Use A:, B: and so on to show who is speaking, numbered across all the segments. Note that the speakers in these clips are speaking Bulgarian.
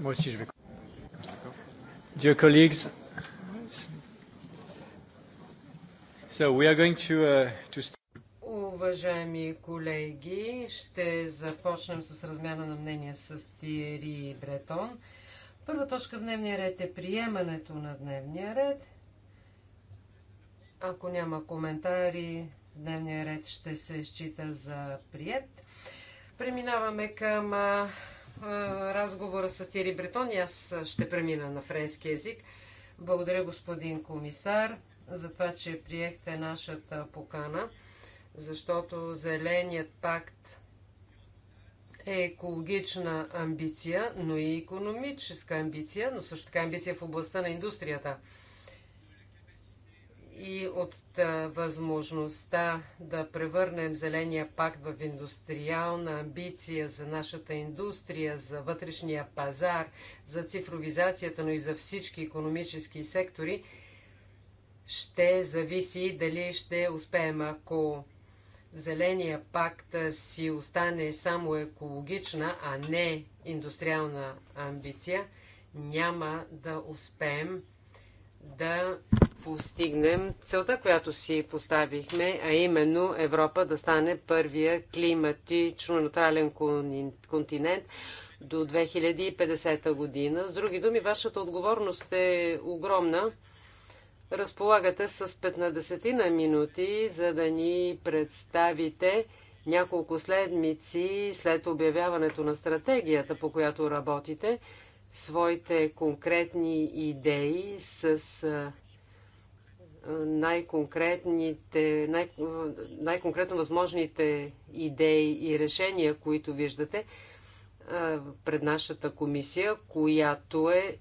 A: Moi aussi, je vais. Dear colleagues, so we are going to, uh, to start.
B: Уважаеми колеги, ще започнем с размяна на мнения с Тири Бретон. Първа точка в дневния ред е приемането на дневния ред. Ако няма коментари, дневния ред ще се счита за прият. Преминаваме към разговора с Тири Бретон и аз ще премина на френски язик. Благодаря, господин комисар, за това, че приехте нашата покана, защото Зеленият пакт е екологична амбиция, но и економическа амбиция, но също така амбиция в областта на индустрията – и от възможността да превърнем Зеления пакт в индустриална амбиция за нашата индустрия, за вътрешния пазар, за цифровизацията, но и за всички економически сектори, ще зависи дали ще успеем. Ако Зеления пакт си остане само екологична, а не индустриална амбиция, няма да успеем да постигнем целта, която си поставихме, а именно Европа да стане първия климатично натален континент до 2050 година. С други думи, вашата отговорност е огромна. Разполагате с 15 на минути, за да ни представите няколко седмици след обявяването на стратегията, по която работите, своите конкретни идеи с най-конкретните, най- най-конкретно възможните идеи и решения, които виждате пред нашата комисия, която е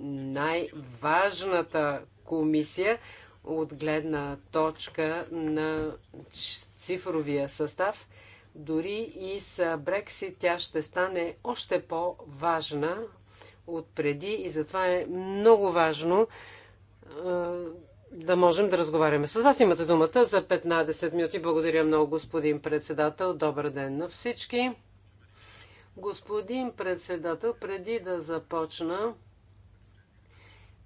B: най-важната комисия от гледна точка на цифровия състав. Дори и с Брексит тя ще стане още по-важна от преди и затова е много важно е, да можем да разговаряме. С вас имате думата за 15 минути. Благодаря много, господин председател. Добър ден на всички. Господин председател, преди да започна,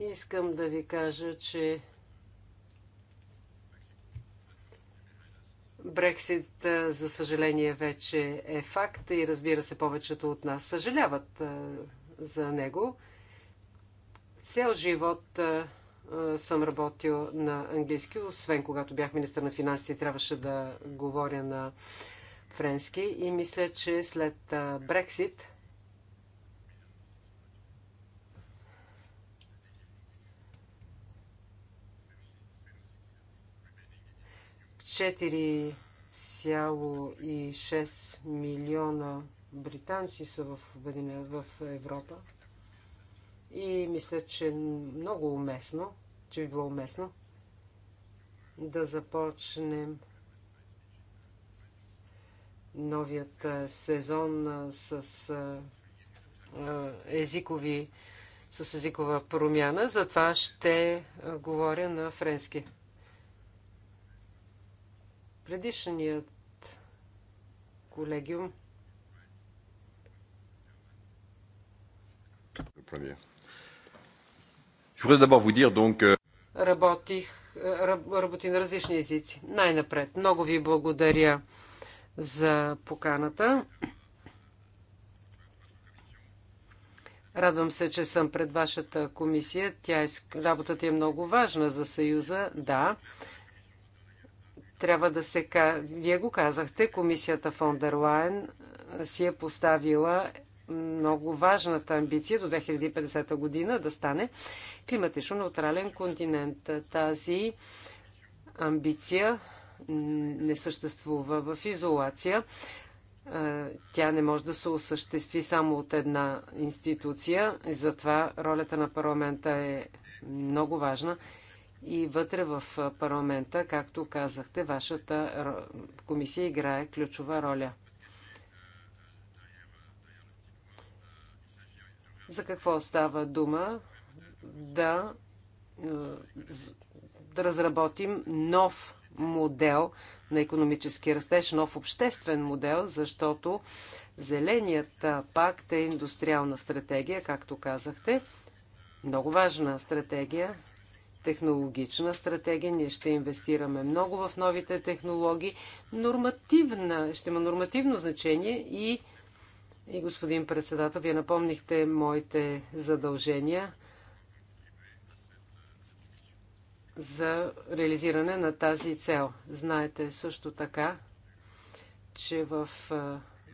B: искам да ви кажа, че Брексит, е, за съжаление, вече е факт и разбира се, повечето от нас съжаляват е, за него. Цял живот съм работил на английски, освен когато бях министър на финансите и трябваше да говоря на френски. И мисля, че след Брексит четири 1,6 милиона британци са в, в Европа. И мисля, че много уместно, че би било уместно да започнем новият сезон с езикови с езикова промяна. Затова ще говоря на френски. Предишният колегиум.
A: Euh,
B: Работих, е, работи на различни езици. Най-напред, много ви благодаря за поканата. Радвам се, че съм пред вашата комисия. Тя е, работата е много важна за Съюза. Да, трябва да се... Вие го казахте, комисията фон дер е, си е поставила много важната амбиция до 2050 година да стане климатично неутрален континент. Тази амбиция не съществува в изолация. Тя не може да се осъществи само от една институция. И затова ролята на парламента е много важна. И вътре в парламента, както казахте, вашата комисия играе ключова роля. За какво става дума? Да, е, да разработим нов модел на економически растеж, нов обществен модел, защото Зеленият пакт е индустриална стратегия, както казахте. Много важна стратегия, технологична стратегия. Ние ще инвестираме много в новите технологии. Нормативна, ще има нормативно значение и и господин председател, вие напомнихте моите задължения за реализиране на тази цел. Знаете също така, че в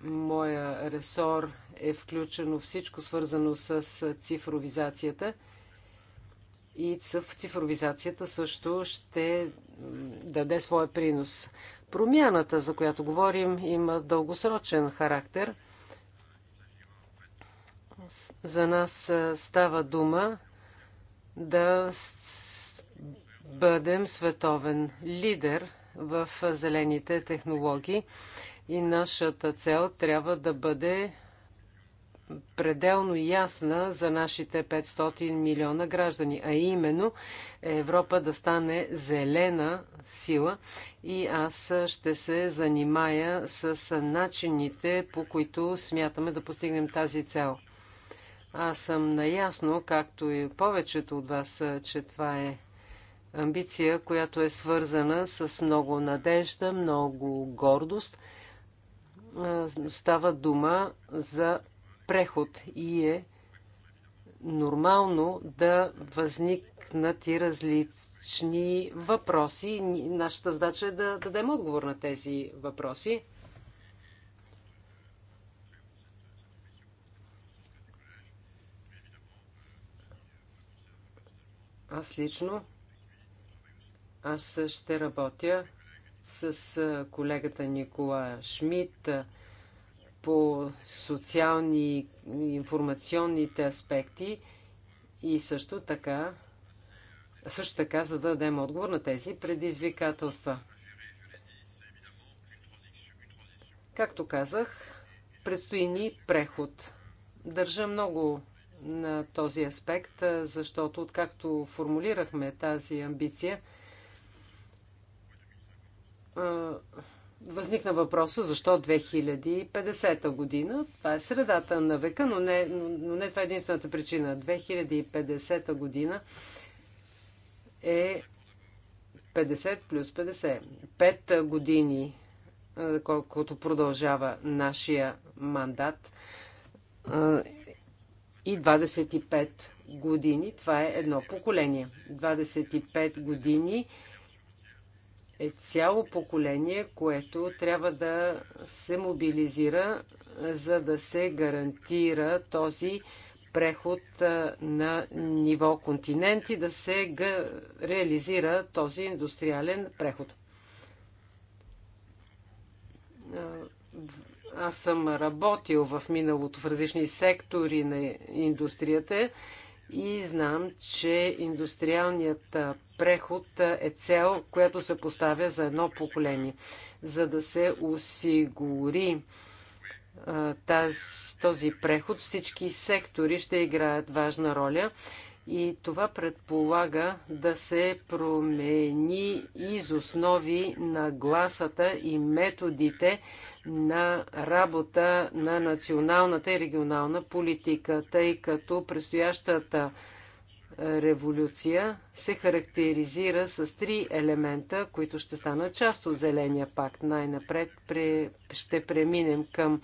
B: моя ресор е включено всичко свързано с цифровизацията. И цифровизацията също ще даде своя принос. Промяната, за която говорим, има дългосрочен характер – за нас става дума да бъдем световен лидер в зелените технологии и нашата цел трябва да бъде пределно ясна за нашите 500 милиона граждани, а именно Европа да стане зелена сила и аз ще се занимая с начините, по които смятаме да постигнем тази цел. Аз съм наясно, както и повечето от вас, че това е амбиция, която е свързана с много надежда, много гордост. Става дума за преход и е нормално да възникнат и различни въпроси. Нашата задача е да дадем отговор на тези въпроси. Аз лично, аз ще работя с колегата Никола Шмидт по социални и информационните аспекти и също така, също така, за да дадем отговор на тези предизвикателства. Както казах, предстои ни преход. Държа много на този аспект, защото откакто формулирахме тази амбиция, възникна въпроса защо 2050 година. Това е средата на века, но не, но не това е единствената причина. 2050 година е 50 плюс 50. Пет години, колкото продължава нашия мандат и 25 години. Това е едно поколение. 25 години е цяло поколение, което трябва да се мобилизира, за да се гарантира този преход на ниво континент и да се реализира този индустриален преход аз съм работил в миналото в различни сектори на индустрията и знам, че индустриалният преход е цел, която се поставя за едно поколение. За да се осигури този преход, всички сектори ще играят важна роля и това предполага да се промени из основи на гласата и методите на работа на националната и регионална политика, тъй като предстоящата революция се характеризира с три елемента, които ще станат част от Зеления пакт. Най-напред ще преминем към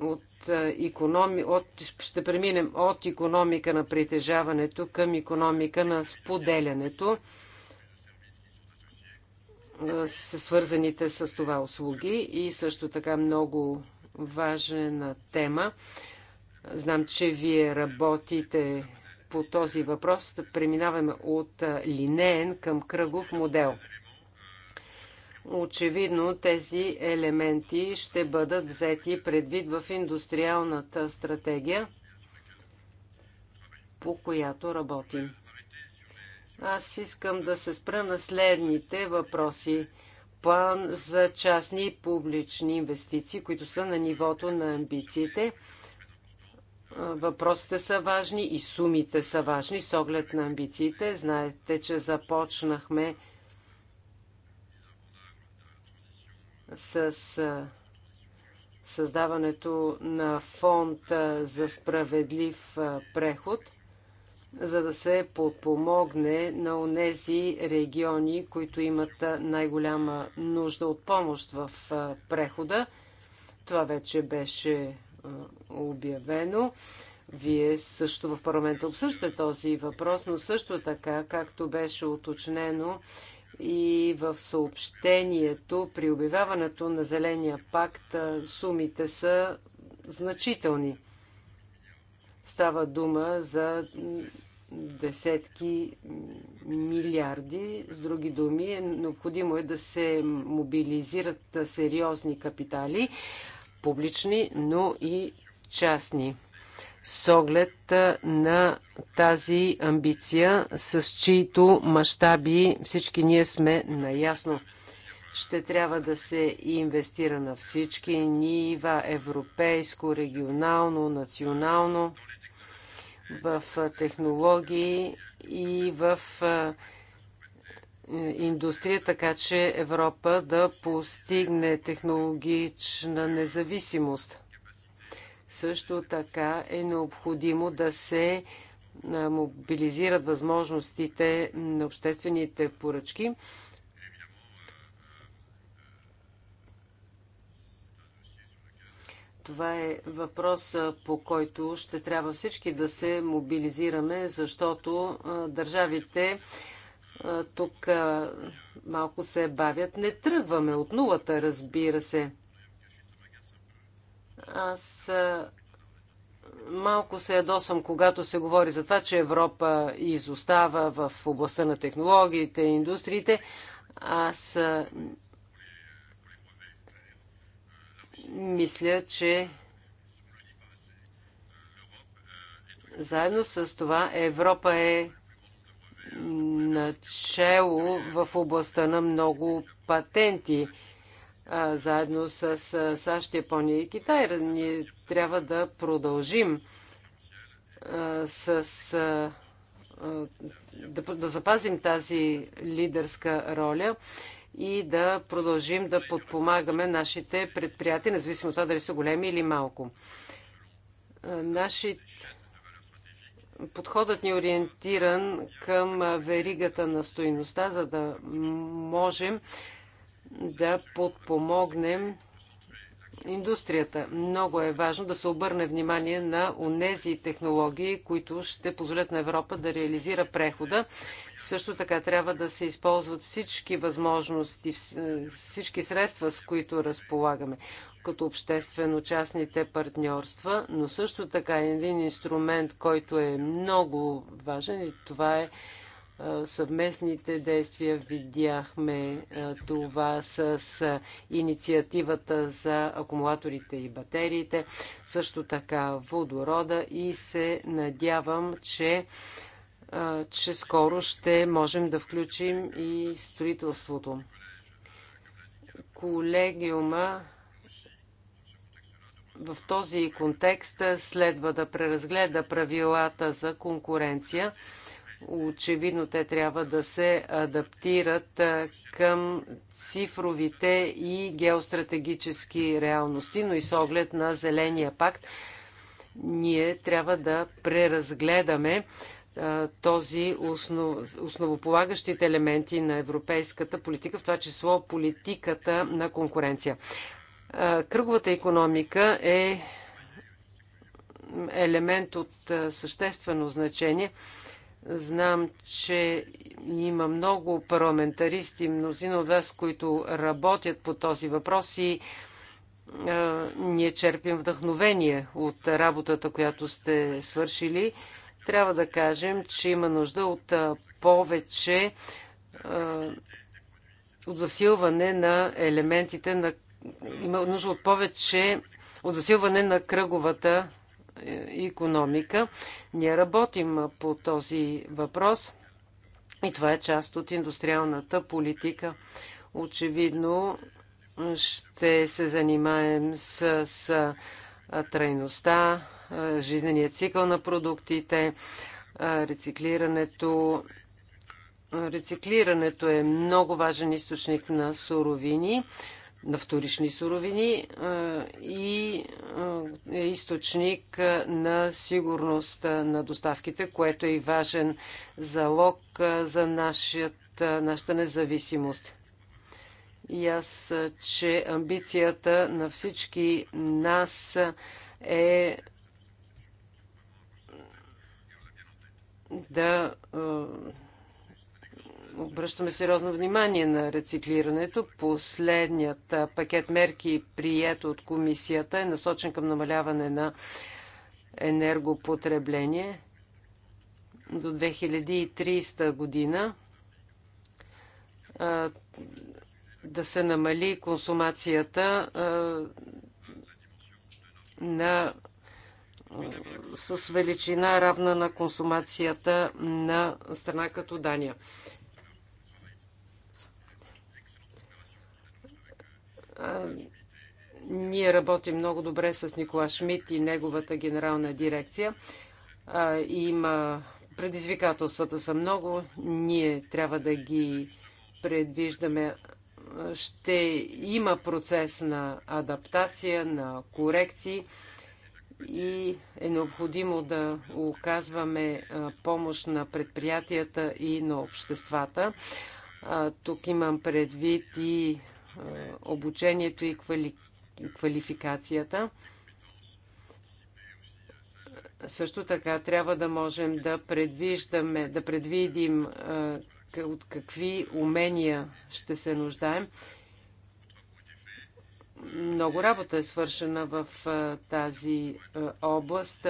B: от економи, от, ще преминем от економика на притежаването към економика на споделянето с свързаните с това услуги и също така много важна тема. Знам, че вие работите по този въпрос. Преминаваме от линеен към кръгов модел. Очевидно тези елементи ще бъдат взети предвид в индустриалната стратегия, по която работим. Аз искам да се спра на следните въпроси. План за частни и публични инвестиции, които са на нивото на амбициите. Въпросите са важни и сумите са важни с оглед на амбициите. Знаете, че започнахме с създаването на фонд за справедлив преход, за да се подпомогне на онези региони, които имат най-голяма нужда от помощ в прехода. Това вече беше обявено. Вие също в парламента обсъждате този въпрос, но също така, както беше уточнено и в съобщението при обявяването на Зеления пакт сумите са значителни. Става дума за десетки милиарди. С други думи, е необходимо е да се мобилизират сериозни капитали, публични, но и частни с оглед на тази амбиция, с чието мащаби всички ние сме наясно. Ще трябва да се инвестира на всички нива европейско, регионално, национално, в технологии и в индустрия, така че Европа да постигне технологична независимост. Също така е необходимо да се мобилизират възможностите на обществените поръчки. Това е въпрос, по който ще трябва всички да се мобилизираме, защото държавите тук малко се бавят. Не тръгваме от нулата, разбира се. Аз малко се ядосам, когато се говори за това, че Европа изостава в областта на технологиите и индустриите. Аз мисля, че заедно с това Европа е начало в областта на много патенти заедно с САЩ, Япония и Китай. Ние трябва да продължим с. да, да запазим тази лидерска роля и да продължим да подпомагаме нашите предприятия, независимо от това дали са големи или малко. Нашите подходът ни е ориентиран към веригата на стоиността, за да можем да подпомогнем индустрията. Много е важно да се обърне внимание на онези технологии, които ще позволят на Европа да реализира прехода. Също така трябва да се използват всички възможности, всички средства, с които разполагаме, като обществено-частните партньорства, но също така е един инструмент, който е много важен и това е съвместните действия. Видяхме това с инициативата за акумулаторите и батериите, също така водорода и се надявам, че че скоро ще можем да включим и строителството. Колегиума в този контекст следва да преразгледа правилата за конкуренция Очевидно те трябва да се адаптират към цифровите и геостратегически реалности, но и с оглед на Зеления пакт ние трябва да преразгледаме този основ, основополагащите елементи на европейската политика, в това число политиката на конкуренция. Кръговата економика е елемент от съществено значение Знам, че има много парламентаристи, мнозина от вас, които работят по този въпрос и а, ние черпим вдъхновение от работата, която сте свършили. Трябва да кажем, че има нужда от а, повече а, от засилване на елементите на има нужда от повече от засилване на кръговата економика. Ние работим по този въпрос и това е част от индустриалната политика. Очевидно ще се занимаем с, с трайността, жизненият цикъл на продуктите, рециклирането. Рециклирането е много важен източник на суровини на вторични суровини и е източник на сигурност на доставките, което е и важен залог за нашата, нашата независимост. И аз, че амбицията на всички нас е да обръщаме сериозно внимание на рециклирането. Последният пакет мерки, прият от комисията, е насочен към намаляване на енергопотребление до 2030 година да се намали консумацията на с величина равна на консумацията на страна като Дания. ние работим много добре с Никола Шмидт и неговата генерална дирекция. Има предизвикателствата са много, ние трябва да ги предвиждаме. Ще има процес на адаптация, на корекции и е необходимо да оказваме помощ на предприятията и на обществата. Тук имам предвид и е, обучението и квали... квалификацията. Също така трябва да можем да предвиждаме, да предвидим е, от какви умения ще се нуждаем. Много работа е свършена в е, тази област,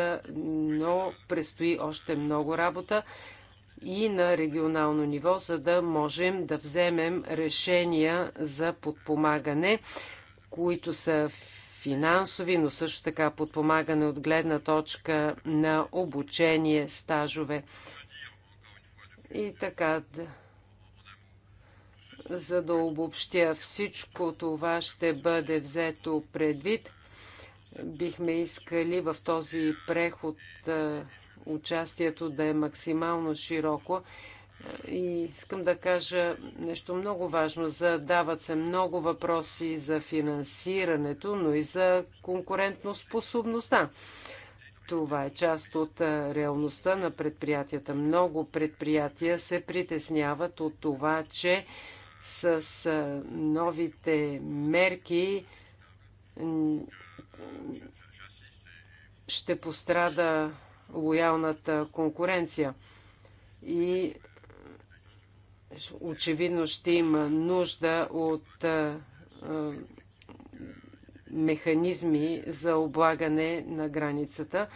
B: но предстои още много работа и на регионално ниво, за да можем да вземем решения за подпомагане, които са финансови, но също така подпомагане от гледна точка на обучение, стажове и така да. За да обобщя всичко това ще бъде взето предвид. Бихме искали в този преход участието да е максимално широко. Е, и искам да кажа нещо много важно. Задават се много въпроси за финансирането, но и за способността. Това е част от е, реалността на предприятията. Много предприятия се притесняват от това, че с е, новите мерки ще пострада лоялната конкуренция. И очевидно ще има нужда от механизми за облагане на границата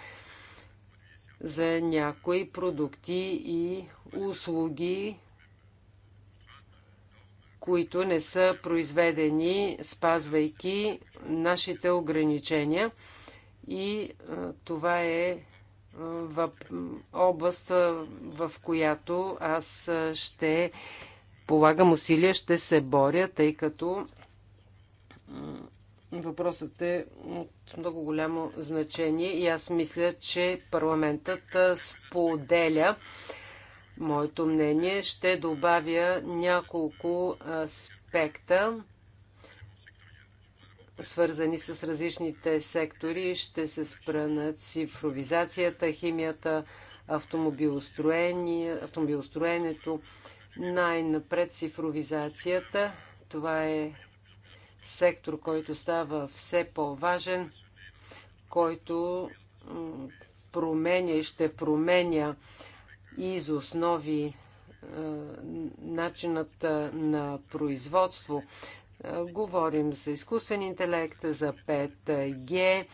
B: за някои продукти и услуги, които не са произведени, спазвайки нашите ограничения. И това е в област, в която аз ще полагам усилия, ще се боря, тъй като въпросът е от много голямо значение и аз мисля, че парламентът споделя моето мнение. Ще добавя няколко аспекта свързани с различните сектори. Ще се спра на цифровизацията, химията, автомобилостроенето. Най-напред цифровизацията. Това е сектор, който става все по-важен, който променя и ще променя из основи начинът на производство, Говорим за изкуствен интелект, за 5G,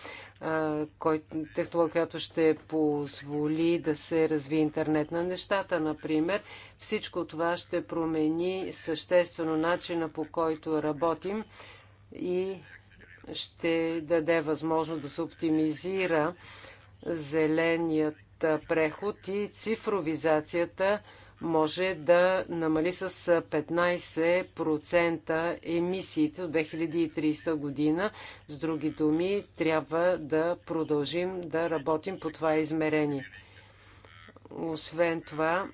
B: технология, която ще позволи да се развие интернет на нещата, например. Всичко това ще промени съществено начина по който работим и ще даде възможност да се оптимизира зеленият преход и цифровизацията може да намали с 15% емисиите от 2030 година. С други думи, трябва да продължим да работим по това измерение. Освен това,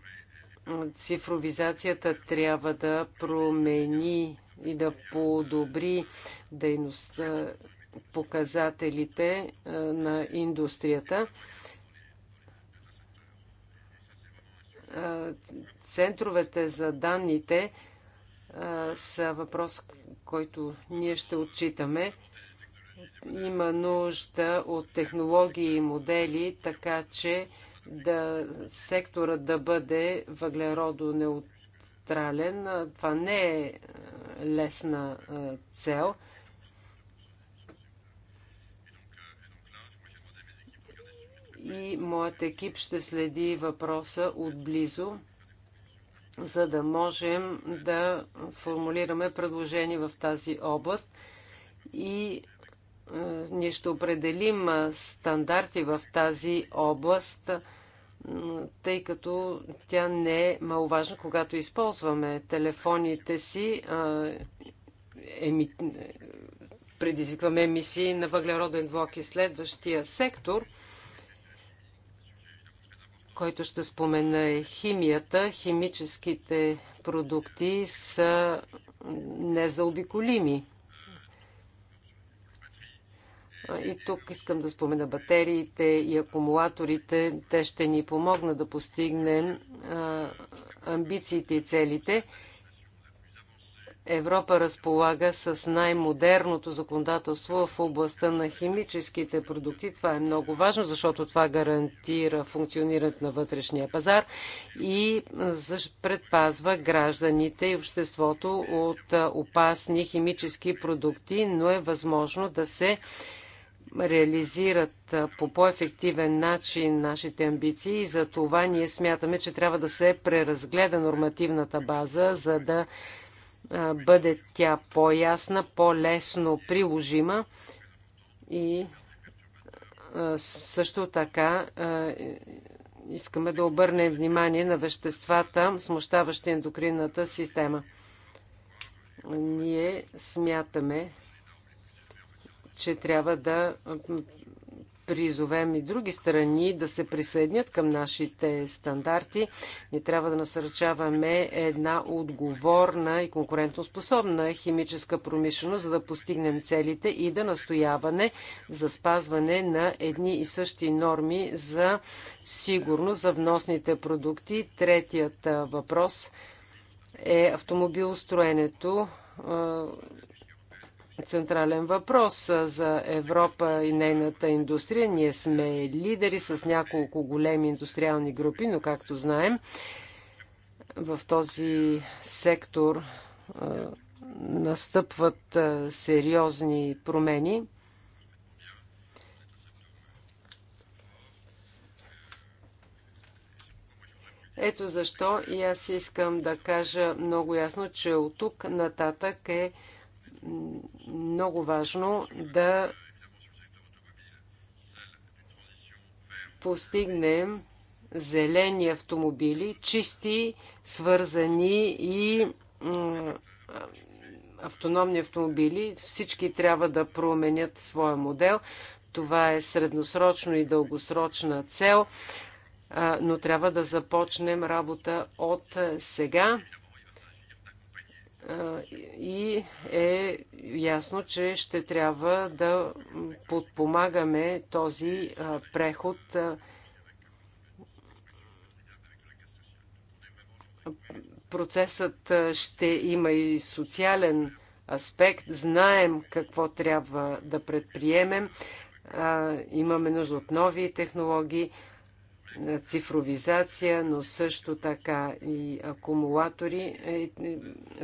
B: цифровизацията трябва да промени и да подобри дейността, показателите на индустрията. центровете за данните са въпрос, който ние ще отчитаме. Има нужда от технологии и модели, така че да, сектора да бъде въглеродонеутрален. Това не е лесна цел – и моят екип ще следи въпроса отблизо, за да можем да формулираме предложение в тази област и е, ние ще определим стандарти в тази област, тъй като тя не е маловажна, когато използваме телефоните си, еми... предизвикваме емисии на въглероден двуокис. Следващия сектор – който ще спомена е химията. Химическите продукти са незаобиколими. И тук искам да спомена батериите и акумулаторите. Те ще ни помогнат да постигнем амбициите и целите. Европа разполага с най-модерното законодателство в областта на химическите продукти. Това е много важно, защото това гарантира функционирането на вътрешния пазар и предпазва гражданите и обществото от опасни химически продукти, но е възможно да се реализират по по-ефективен начин нашите амбиции и за това ние смятаме, че трябва да се преразгледа нормативната база, за да бъде тя по-ясна, по-лесно приложима и също така искаме да обърнем внимание на веществата, смущаващи ендокринната система. Ние смятаме, че трябва да призовем и други страни да се присъединят към нашите стандарти. Ние трябва да насърчаваме една отговорна и конкурентоспособна химическа промишленост, за да постигнем целите и да настояване за спазване на едни и същи норми за сигурност за вносните продукти. Третият въпрос е автомобилостроенето централен въпрос за Европа и нейната индустрия. Ние сме лидери с няколко големи индустриални групи, но както знаем, в този сектор настъпват сериозни промени. Ето защо и аз искам да кажа много ясно, че от тук нататък е много важно да постигнем зелени автомобили, чисти, свързани и автономни автомобили. Всички трябва да променят своя модел. Това е средносрочно и дългосрочна цел, но трябва да започнем работа от сега и е ясно, че ще трябва да подпомагаме този преход процесът ще има и социален аспект. Знаем какво трябва да предприемем. Имаме нужда от нови технологии цифровизация, но също така и акумулатори. Е, е,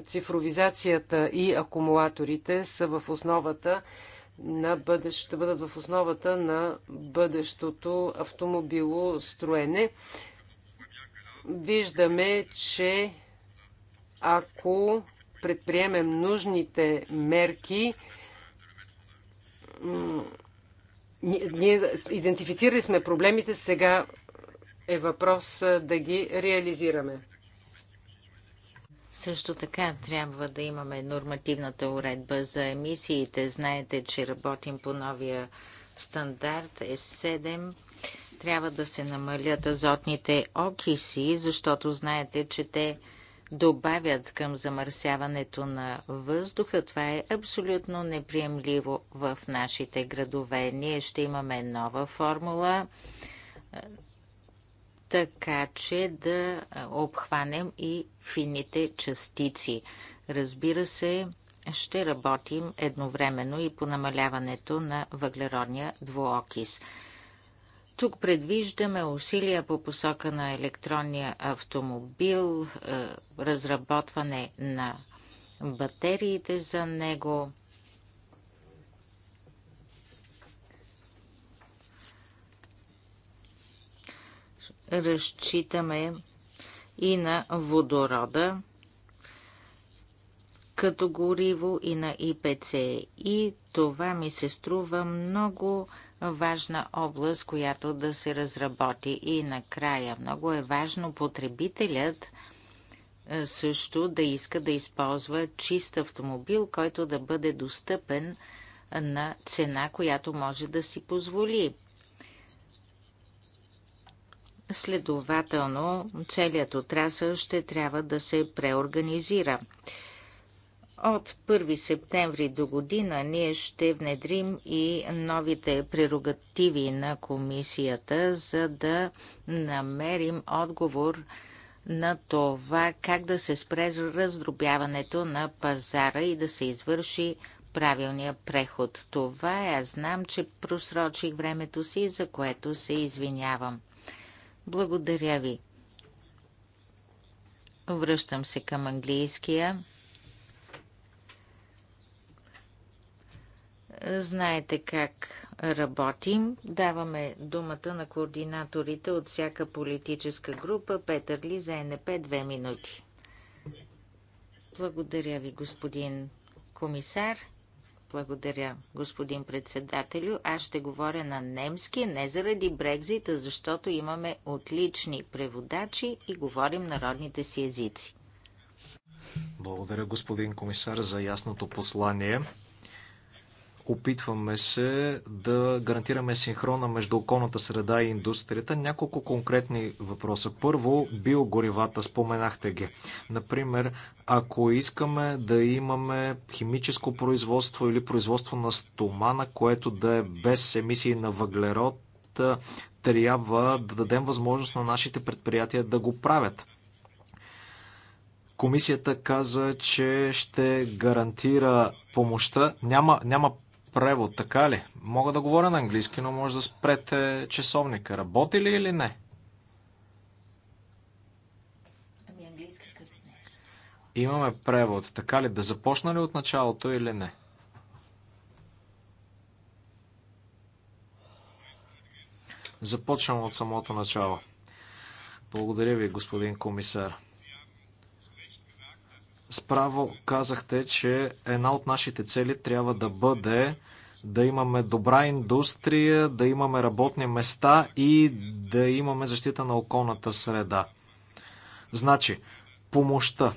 B: цифровизацията и акумулаторите са в основата на бъдещ, ще бъдат в основата на бъдещото автомобилостроене. Виждаме, че ако предприемем нужните мерки, ние идентифицирали сме проблемите, сега е въпрос да ги реализираме.
C: Също така трябва да имаме нормативната уредба за емисиите. Знаете, че работим по новия стандарт С7. Трябва да се намалят азотните окиси, защото знаете, че те добавят към замърсяването на въздуха. Това е абсолютно неприемливо в нашите градове. Ние ще имаме нова формула така че да обхванем и фините частици. Разбира се, ще работим едновременно и по намаляването на въглеродния двуокис. Тук предвиждаме усилия по посока на електронния автомобил, е, разработване на батериите за него, разчитаме и на водорода като гориво и на ИПЦ. И това ми се струва много важна област, която да се разработи. И накрая много е важно потребителят е, също да иска да използва чист автомобил, който да бъде достъпен на цена, която може да си позволи. Следователно, целият отрасъл ще трябва да се преорганизира. От 1 септември до година ние ще внедрим и новите прерогативи на комисията, за да намерим отговор на това как да се спре раздробяването на пазара и да се извърши правилния преход. Това е, аз знам, че просрочих времето си, за което се извинявам. Благодаря ви. Връщам се към английския. Знаете как работим. Даваме думата на координаторите от всяка политическа група. Петър Ли за НП две минути. Благодаря ви, господин комисар. Благодаря, господин председателю. Аз ще говоря на немски, не заради Брекзита, защото имаме отлични преводачи и говорим народните си езици.
D: Благодаря, господин комисар, за ясното послание. Опитваме се да гарантираме синхрона между околната среда и индустрията. Няколко конкретни въпроса. Първо, биогоривата, споменахте ги. Например, ако искаме да имаме химическо производство или производство на стомана, което да е без емисии на въглерод, трябва да дадем възможност на нашите предприятия да го правят. Комисията каза, че ще гарантира помощта. Няма, няма превод, така ли? Мога да говоря на английски, но може да спрете часовника. Работи ли или не?
C: Ами английски като
D: Имаме превод, така ли? Да започна ли от началото или не? Започвам от самото начало. Благодаря ви, господин комисар. Справо казахте, че една от нашите цели трябва да бъде да имаме добра индустрия, да имаме работни места и да имаме защита на околната среда. Значи, помощта.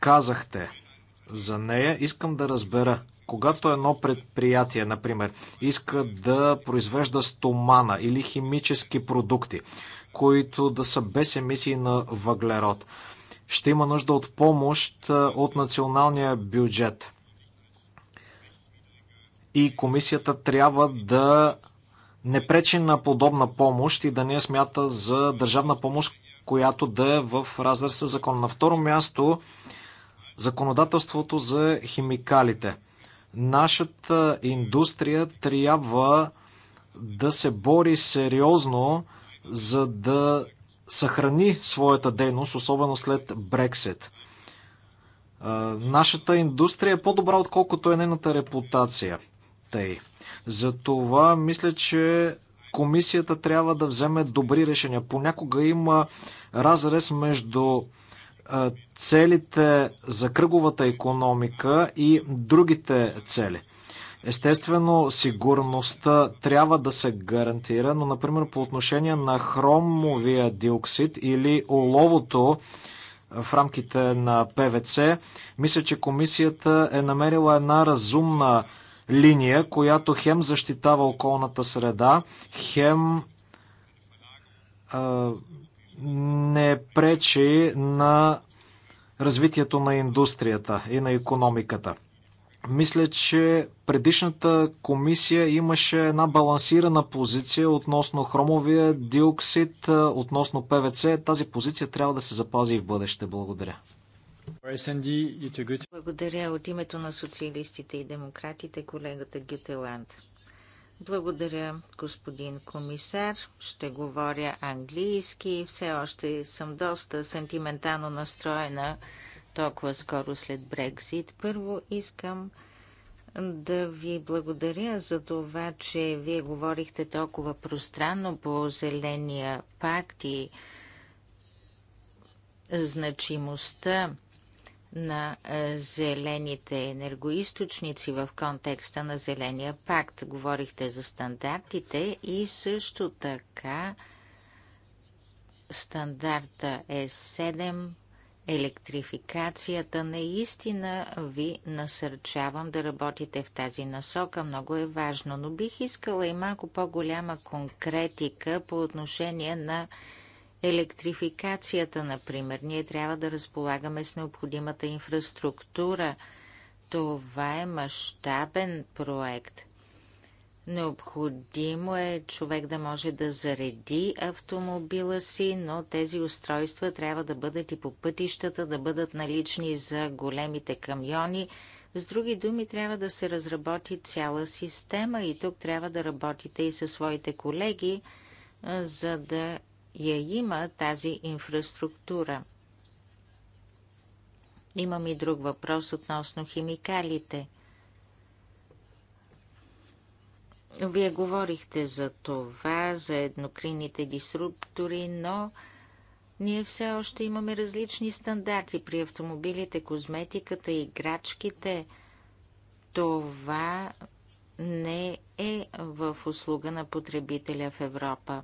D: Казахте за нея. Искам да разбера, когато едно предприятие, например, иска да произвежда стомана или химически продукти, които да са без емисии на въглерод – ще има нужда от помощ от националния бюджет. И комисията трябва да не пречи на подобна помощ и да не я смята за държавна помощ, която да е в разрез с закон. На второ място, законодателството за химикалите. Нашата индустрия трябва да се бори сериозно, за да съхрани своята дейност, особено след Брексит. Нашата индустрия е по-добра, отколкото е нейната репутация. Тъй. Затова мисля, че комисията трябва да вземе добри решения. Понякога има разрез между целите за кръговата економика и другите цели. Естествено, сигурността трябва да се гарантира, но, например, по отношение на хромовия диоксид или оловото в рамките на ПВЦ, мисля, че комисията е намерила една разумна линия, която хем защитава околната среда, хем а, не пречи на развитието на индустрията и на економиката. Мисля, че предишната комисия имаше една балансирана позиция относно хромовия диоксид, относно ПВЦ. Тази позиция трябва да се запази и в бъдеще. Благодаря.
C: Благодаря от името на социалистите и демократите, колегата Гютеланд. Благодаря, господин комисар. Ще говоря английски. Все още съм доста сантиментално настроена толкова скоро след Брекзит. Първо искам да ви благодаря за това, че вие говорихте толкова пространно по Зеления пакт и значимостта на е, зелените енергоисточници в контекста на Зеления пакт. Говорихте за стандартите и също така стандарта е 7 електрификацията. Наистина ви насърчавам да работите в тази насока. Много е важно, но бих искала и малко по-голяма конкретика по отношение на електрификацията, например. Ние трябва да разполагаме с необходимата инфраструктура. Това е мащабен проект – Необходимо е човек да може да зареди автомобила си, но тези устройства трябва да бъдат и по пътищата, да бъдат налични за големите камиони. С други думи, трябва да се разработи цяла система и тук трябва да работите и със своите колеги, за да я има тази инфраструктура. Имам и друг въпрос относно химикалите – Вие говорихте за това, за еднокринните дисруптори, но ние все още имаме различни стандарти при автомобилите, козметиката, играчките. Това не е в услуга на потребителя в Европа.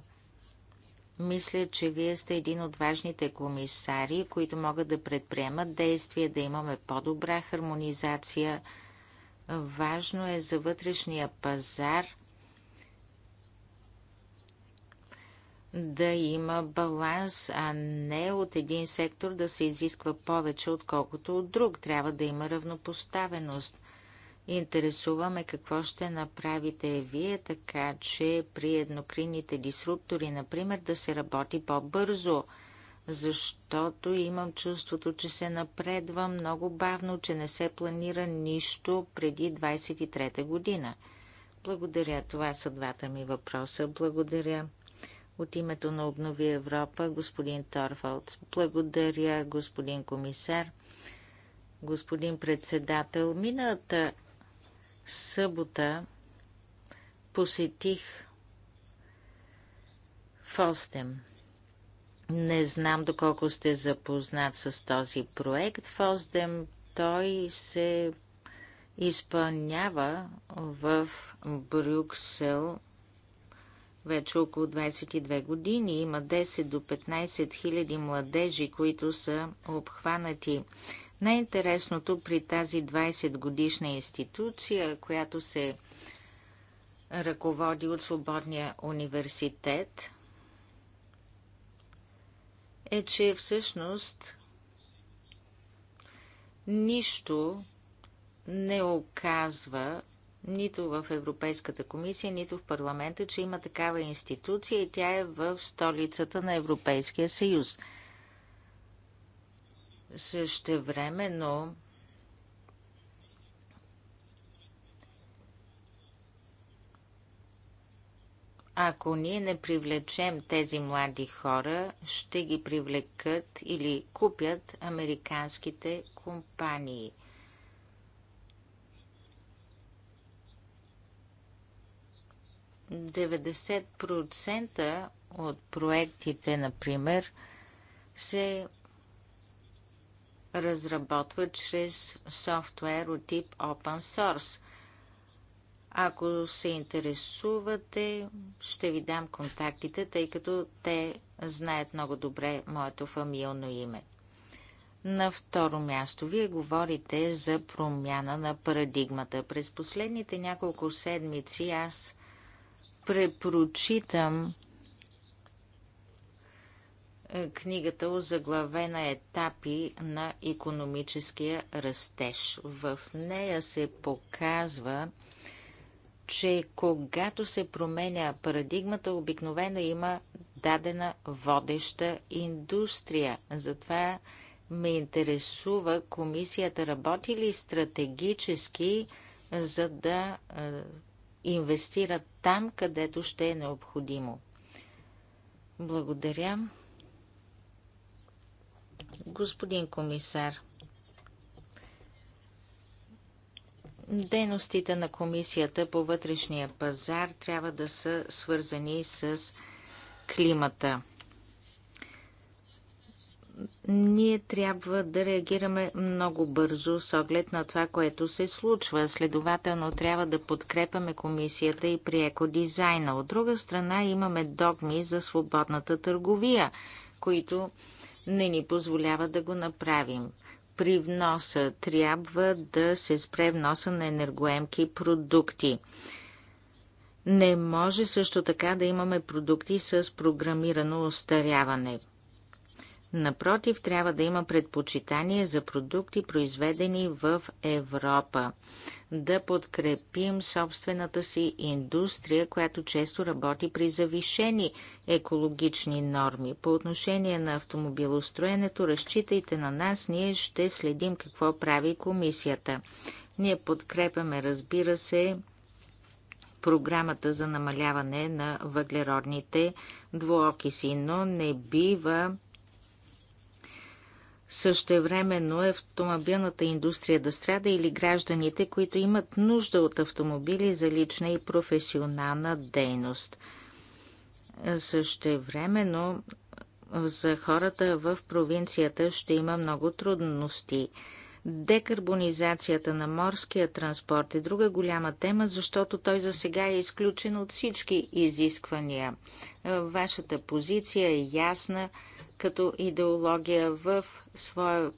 C: Мисля, че вие сте един от важните комисари, които могат да предприемат действия, да имаме по-добра хармонизация – Важно е за вътрешния пазар да има баланс, а не от един сектор да се изисква повече, отколкото от друг. Трябва да има равнопоставеност. Интересуваме какво ще направите вие, така че при еднокринните дисруптори, например, да се работи по-бързо – защото имам чувството, че се напредва много бавно, че не се планира нищо преди 23-та година. Благодаря. Това са двата ми въпроса. Благодаря. От името на Обнови Европа, господин Торфалц, Благодаря, господин комисар. Господин председател, миналата събота посетих Фостем – не знам доколко сте запознат с този проект. Фоздем той се изпълнява в Брюксел вече около 22 години. Има 10 до 15 хиляди младежи, които са обхванати. Най-интересното при тази 20 годишна институция, която се ръководи от Свободния университет – е, че всъщност нищо не оказва нито в Европейската комисия, нито в парламента, че има такава институция и тя е в столицата на Европейския съюз. Същевременно, времено Ако ние не привлечем тези млади хора, ще ги привлекат или купят американските компании. Деведесет процента от проектите, например, се разработват чрез софтуер от тип open source – ако се интересувате, ще ви дам контактите, тъй като те знаят много добре моето фамилно име. На второ място, вие говорите за промяна на парадигмата. През последните няколко седмици аз препрочитам е, книгата озаглавена етапи на економическия растеж. В нея се показва че когато се променя парадигмата, обикновено има дадена водеща индустрия. Затова ме интересува комисията работи ли стратегически, за да инвестира там, където ще е необходимо. Благодаря. Господин комисар, Дейностите на комисията по вътрешния пазар трябва да са свързани с климата. Ние трябва да реагираме много бързо с оглед на това, което се случва. Следователно трябва да подкрепяме комисията и при екодизайна. От друга страна имаме догми за свободната търговия, които не ни позволяват да го направим при вноса. Трябва да се спре вноса на енергоемки продукти. Не може също така да имаме продукти с програмирано остаряване. Напротив, трябва да има предпочитание за продукти, произведени в Европа. Да подкрепим собствената си индустрия, която често работи при завишени екологични норми. По отношение на автомобилостроенето, разчитайте на нас, ние ще следим какво прави комисията. Ние подкрепяме, разбира се, програмата за намаляване на въглеродните двуокиси, но не бива Същевременно автомобилната индустрия да страда или гражданите, които имат нужда от автомобили за лична и професионална дейност. Същевременно за хората в провинцията ще има много трудности. Декарбонизацията на морския транспорт е друга голяма тема, защото той за сега е изключен от всички изисквания. Вашата позиция е ясна като идеология в своя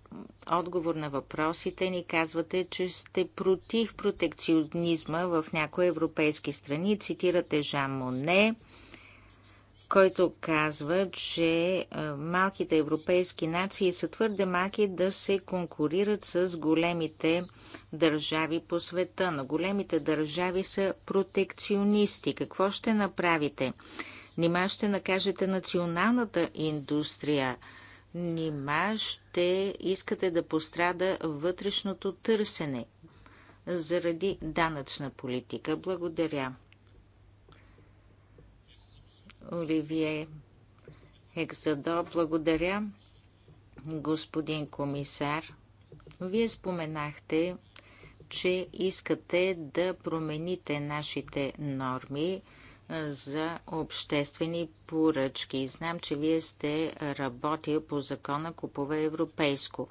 C: отговор на въпросите ни казвате, че сте против протекционизма в някои европейски страни. Цитирате Жан Моне, който казва, че малките европейски нации са твърде малки да се конкурират с големите държави по света. Но големите държави са протекционисти. Какво ще направите? Нима ще накажете националната индустрия? Нима ще искате да пострада вътрешното търсене заради данъчна политика? Благодаря. Оливие Екзадо, благодаря. Господин комисар, вие споменахте, че искате да промените нашите норми за обществени поръчки. Знам, че вие сте работил по закона купове европейско.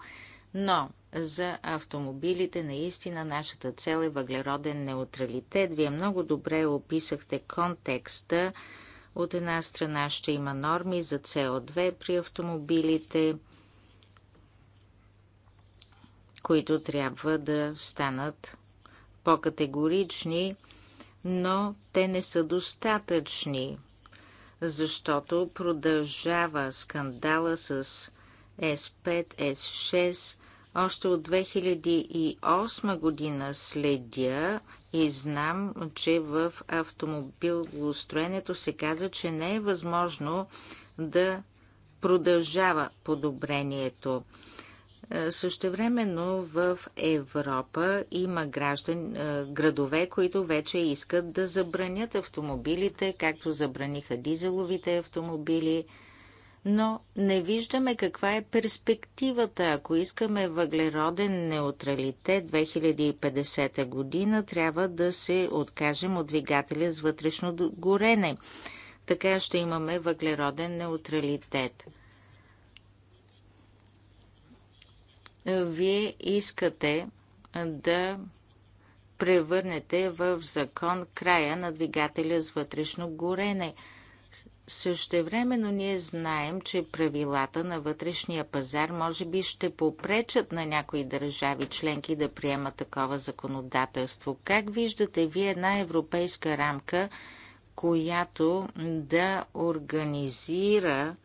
C: Но за автомобилите наистина нашата цел е въглероден неутралитет. Вие много добре описахте контекста. От една страна ще има норми за CO2 при автомобилите, които трябва да станат по-категорични но те не са достатъчни, защото продължава скандала с S5, S6. Още от 2008 година следя и знам, че в автомобилостроенето се каза, че не е възможно да продължава подобрението. Е, същевременно в Европа има граждан, е, градове, които вече искат да забранят автомобилите, както забраниха дизеловите автомобили. Но не виждаме каква е перспективата. Ако искаме въглероден неутралитет 2050 година, трябва да се откажем от двигателя с вътрешно горене. Така ще имаме въглероден неутралитет. вие искате да превърнете в закон края на двигателя с вътрешно горене. Същевременно ние знаем, че правилата на вътрешния пазар може би ще попречат на някои държави членки да приемат такова законодателство. Как виждате вие една европейска рамка, която да организира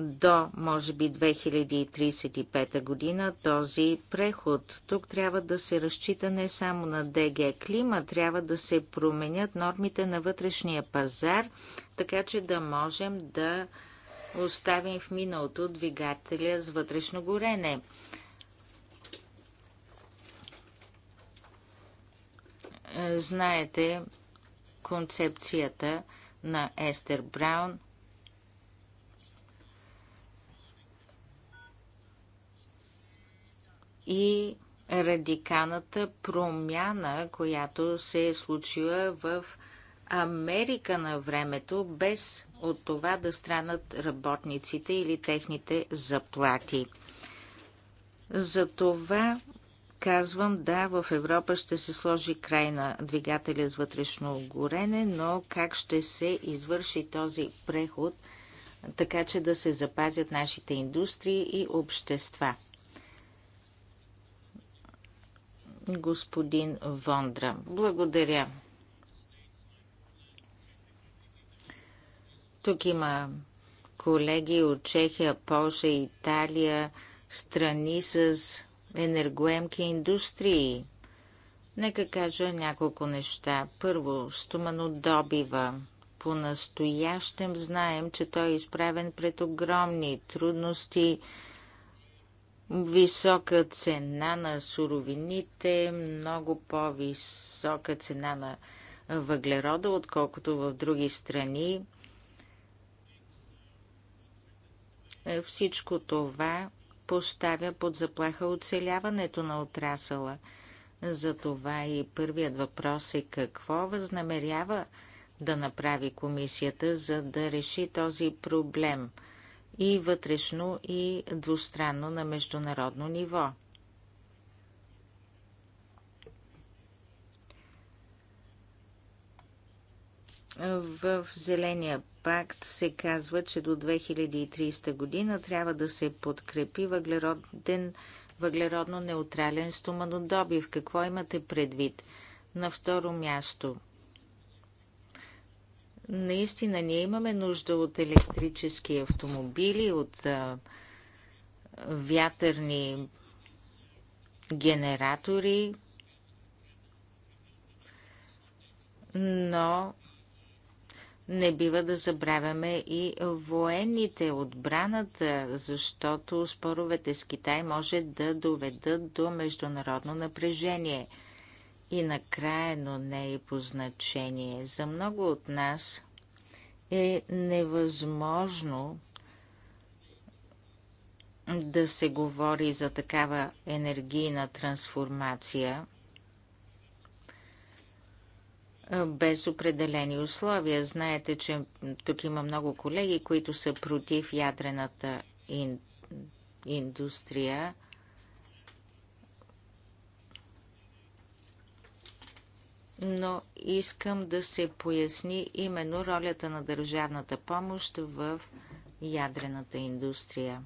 C: до, може би, 2035 година този преход. Тук трябва да се разчита не само на ДГ Клима, трябва да се променят нормите на вътрешния пазар, така че да можем да оставим в миналото двигателя с вътрешно горене. Знаете концепцията на Естер Браун – и радикалната промяна, която се е случила в Америка на времето, без от това да странат работниците или техните заплати. Затова казвам, да, в Европа ще се сложи край на двигателя с вътрешно горене, но как ще се извърши този преход, така че да се запазят нашите индустрии и общества. господин Вондра. Благодаря. Тук има колеги от Чехия, Польша, Италия, страни с енергоемки индустрии. Нека кажа няколко неща. Първо, стоманодобива. По-настоящем знаем, че той е изправен пред огромни трудности – висока цена на суровините, много по-висока цена на въглерода, отколкото в други страни. Е, всичко това поставя под заплаха оцеляването на отрасъла. Затова и първият въпрос е какво възнамерява да направи комисията, за да реши този проблем – и вътрешно и двустранно на международно ниво. В Зеления пакт се казва, че до 2030 година трябва да се подкрепи въглероден, въглеродно неутрален стоманодобив. Какво имате предвид? На второ място – Наистина ние имаме нужда от електрически автомобили, от а, вятърни генератори, но не бива да забравяме и военните отбраната, защото споровете с Китай може да доведат до международно напрежение – и накрая, но не и по значение, за много от нас е невъзможно да се говори за такава енергийна трансформация без определени условия. Знаете, че тук има много колеги, които са против ядрената индустрия. но искам да се поясни именно ролята на държавната помощ в ядрената индустрия.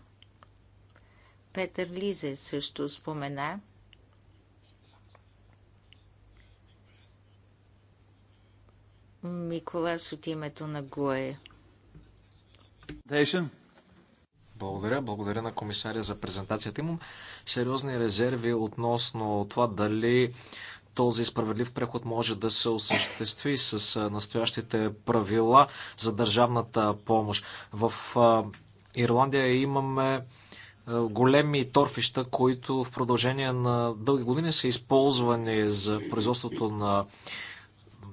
C: Петър Лизе също спомена, Миколас от името на ГОЕ.
D: Благодаря. Благодаря на комисаря за презентацията. Имам сериозни резерви относно това дали този справедлив преход може да се осъществи с настоящите правила за държавната помощ. В Ирландия имаме големи торфища, които в продължение на дълги години са използвани за производството на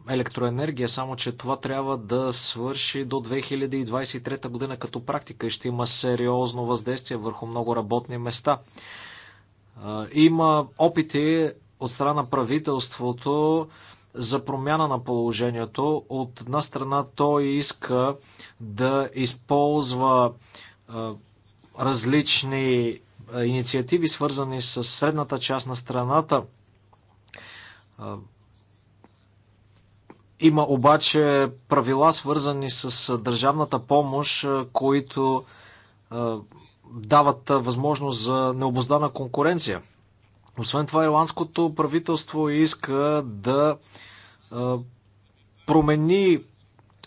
D: електроенергия, само че това трябва да свърши до 2023 година като практика и ще има сериозно въздействие върху много работни места. Има опити от страна на правителството за промяна на положението. От една страна той иска да използва различни инициативи, свързани с средната част на страната. Има обаче правила, свързани с държавната помощ, които дават възможност за необоздана конкуренция освен това, ирландското правителство иска да промени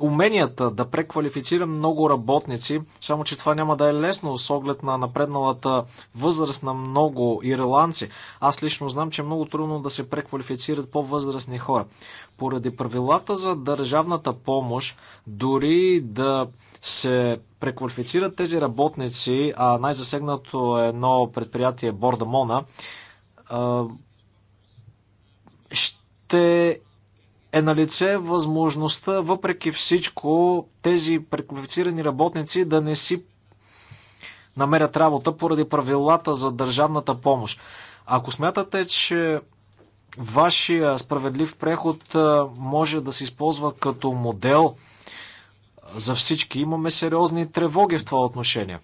D: уменията да преквалифицира много работници, само че това няма да е лесно с оглед на напредналата възраст на много ирландци. Аз лично знам, че е много трудно да се преквалифицират по-възрастни хора. Поради правилата за държавната помощ, дори да се преквалифицират тези работници, а най-засегнато е едно предприятие Бордамона, ще е на лице възможността, въпреки всичко, тези преквалифицирани работници да не си намерят работа поради правилата за държавната помощ. Ако смятате, че вашия справедлив преход може да се използва като модел за всички, имаме сериозни тревоги в това отношение.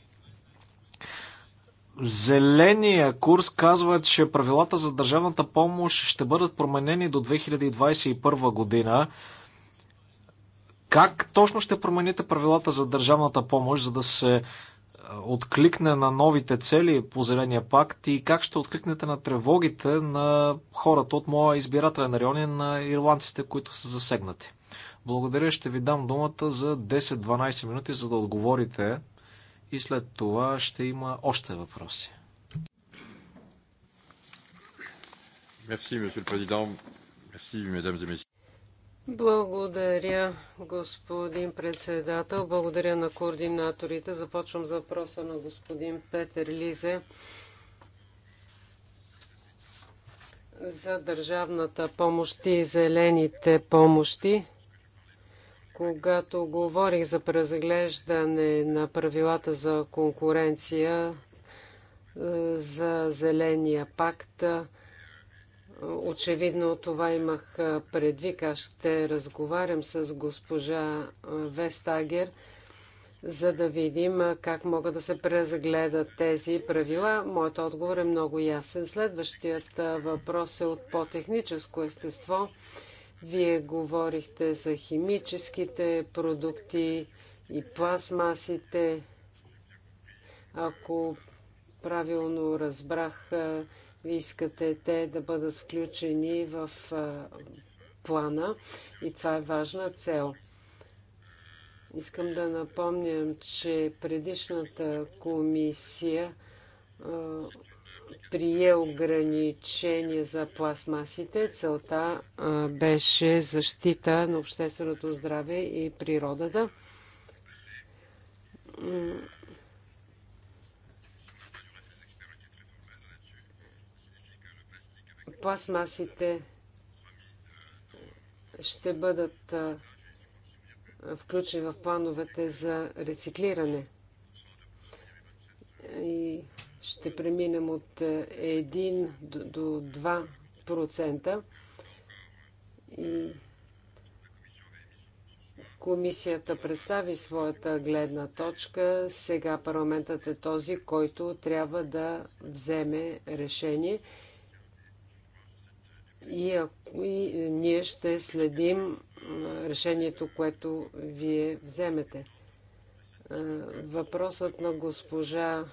D: Зеления курс казва, че правилата за държавната помощ ще бъдат променени до 2021 година. Как точно ще промените правилата за държавната помощ, за да се е, откликне на новите цели по Зеления пакт и как ще откликнете на тревогите на хората от моя избирателен район и на ирландците, които са засегнати? Благодаря, ще ви дам думата за 10-12 минути, за да отговорите и след това ще има още въпроси.
B: Благодаря, господин председател. Благодаря на координаторите. Започвам за въпроса на господин Петър Лизе за държавната помощ и зелените помощи. Когато говорих за преразглеждане на правилата за конкуренция, е, за Зеления пакт, е, очевидно това имах е, предвид. Аз ще разговарям с госпожа Вестагер за да видим как могат да се преразгледат тези правила. Моят отговор е много ясен. Следващият въпрос е от по-техническо естество. Вие говорихте за химическите продукти и пластмасите. Ако правилно разбрах, ви искате те да бъдат включени в плана и това е важна цел. Искам да напомням, че предишната комисия прие ограничение за пластмасите. Целта а, беше защита на общественото здраве и природата. Пластмасите ще бъдат а, включени в плановете за рециклиране. И ще преминем от 1 е, до 2%. И комисията представи своята гледна точка. Сега парламентът е този, който трябва да вземе решение. И, и ние ще следим е, решението, което вие вземете. Е, въпросът на госпожа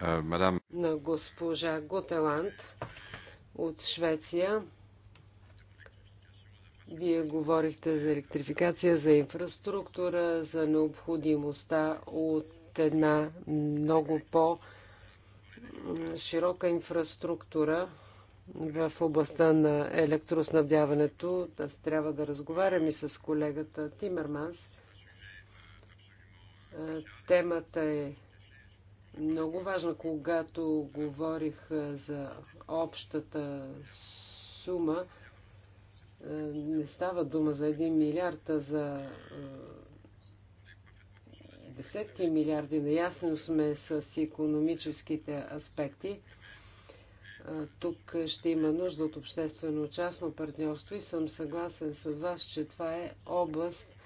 B: мадам... на госпожа Готеланд от Швеция. Вие говорихте за електрификация, за инфраструктура, за необходимостта от една много по-широка инфраструктура в областта на електроснабдяването. Аз трябва да разговарям и с колегата Тимерманс. Темата е много важна. Когато говорих за общата сума, не става дума за 1 милиард, а за десетки милиарди. Наясно сме с економическите аспекти. Тук ще има нужда от обществено-частно партньорство и съм съгласен с вас, че това е област,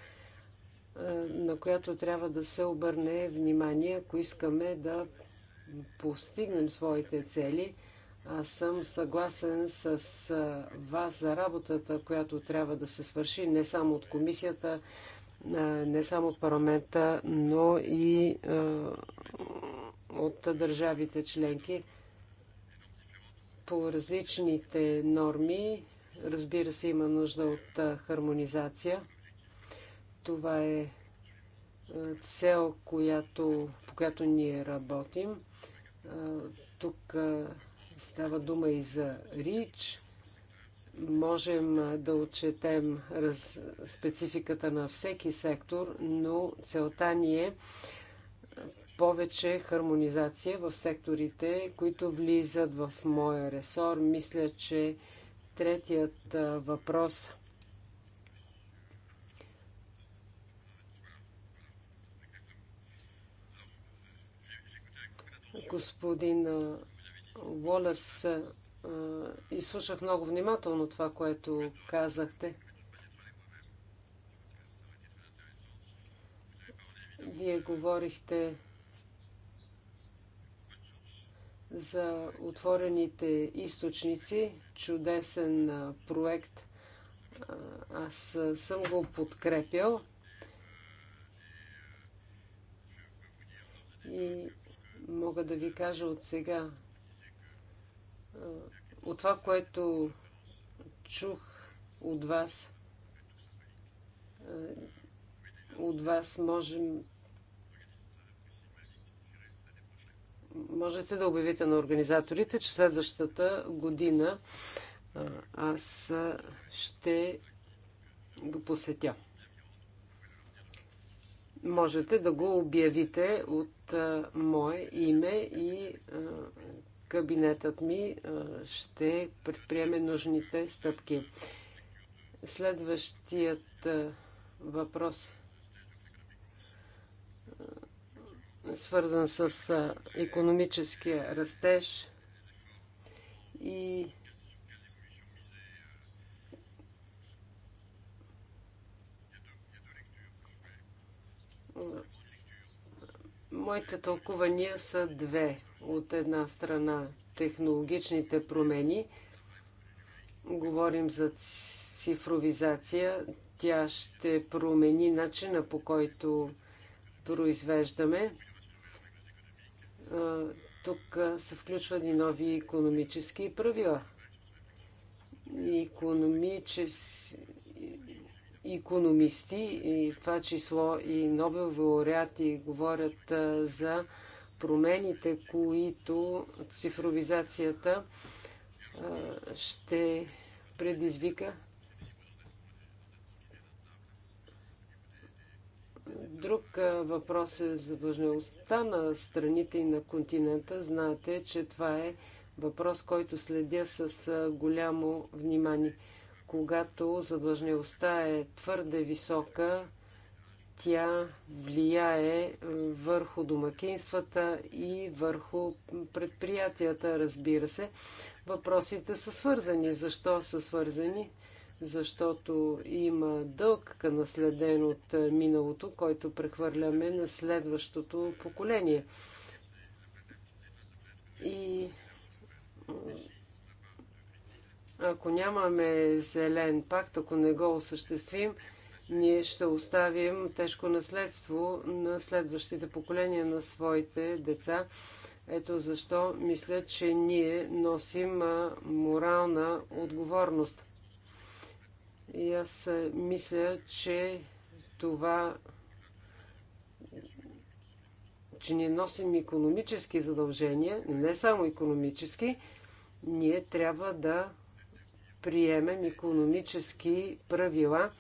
B: е, на която трябва да се обърне внимание, ако искаме да постигнем своите цели. Аз съм съгласен с е, вас за работата, която трябва да се свърши не само от комисията, е, не само от парламента, но и от държавите членки по различните норми. Разбира се, има нужда от хармонизация – това е, е цел, която, по която ние работим. Е, тук е, става дума и за РИЧ. Можем да отчетем раз, спецификата на всеки сектор, но целта ни е повече хармонизация в секторите, които влизат в моя ресор. Мисля, че третият въпрос – господин Уолес. Изслушах много внимателно това, което казахте. Вие говорихте за отворените източници, чудесен проект. Аз съм го подкрепял. И мога да ви кажа от сега, от това, което чух от вас, от вас можем можете да обявите на организаторите, че следващата година аз ще го посетя можете да го обявите от мое име и кабинетът ми ще предприеме нужните стъпки. Следващият въпрос свързан с економическия растеж и Моите тълкувания са две. От една страна технологичните промени. Говорим за цифровизация. Тя ще промени начина по който произвеждаме. Тук се включват и нови економически правила. Економичес економисти, и в това число и Нобелови лауреати, говорят за промените, които цифровизацията ще предизвика. Друг въпрос е за важността на страните и на континента. Знаете, че това е въпрос, който следя с голямо внимание. Когато задлъжнялостта е твърде висока, тя влияе върху домакинствата и върху предприятията, разбира се. Въпросите са свързани. Защо са свързани? Защото има дълг наследен от миналото, който прехвърляме на следващото поколение. И ако нямаме зелен пакт, ако не го осъществим, ние ще оставим тежко наследство на следващите поколения на своите деца. Ето защо мисля, че ние носим морална отговорност. И аз мисля, че това, че ние носим економически задължения, не само економически, ние трябва да приемем економически правила,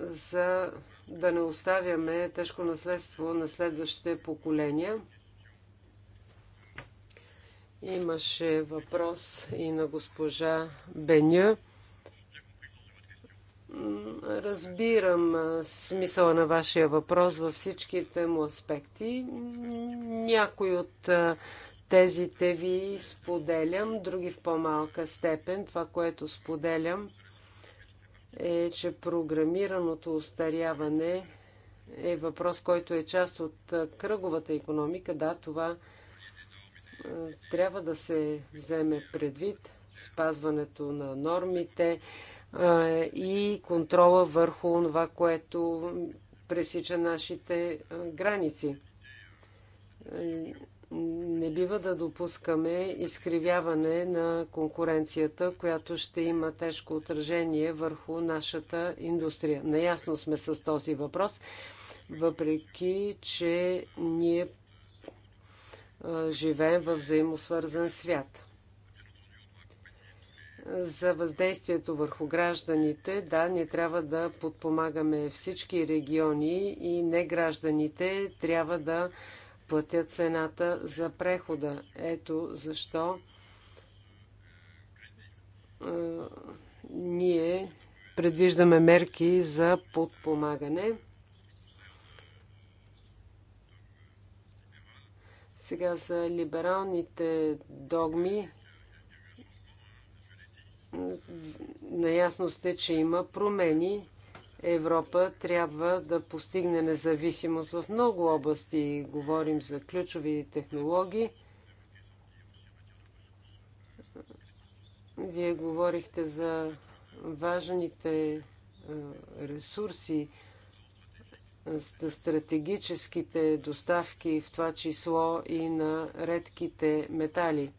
B: за да не оставяме тежко наследство на следващите поколения. Имаше въпрос и на госпожа Беня. Разбирам смисъла на вашия въпрос във всичките му аспекти. Някои от Тезите ви споделям, други в по-малка степен. Това, което споделям, е, че програмираното устаряване е въпрос, който е част от кръговата економика. Да, това трябва да се вземе предвид спазването на нормите и контрола върху това, което пресича нашите граници. Не бива да допускаме изкривяване на конкуренцията, която ще има тежко отражение върху нашата индустрия. Наясно сме с този въпрос, въпреки че ние живеем в взаимосвързан свят. За въздействието върху гражданите, да, ние трябва да подпомагаме всички региони и не гражданите трябва да платя цената за прехода. Ето защо е, ние предвиждаме мерки за подпомагане. Сега за либералните догми наясно сте, че има промени Европа трябва да постигне независимост в много области. Говорим за ключови технологии. Вие говорихте за важните ресурси, за стратегическите доставки, в това число и на редките метали.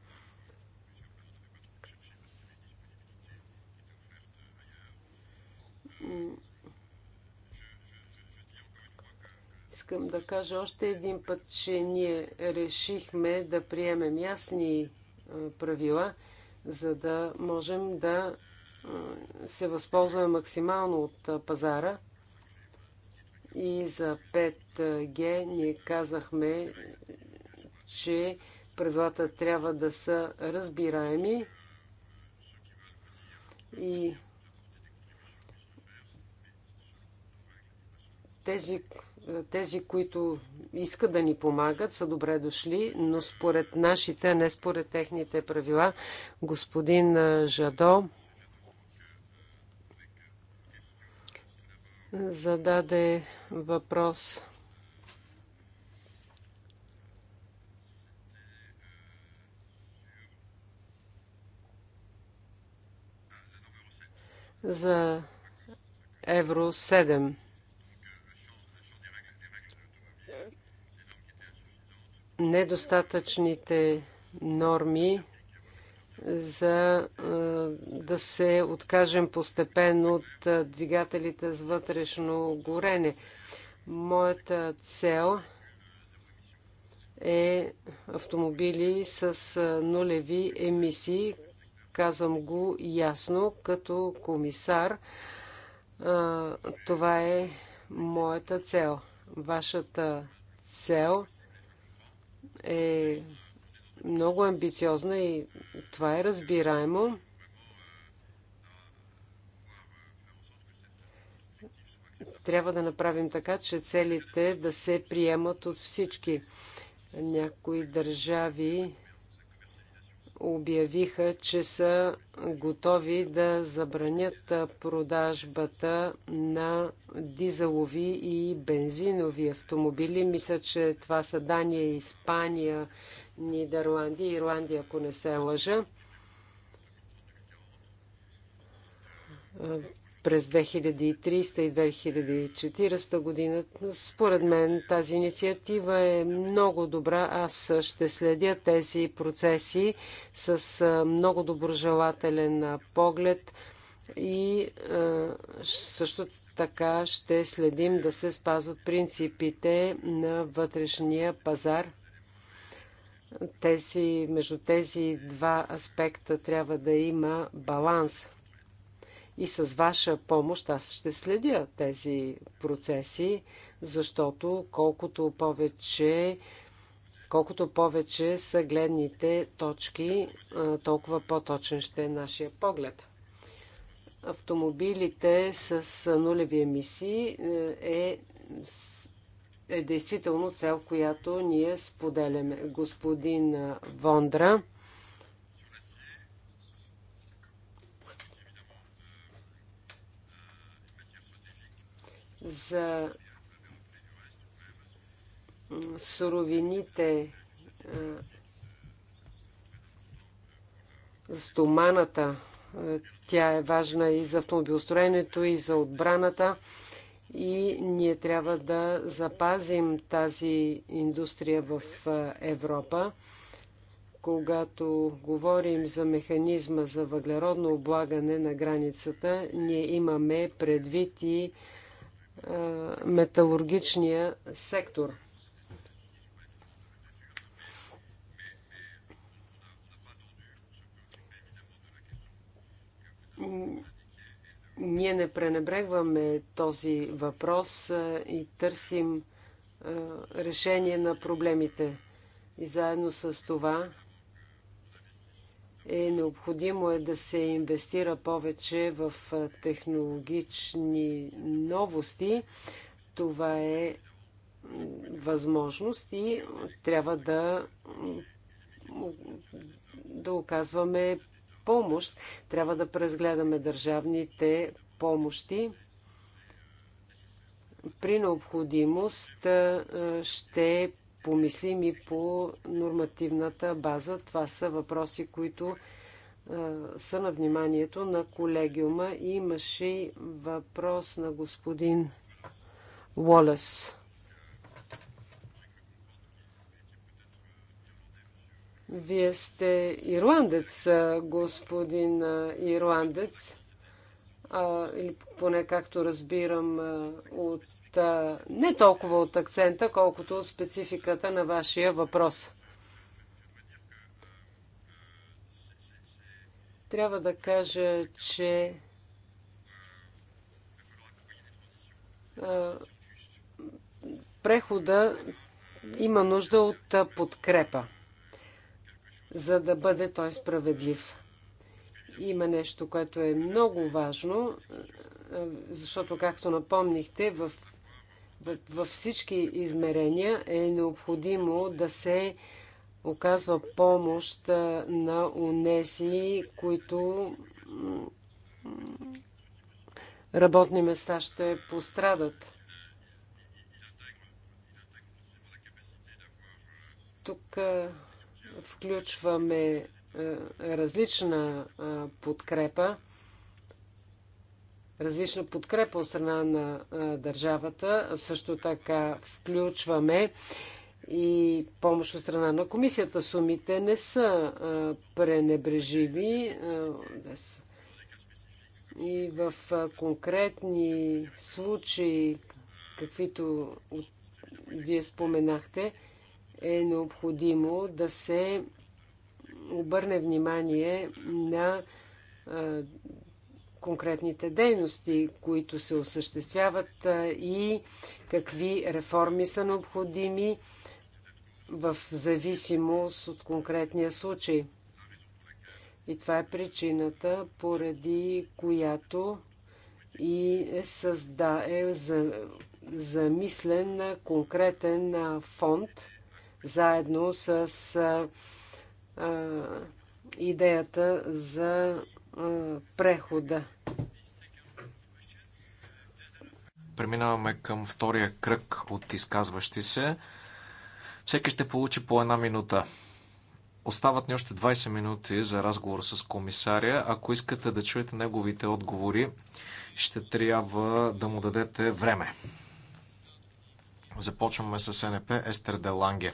B: Искам да кажа още един път, че ние решихме да приемем ясни е, правила, за да можем да е, се възползваме максимално от е, пазара. И за 5G ние казахме, че правилата трябва да са разбираеми и тези, тези, които искат да ни помагат, са добре дошли, но според нашите, а не според техните правила. Господин Жадо зададе въпрос. за Евро 7. недостатъчните норми за да се откажем постепенно от двигателите с вътрешно горене. Моята цел е автомобили с нулеви емисии. Казвам го ясно, като комисар. Това е моята цел. Вашата цел е е много амбициозна и това е разбираемо. Трябва да направим така, че целите да се приемат от всички. Някои държави обявиха, че са готови да забранят продажбата на дизелови и бензинови автомобили. Мисля, че това са Дания, Испания, Нидерландия, Ирландия, ако не се лъжа през 2300 и 2040 година. Според мен тази инициатива е много добра. Аз ще следя тези процеси с много доброжелателен поглед и също така ще следим да се спазват принципите на вътрешния пазар. Тези, между тези два аспекта трябва да има баланс. И с ваша помощ аз ще следя тези процеси, защото колкото повече, колкото повече са гледните точки, толкова по-точен ще е нашия поглед. Автомобилите с нулеви емисии е, е, е действително цел, която ние споделяме. Господин Вондра, за суровините, стоманата. Тя е важна и за автомобилостроенето, и за отбраната. И ние трябва да запазим тази индустрия в Европа. Когато говорим за механизма за въглеродно облагане на границата, ние имаме предвид и е, металургичния сектор. Ние не пренебрегваме този въпрос е, и търсим е, решение на проблемите. И заедно с това е необходимо е да се инвестира повече в технологични новости. Това е възможност и трябва да, да оказваме помощ. Трябва да презгледаме държавните помощи. При необходимост ще помислим и по нормативната база. Това са въпроси, които са на вниманието на колегиума. Имаше въпрос на господин Уолес. Вие сте ирландец, господин ирландец, или поне както разбирам от не толкова от акцента, колкото от спецификата на вашия въпрос. Трябва да кажа, че прехода има нужда от подкрепа, за да бъде той справедлив. Има нещо, което е много важно, защото, както напомнихте, в във всички измерения е необходимо да се оказва помощ на унеси, които работни места ще пострадат. Тук включваме различна подкрепа различна подкрепа от страна на държавата. Също така включваме и помощ от страна на комисията. Сумите не са пренебрежими. И в конкретни случаи, каквито вие споменахте, е необходимо да се обърне внимание на конкретните дейности, които се осъществяват и какви реформи са необходими в зависимост от конкретния случай. И това е причината, поради която и е, създа, е за, замислен конкретен фонд заедно с а, идеята за прехода.
D: Преминаваме към втория кръг от изказващи се. Всеки ще получи по една минута. Остават ни още 20 минути за разговор с комисаря. Ако искате да чуете неговите отговори, ще трябва да му дадете време. Започваме с НП Естер Деланге.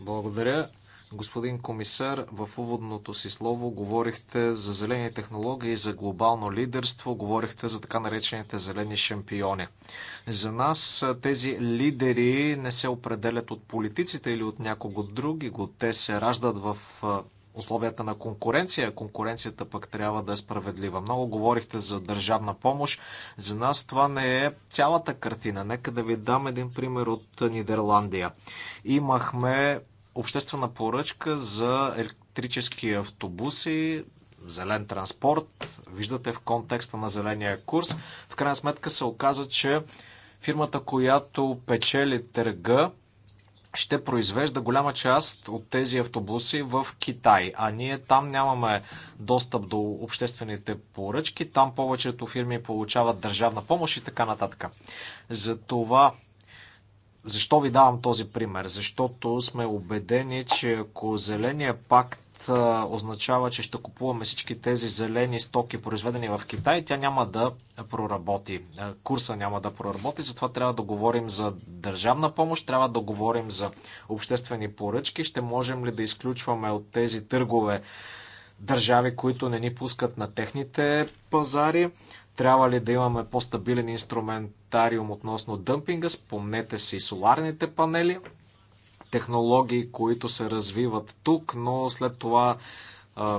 D: Благодаря. Господин комисар, в уводното си слово говорихте за зелени технологии, за глобално лидерство, говорихте за така наречените зелени шампиони. За нас тези лидери не се определят от политиците или от някого други, те се раждат в условията на конкуренция. Конкуренцията пък трябва да е справедлива. Много говорихте за държавна помощ. За нас това не е цялата картина. Нека да ви дам един пример от Нидерландия. Имахме обществена поръчка за електрически автобуси, зелен транспорт. Виждате в контекста на зеления курс. В крайна сметка се оказа, че фирмата, която печели търга, ще произвежда голяма част от тези автобуси в Китай. А ние там нямаме достъп до обществените поръчки, там повечето фирми получават държавна помощ и така нататък. Затова защо ви давам този пример? Защото сме убедени, че ако зеления пакт означава, че ще купуваме всички тези зелени стоки, произведени в Китай, тя няма да проработи. Курса няма да проработи, затова трябва да говорим за държавна помощ, трябва да говорим за обществени поръчки. Ще можем ли да изключваме от тези търгове държави, които не ни пускат на техните пазари? Трябва ли да имаме по-стабилен инструментариум относно дъмпинга? Спомнете си соларните панели, технологии, които се развиват тук, но след това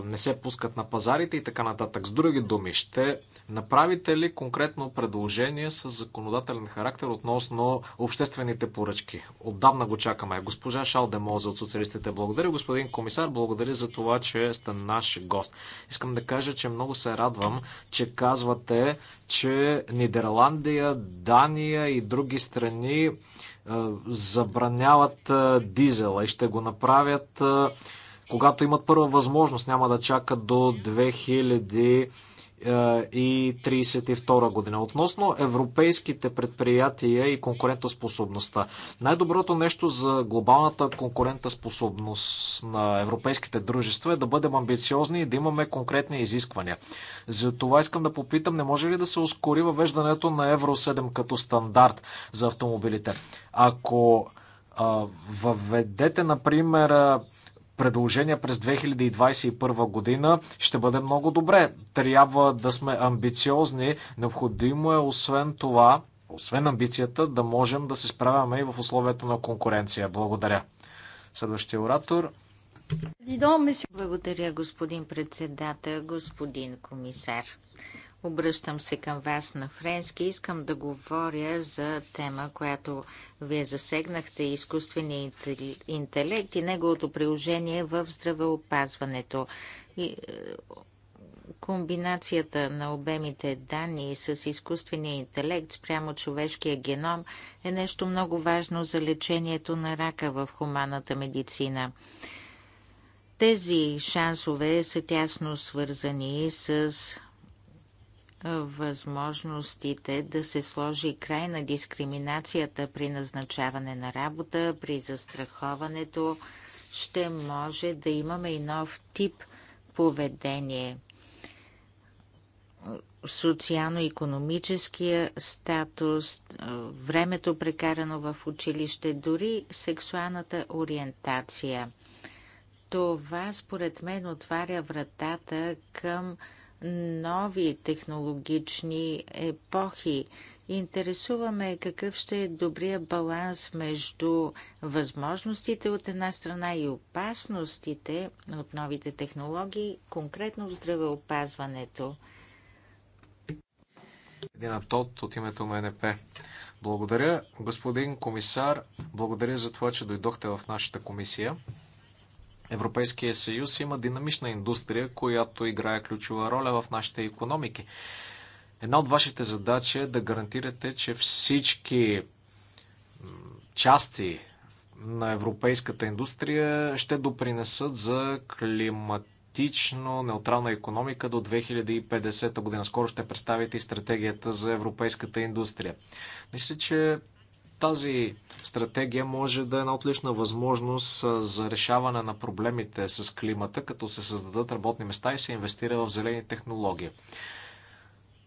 D: не се пускат на пазарите и така нататък. С други думи, ще Направите ли конкретно предложение с законодателен характер относно обществените поръчки? Отдавна го чакаме. Госпожа Шалдемоза от социалистите, благодаря. Господин комисар, благодаря за това, че сте наш гост. Искам да кажа, че много се радвам, че казвате, че Нидерландия, Дания и други страни е, забраняват е, дизела и ще го направят е, когато имат първа възможност. Няма да чакат до 2000 е, и 32 година. Относно европейските предприятия и конкурентоспособността. Най-доброто нещо за глобалната конкурентоспособност на европейските дружества е да бъдем амбициозни и да имаме конкретни изисквания. За това искам да попитам, не може ли да се ускори въвеждането на Евро 7 като стандарт за автомобилите? Ако въведете, например, предложения през 2021 година, ще бъде много добре. Трябва да сме амбициозни. Необходимо е освен това, освен амбицията, да можем да се справяме и в условията на конкуренция. Благодаря. Следващия оратор.
C: Благодаря, господин председател, господин комисар. Обръщам се към вас на френски. Искам да говоря за тема, която вие засегнахте изкуствения интелект и неговото приложение в здравеопазването. И, е, комбинацията на обемите данни с изкуствения интелект спрямо човешкия геном е нещо много важно за лечението на рака в хуманната медицина. Тези шансове са тясно свързани с възможностите да се сложи край на дискриминацията при назначаване на работа, при застраховането, ще може да имаме и нов тип поведение. Социално-економическия статус, времето прекарано в училище, дори сексуалната ориентация. Това, според мен, отваря вратата към нови технологични епохи. Интересуваме какъв ще е добрия баланс между възможностите от една страна и опасностите от новите технологии, конкретно в здравеопазването.
D: Един Тот от името на НП. Благодаря, господин комисар. Благодаря за това, че дойдохте в нашата комисия. Европейския съюз има динамична индустрия, която играе ключова роля в нашите економики. Една от вашите задачи е да гарантирате, че всички части на европейската индустрия ще допринесат за климатично неутрална економика до 2050 година. Скоро ще представите и стратегията за европейската индустрия. Мисля, че тази стратегия може да е една отлична възможност за решаване на проблемите с климата, като се създадат работни места и се инвестира в зелени технологии.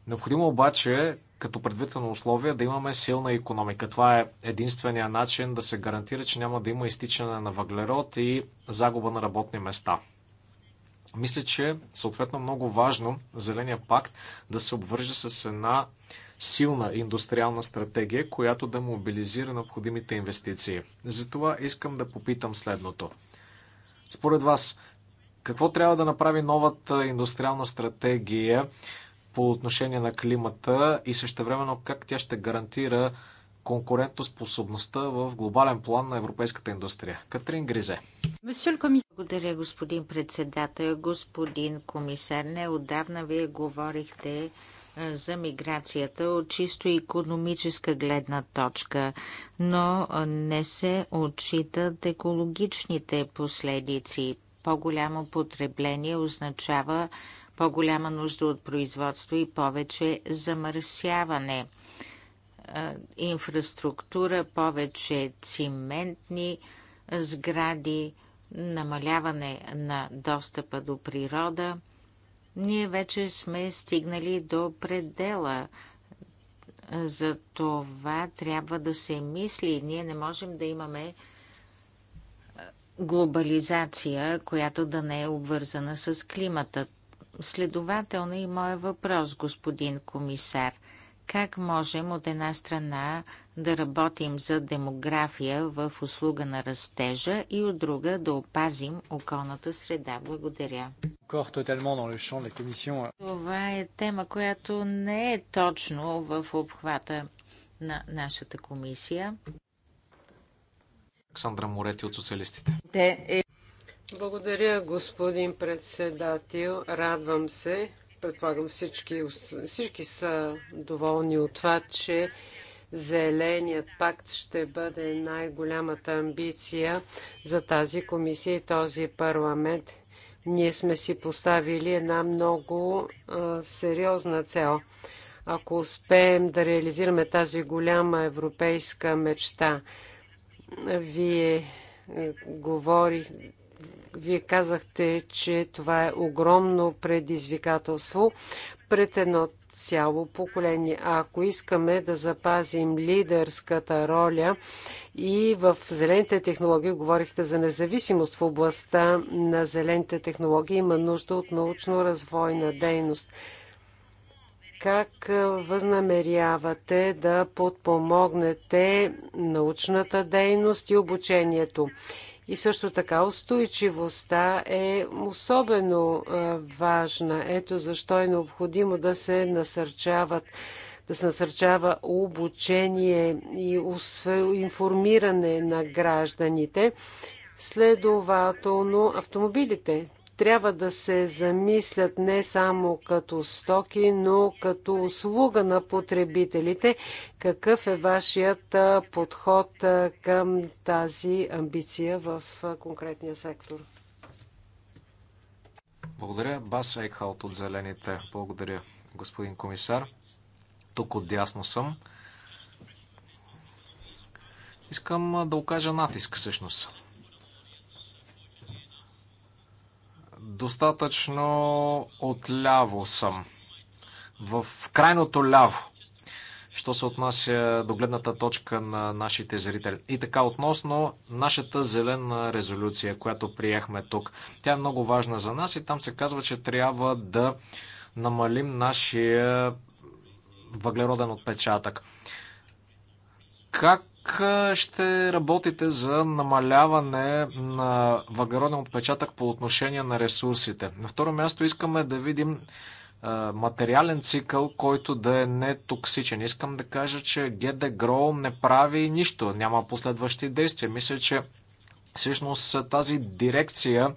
D: Необходимо обаче, като предвидено условие, да имаме силна економика. Това е единствения начин да се гарантира, че няма да има изтичане на въглерод и загуба на работни места. Мисля, че съответно много важно Зеления пакт да се обвърже с една силна индустриална стратегия, която да мобилизира необходимите инвестиции. Затова искам да попитам следното. Според вас, какво трябва да направи новата индустриална стратегия по отношение на климата и същевременно как тя ще гарантира конкурентоспособността в глобален план на европейската индустрия. Катрин Гризе.
C: Благодаря, господин председател, господин комисар. Неодавна вие говорихте за миграцията от чисто економическа гледна точка, но не се отчитат екологичните последици. По-голямо потребление означава по-голяма нужда от производство и повече замърсяване. Инфраструктура, повече циментни сгради, намаляване на достъпа до природа – ние вече сме стигнали до предела. За това трябва да се мисли. Ние не можем да имаме глобализация, която да не е обвързана с климата. Следователно и моя въпрос, господин комисар. Как можем от една страна да работим за демография в услуга на растежа и от друга да опазим околната среда? Благодаря. Това е тема, която не е точно в обхвата на нашата
B: комисия.
D: Александра Морети от социалистите.
B: Е- Благодаря, господин председател. Радвам се, предполагам всички, всички са доволни от това, че Зеленият пакт ще бъде най-голямата амбиция за тази комисия и този парламент. Ние сме си поставили една много а, сериозна цел. Ако успеем да реализираме тази голяма европейска мечта, вие е, говорих, вие казахте, че това е огромно предизвикателство пред едно цяло поколение. А ако искаме да запазим лидерската роля и в зелените технологии, говорихте за независимост в областта на зелените технологии, има нужда от научно-развойна дейност. Как възнамерявате да подпомогнете научната дейност и обучението? И също така устойчивостта е особено важна. Ето защо е необходимо да се насърчават да се насърчава обучение и информиране на гражданите. Следователно, автомобилите трябва да се замислят не само като стоки, но като услуга на потребителите. Какъв е вашият подход към тази амбиция в конкретния сектор?
D: Благодаря. Бас Екхалт от Зелените. Благодаря, господин комисар. Тук отдясно съм. Искам да окажа натиск, всъщност. достатъчно отляво съм. В крайното ляво що се отнася до гледната точка на нашите зрители. И така, относно нашата зелена резолюция, която приехме тук. Тя е много важна за нас и там се казва, че трябва да намалим нашия въглероден отпечатък. Как как ще работите за намаляване на въглероден отпечатък по отношение на ресурсите? На второ място искаме да видим материален цикъл, който да е нетоксичен. Искам да кажа, че GD Grow не прави нищо, няма последващи действия. Мисля, че всъщност тази дирекция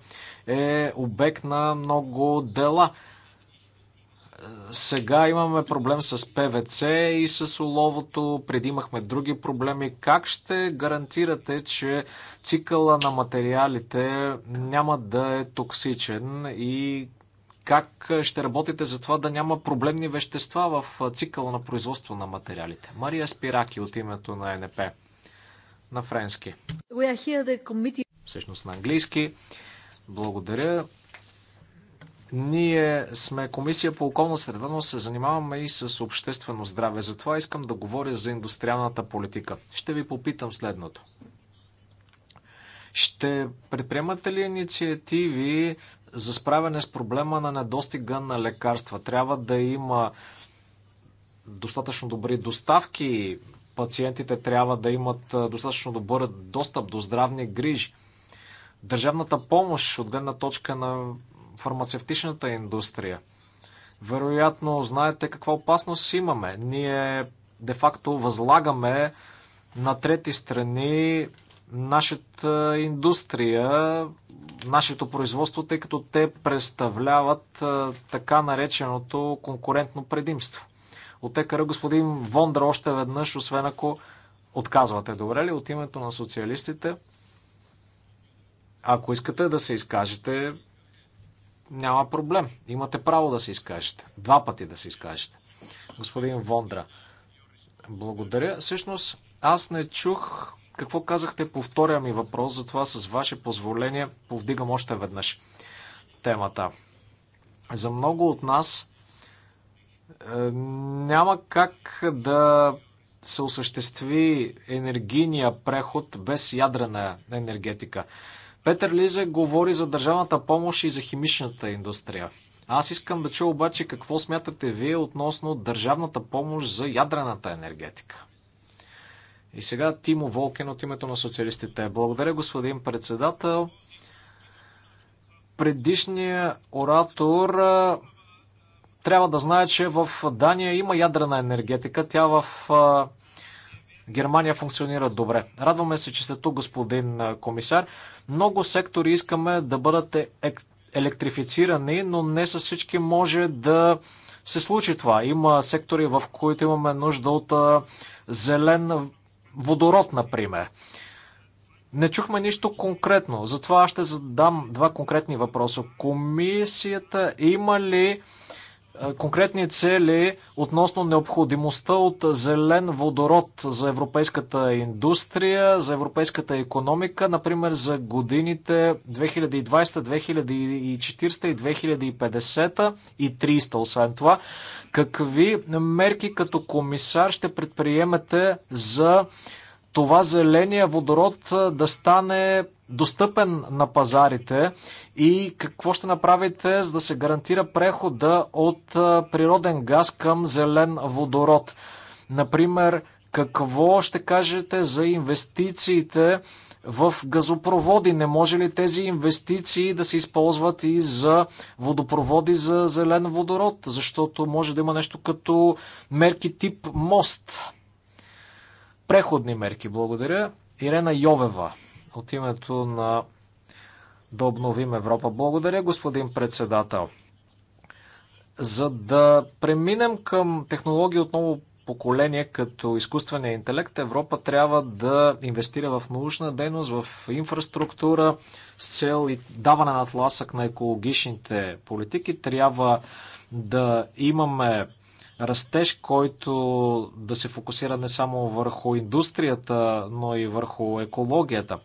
D: е обект на много дела сега имаме проблем с ПВЦ и с уловото, преди имахме други проблеми. Как ще гарантирате, че цикъла на материалите няма да е токсичен и как ще работите за това да няма проблемни вещества в цикъла на производство на материалите? Мария Спираки от името на НП на френски. Всъщност на английски. Благодаря. Ние сме комисия по околна среда, но се занимаваме и с обществено здраве. Затова искам да говоря за индустриалната политика. Ще ви попитам следното. Ще предприемате ли инициативи за справяне с проблема на недостига на лекарства? Трябва да има достатъчно добри доставки, пациентите трябва да имат достатъчно добър достъп до здравни грижи. Държавната помощ от гледна точка на фармацевтичната индустрия. Вероятно знаете каква опасност имаме. Ние де-факто възлагаме на трети страни нашата индустрия, нашето производство, тъй като те представляват така нареченото конкурентно предимство. Отекара господин Вондра още веднъж, освен ако отказвате. Добре ли от името на социалистите? Ако искате да се изкажете, няма проблем. Имате право да се изкажете. Два пъти да се изкажете. Господин Вондра, благодаря. Всъщност, аз не чух какво казахте по втория ми въпрос, затова с ваше позволение повдигам още веднъж темата. За много от нас е, няма как да се осъществи енергийния преход без ядрена енергетика. Петър Лизе говори за държавната помощ и за химичната индустрия. Аз искам да чуя обаче какво смятате вие относно държавната помощ за ядрената енергетика. И сега Тимо Волкин от името на социалистите. Благодаря, господин председател. Предишният оратор трябва да знае, че в Дания има ядрена енергетика. Тя в Германия функционира добре. Радваме се, че сте тук, господин комисар. Много сектори искаме да бъдат е, електрифицирани, но не с всички може да се случи това. Има сектори, в които имаме нужда от зелен водород, например. Не чухме нищо конкретно, затова ще задам два конкретни въпроса. Комисията има ли е, конкретни цели е относно необходимостта от зелен водород за европейската индустрия, за европейската економика, например за годините 2020, 2040 и 2050 и 300, освен това. Какви мерки като комисар ще предприемете за това зеления водород да стане достъпен на пазарите и какво ще направите за да се гарантира прехода от природен газ към зелен водород? Например, какво ще кажете за инвестициите в газопроводи? Не може ли тези инвестиции да се използват и за водопроводи за зелен водород? Защото може да има нещо като мерки тип мост. Преходни мерки, благодаря. Ирена Йовева от името на да обновим Европа. Благодаря, господин председател. За да преминем към технологии от ново поколение като изкуствения интелект, Европа трябва да инвестира в научна дейност, в инфраструктура с цел и даване на тласък на екологичните политики. Трябва да имаме растеж, който да се фокусира не само върху индустрията, но и върху екологията.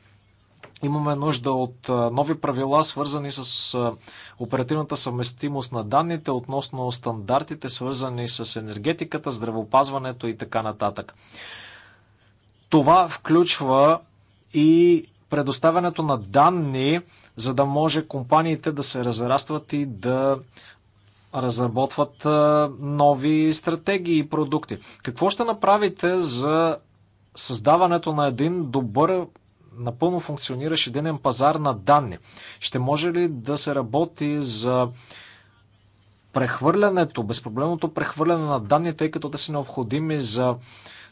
D: Имаме нужда от нови правила, свързани с оперативната съвместимост на данните, относно стандартите, свързани с енергетиката, здравеопазването и така нататък. Това включва и предоставянето на данни, за да може компаниите да се разрастват и да разработват нови стратегии и продукти. Какво ще направите за създаването на един добър напълно функциониращ единен пазар на данни? Ще може ли да се работи за прехвърлянето, безпроблемното прехвърляне на данни, тъй като те са необходими за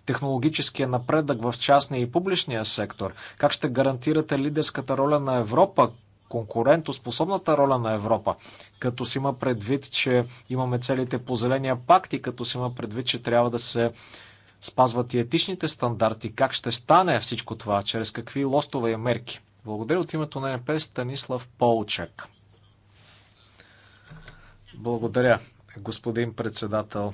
D: технологическия напредък в частния и публичния сектор? Как ще гарантирате лидерската роля на Европа, конкурентоспособната роля на Европа, като си има предвид, че имаме целите по зеления пакт и като си има предвид, че трябва да се спазват и етичните стандарти. Как ще стане всичко това? Чрез какви лостове и мерки? Благодаря от името на МП Станислав Полчак. Благодаря, господин председател.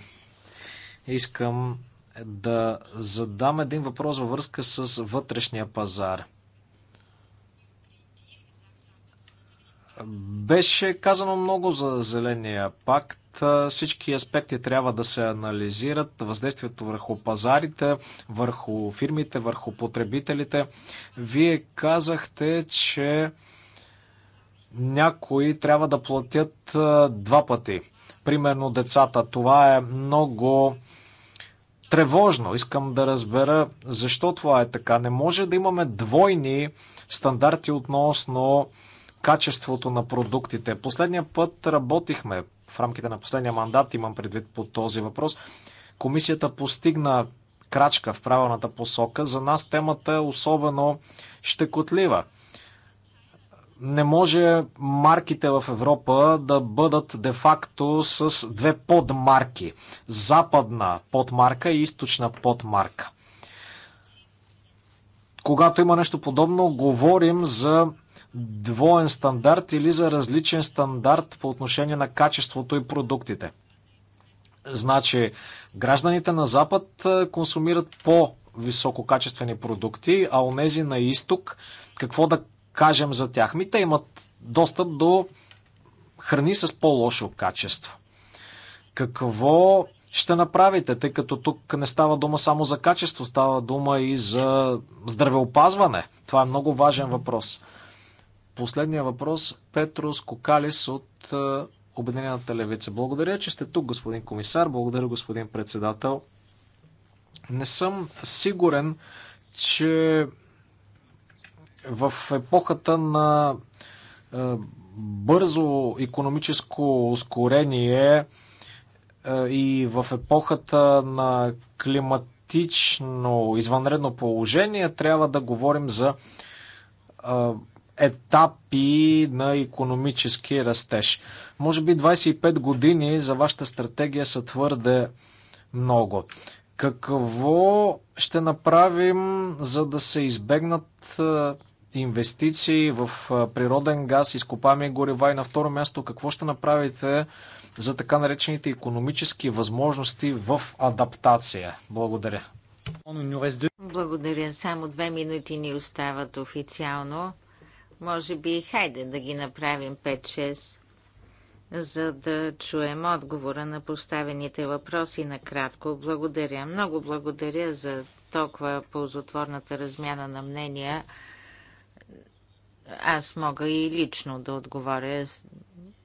D: Искам да задам един въпрос във връзка с вътрешния пазар. Беше казано много за зеления пакт. Всички аспекти трябва да се анализират. Въздействието върху пазарите, върху фирмите, върху потребителите. Вие казахте, че някои трябва да платят два пъти. Примерно децата. Това е много тревожно. Искам да разбера защо това е така. Не може да имаме двойни стандарти относно качеството на продуктите. Последния път работихме в рамките на последния мандат, имам предвид по този въпрос. Комисията постигна крачка в правилната посока. За нас темата е особено щекотлива. Не може марките в Европа да бъдат де-факто с две подмарки. Западна подмарка и източна подмарка. Когато има нещо подобно, говорим за двоен стандарт или за различен стандарт по отношение на качеството и продуктите. Значи, гражданите на Запад консумират по-висококачествени продукти, а онези на изток, какво да кажем за тях? Ми те имат достъп до храни с по-лошо качество. Какво ще направите, тъй като тук не става дума само за качество, става дума и за здравеопазване? Това е много важен въпрос. Последния въпрос Петрос Кокалис от е, Обединената левица. Благодаря, че сте тук, господин комисар. Благодаря, господин председател. Не съм сигурен, че в епохата на е, бързо економическо ускорение е, и в епохата на климатично извънредно положение трябва да говорим за етапи на економически растеж. Може би 25 години за вашата стратегия са твърде много. Какво ще направим, за да се избегнат инвестиции в природен газ, изкопаме горива и на второ място какво ще направите за така наречените економически възможности в адаптация? Благодаря.
A: Благодаря.
C: Само две минути ни остават официално. Може би хайде да ги направим 5-6, за да чуем отговора на поставените въпроси накратко. Благодаря. Много благодаря за толкова ползотворната размяна на мнения. Аз мога и лично да отговоря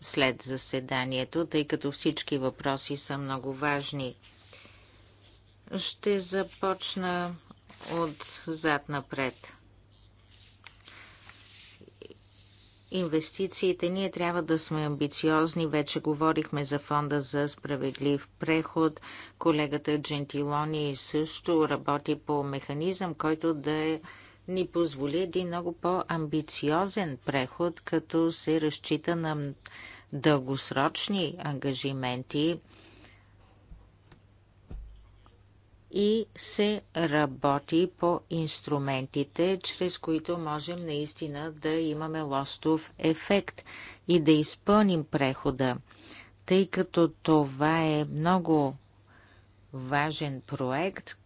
C: след заседанието, тъй като всички въпроси са много важни. Ще започна от зад напред. инвестициите. Ние трябва да сме амбициозни. Вече говорихме за фонда за справедлив преход. Колегата Джентилони също работи по механизъм, който да е ни позволи един много по-амбициозен преход, като се разчита на дългосрочни ангажименти и се работи по инструментите, чрез които можем наистина да имаме лостов ефект и да изпълним прехода, тъй като това е много важен проект,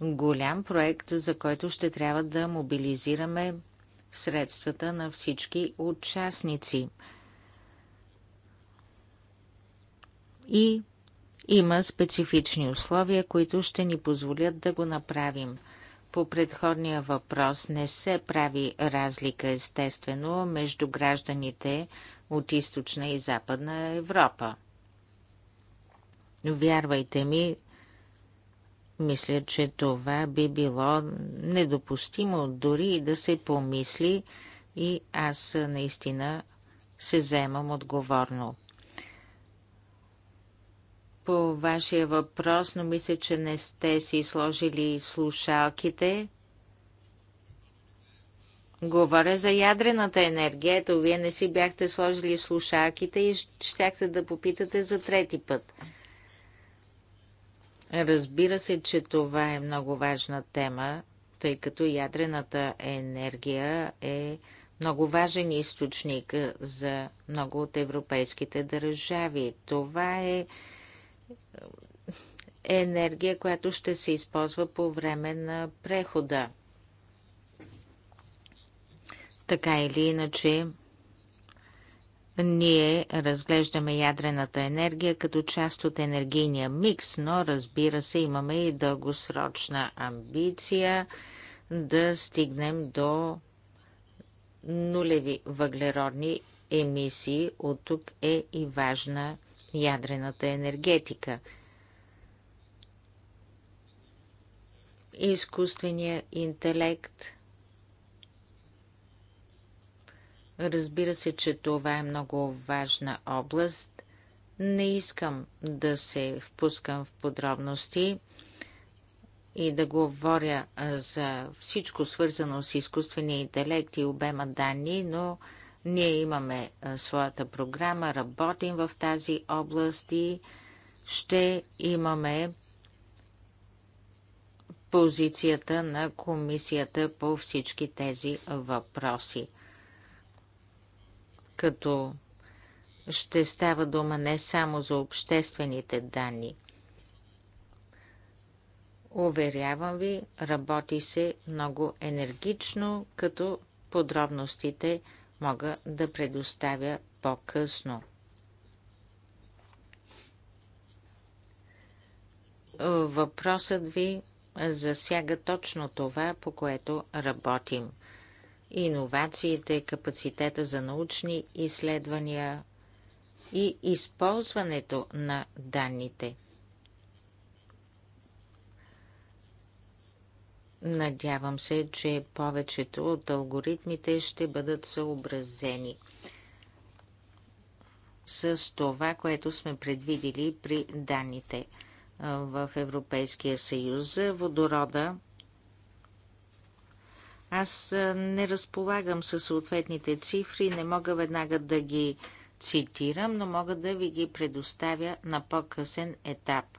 C: голям проект, за който ще трябва да мобилизираме средствата на всички участници. И има специфични условия, които ще ни позволят да го направим. По предходния въпрос не се прави разлика естествено между гражданите от източна и западна Европа. Вярвайте ми, мисля, че това би било недопустимо дори и да се помисли и аз наистина се заемам отговорно по вашия въпрос, но мисля, че не сте си сложили слушалките. Говоря за ядрената енергия. Ето, вие не си бяхте сложили слушалките и щяхте да попитате за трети път. Разбира се, че това е много важна тема, тъй като ядрената енергия е много важен източник за много от европейските държави. Това е енергия, която ще се използва по време на прехода. Така или иначе, ние разглеждаме ядрената енергия като част от енергийния микс, но разбира се, имаме и дългосрочна амбиция да стигнем до нулеви въглеродни емисии. От тук е и важна ядрената енергетика. Изкуственият интелект. Разбира се, че това е много важна област. Не искам да се впускам в подробности и да говоря за всичко свързано с изкуствения интелект и обема данни, но ние имаме своята програма, работим в тази област и ще имаме позицията на комисията по всички тези въпроси. Като ще става дума не само за обществените данни. Уверявам ви, работи се много енергично, като подробностите – мога да предоставя по-късно. Въпросът ви засяга точно това, по което работим. Иновациите, капацитета за научни изследвания и използването на данните. Надявам се, че повечето от алгоритмите ще бъдат съобразени с това, което сме предвидели при данните в Европейския съюз за водорода. Аз не разполагам със съответните цифри, не мога веднага да ги цитирам, но мога да ви ги предоставя на по-късен етап.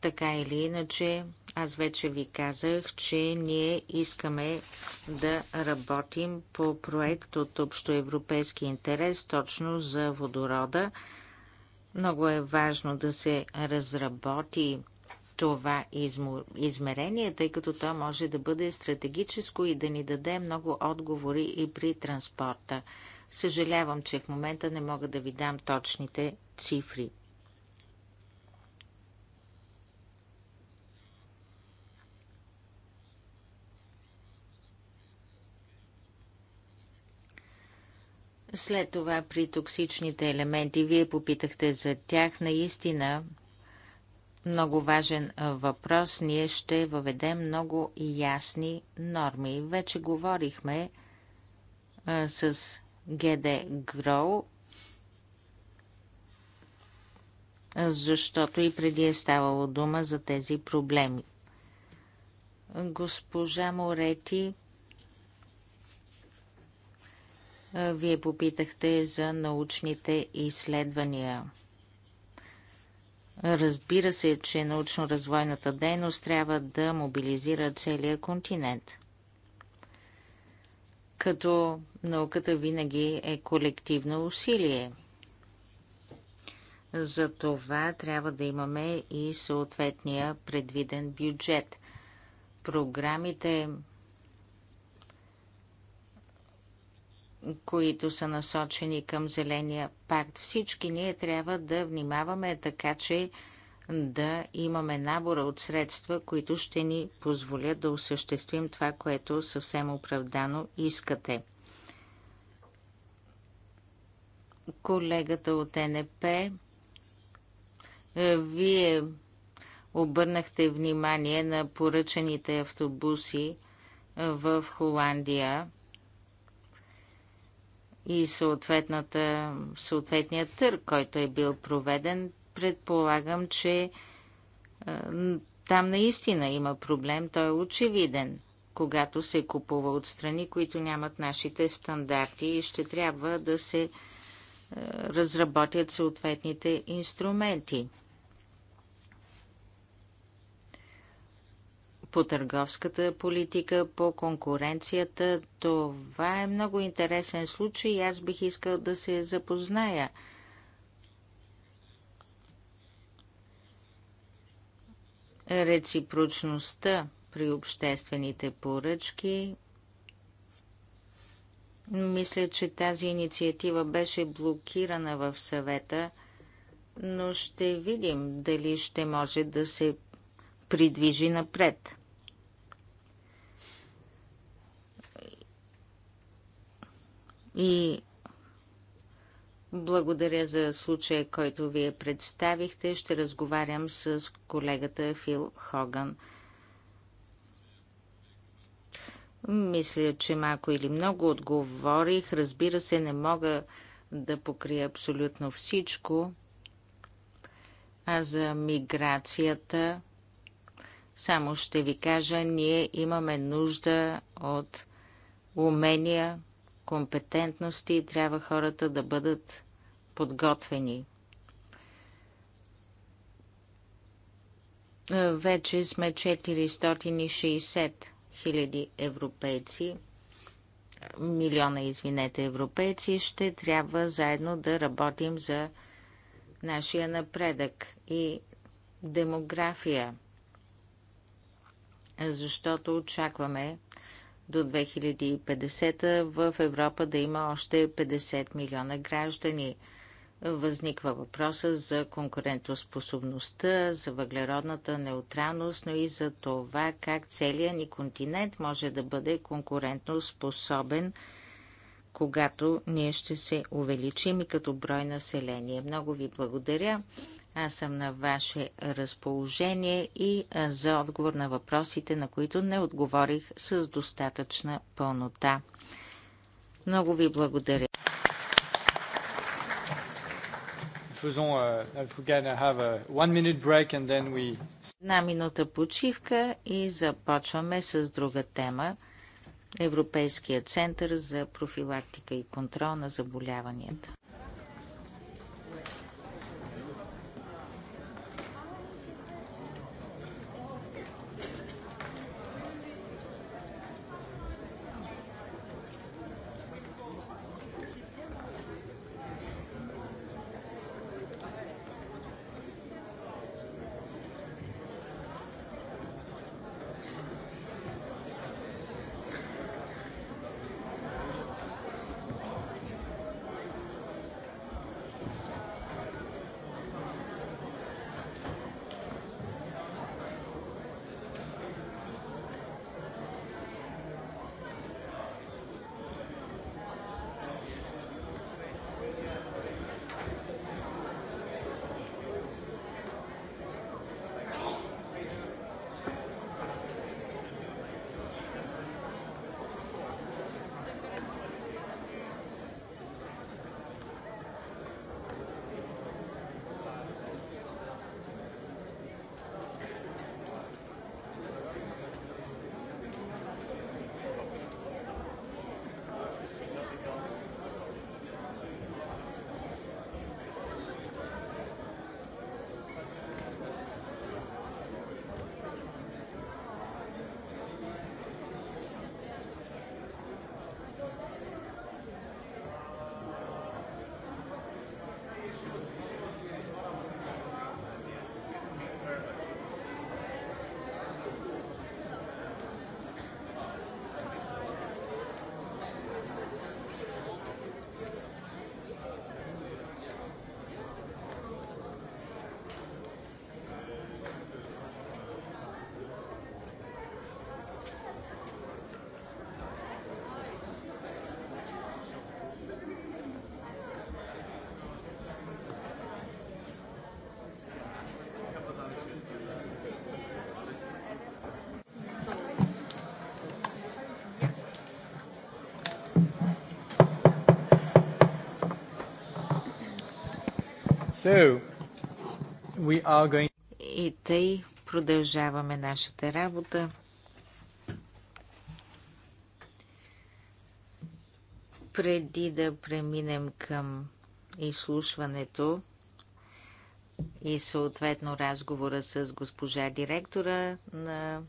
C: Така или иначе, аз вече ви казах, че ние искаме да работим по проект от общоевропейски интерес точно за водорода. Много е важно да се разработи това измерение, тъй като то може да бъде стратегическо и да ни даде много отговори и при транспорта. Съжалявам, че в момента не мога да ви дам точните цифри. След това при токсичните елементи, вие попитахте за тях, наистина много важен въпрос. Ние ще въведем много ясни норми. Вече говорихме а, с ГД Гроу, защото и преди е ставало дума за тези проблеми. Госпожа Морети вие попитахте за научните изследвания. Разбира се, че научно-развойната дейност трябва да мобилизира целия континент. Като науката винаги е колективно усилие. За това трябва да имаме и съответния предвиден бюджет. Програмите които са насочени към Зеления пакт. Всички ние трябва да внимаваме така, че да имаме набора от средства, които ще ни позволят да осъществим това, което съвсем оправдано искате. Колегата от НП, вие обърнахте внимание на поръчаните автобуси в Холандия и съответния търг, който е бил проведен, предполагам, че е, там наистина има проблем, той е очевиден, когато се купува от страни, които нямат нашите стандарти и ще трябва да се е, разработят съответните инструменти. по търговската политика, по конкуренцията. Това е много интересен случай и аз бих искал да се запозная. Реципрочността при обществените поръчки. Мисля, че тази инициатива беше блокирана в съвета, но ще видим дали ще може да се придвижи напред. И благодаря за случая, който вие представихте. Ще разговарям с колегата Фил Хоган. Мисля, че малко или много отговорих. Разбира се, не мога да покрия абсолютно всичко. А за миграцията само ще ви кажа, ние имаме нужда от умения, компетентности и трябва хората да бъдат подготвени. Вече сме 460 хиляди европейци, милиона, извинете, европейци, ще трябва заедно да работим за нашия напредък и демография, защото очакваме до 2050 в Европа да има още 50 милиона граждани. Възниква въпроса за конкурентоспособността, за въглеродната неутралност, но и за това как целият ни континент може да бъде конкурентно способен, когато ние ще се увеличим и като брой население. Много ви благодаря. Аз съм на ваше разположение и за отговор на въпросите, на които не отговорих с достатъчна пълнота. Много ви
A: благодаря. Euh,
C: Една минута почивка и започваме с друга тема. Европейския център за профилактика и контрол на заболяванията. И тъй продължаваме нашата работа. Преди да преминем към изслушването и съответно разговора с госпожа директора на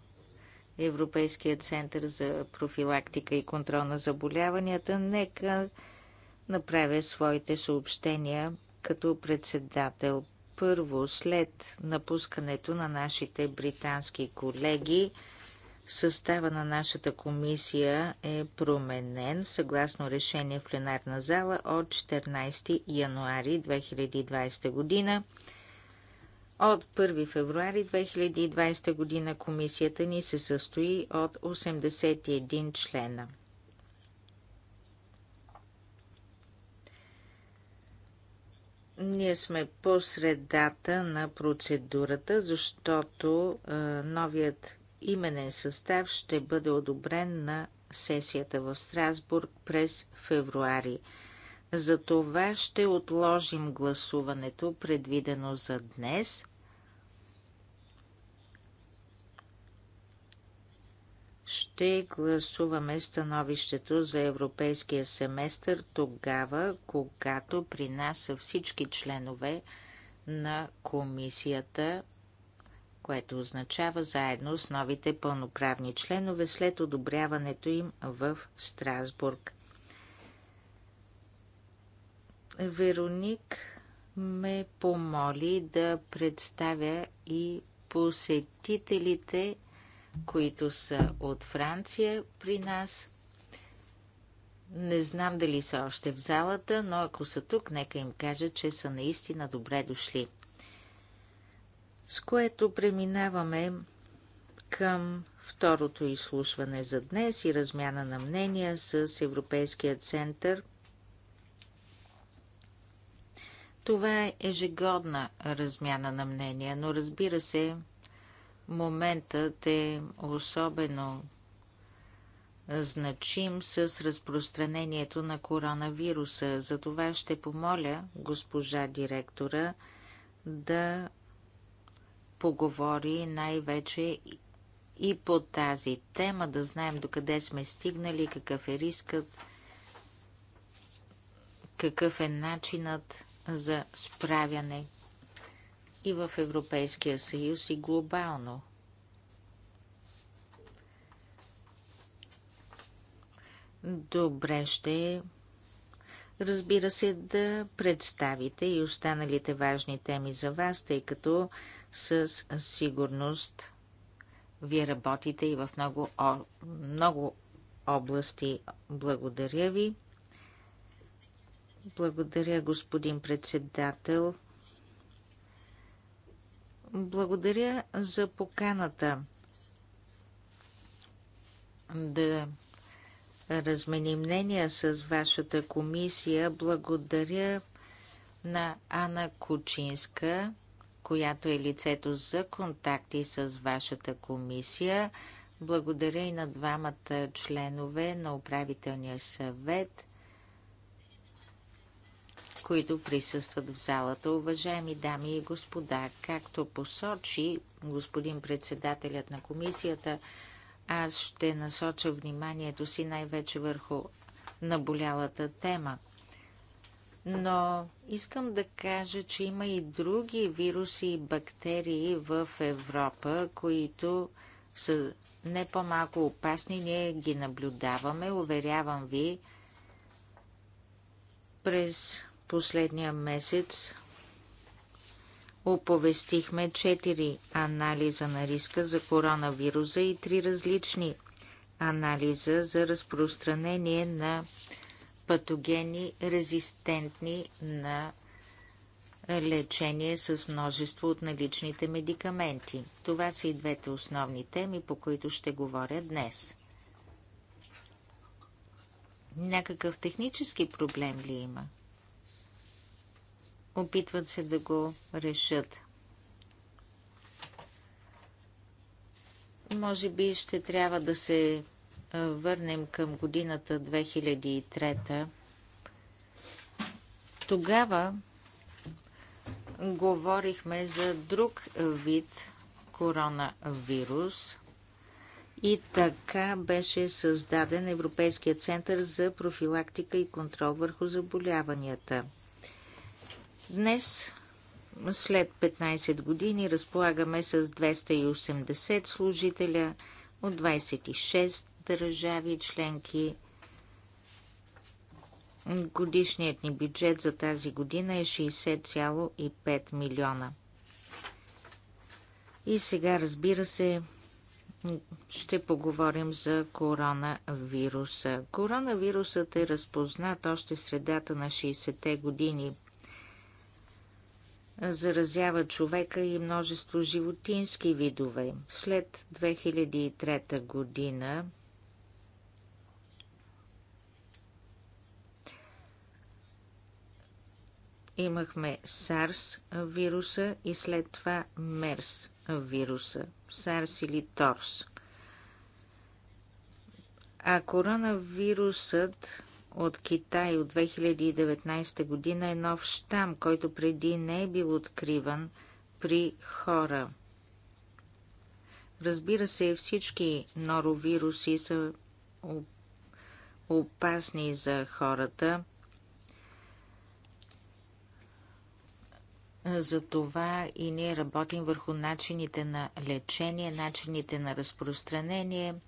C: Европейския център за профилактика и контрол на заболяванията, нека направя своите съобщения като председател. Първо, след напускането на нашите британски колеги, състава на нашата комисия е променен съгласно решение в пленарна зала от 14 януари 2020 година. От 1 февруари 2020 година комисията ни се състои от 81 члена. Ние сме по средата на процедурата, защото новият именен състав ще бъде одобрен на сесията в Страсбург през февруари. За това ще отложим гласуването, предвидено за днес, ще гласуваме становището за европейския семестър тогава, когато при нас са всички членове на комисията, което означава заедно с новите пълноправни членове след одобряването им в Страсбург. Вероник ме помоли да представя и посетителите – които са от Франция при нас. Не знам дали са още в залата, но ако са тук, нека им кажа, че са наистина добре дошли. С което преминаваме към второто изслушване за днес и размяна на мнения с Европейския център. Това е ежегодна размяна на мнения, но разбира се, Моментът е особено значим с разпространението на коронавируса. Затова ще помоля госпожа директора да поговори най-вече и по тази тема, да знаем докъде сме стигнали, какъв е рискът, какъв е начинът за справяне и в Европейския съюз и глобално. Добре ще е, разбира се, да представите и останалите важни теми за вас, тъй като със сигурност вие работите и в много, много области. Благодаря ви. Благодаря, господин председател. Благодаря за поканата да размени мнения с вашата комисия. Благодаря на Ана Кучинска, която е лицето за контакти с вашата комисия. Благодаря и на двамата членове на управителния съвет които присъстват в залата. Уважаеми дами и господа, както посочи господин председателят на комисията, аз ще насоча вниманието си най-вече върху наболялата тема. Но искам да кажа, че има и други вируси и бактерии в Европа, които са не по-малко опасни. Ние ги наблюдаваме, уверявам ви. През последния месец оповестихме четири анализа на риска за коронавируса и три различни анализа за разпространение на патогени, резистентни на лечение с множество от наличните медикаменти. Това са и двете основни теми, по които ще говоря днес. Някакъв технически проблем ли има? Опитват се да го решат. Може би ще трябва да се върнем към годината 2003. Тогава говорихме за друг вид коронавирус – и така беше създаден Европейския център за профилактика и контрол върху заболяванията. Днес, след 15 години, разполагаме с 280 служителя от 26 държави членки. Годишният ни бюджет за тази година е 60,5 милиона. И сега, разбира се, ще поговорим за коронавируса. Коронавирусът е разпознат още средата на 60-те години – заразява човека и множество животински видове. След 2003 година имахме SARS вируса и след това MERS вируса, SARS или TORS. А коронавирусът от Китай от 2019 година е нов щам, който преди не е бил откриван при хора. Разбира се, всички норовируси са опасни за хората. Затова и ние работим върху начините на лечение, начините на разпространение –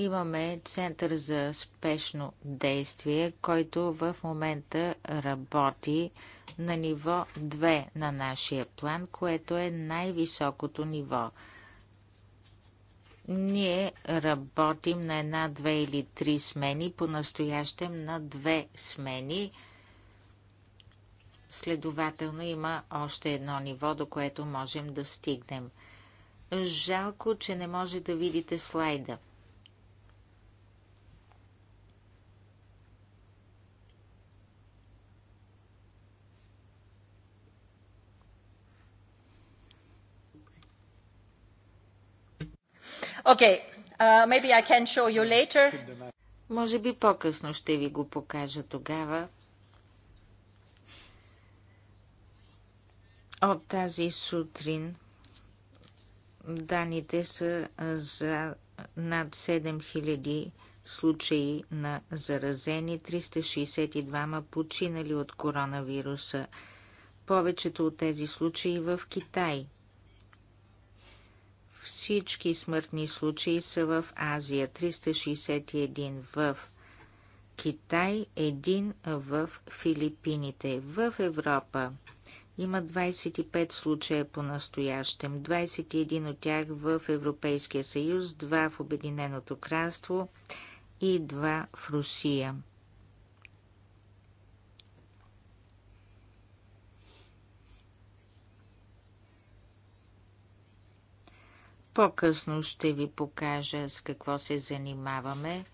C: Имаме Център за спешно действие, който в момента работи на ниво 2 на нашия план, което е най-високото ниво. Ние работим на една, две или три смени, по-настоящем на две смени. Следователно има още едно ниво, до което можем да стигнем. Жалко, че не може да видите слайда.
A: Okay, uh, maybe I can show
C: you later. Може би по-късно ще ви го покажа тогава. От тази сутрин даните са за над 7000 случаи на заразени, 362 починали от коронавируса. Повечето от тези случаи в Китай – всички смъртни случаи са в Азия, 361 в Китай, 1 в Филипините. В Европа има 25 случая по настоящем, 21 от тях в Европейския съюз, 2 в Обединеното кралство и 2 в Русия. По-късно ще ви покажа с какво се занимаваме.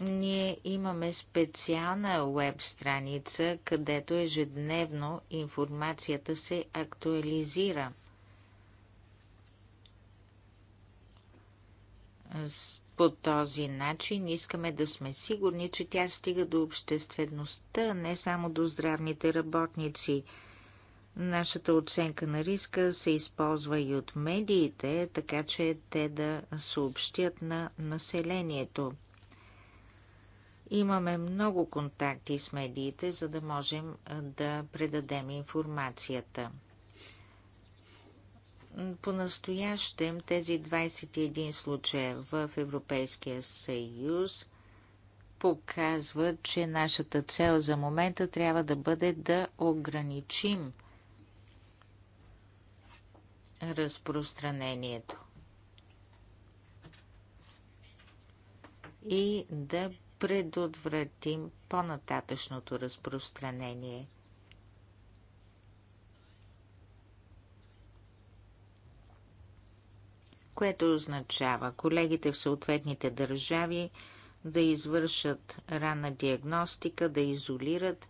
C: Ние имаме специална веб страница, където ежедневно информацията се актуализира. По този начин искаме да сме сигурни, че тя стига до обществеността, не само до здравните работници – Нашата оценка на риска се използва и от медиите, така че те да съобщят на населението. Имаме много контакти с медиите, за да можем да предадем информацията. По-настоящем тези 21 случая в Европейския съюз показват, че нашата цел за момента трябва да бъде да ограничим – разпространението и да предотвратим по-нататъчното разпространение. Което означава колегите в съответните държави да извършат ранна диагностика, да изолират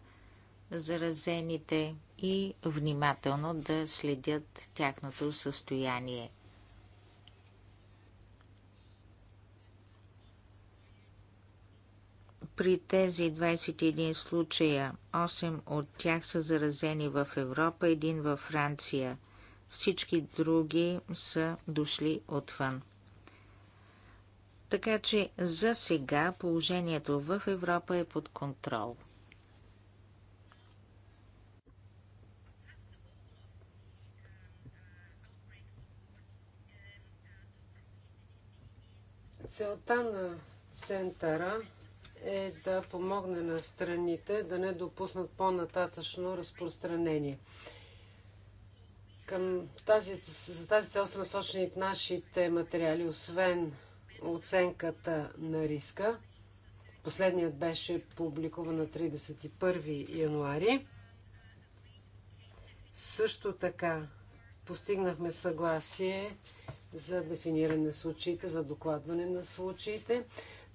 C: заразените и внимателно да следят тяхното състояние. При тези 21 случая, 8 от тях са заразени в Европа, един във Франция. Всички други са дошли отвън. Така че за сега положението в Европа е под контрол.
B: Целта на центъра е да помогне на страните да не допуснат по-нататъчно разпространение. Към тази, за тази цел са насочени нашите материали, освен оценката на риска. Последният беше публикуван на 31 януари. Също така постигнахме съгласие за дефиниране на случаите, за докладване на случаите,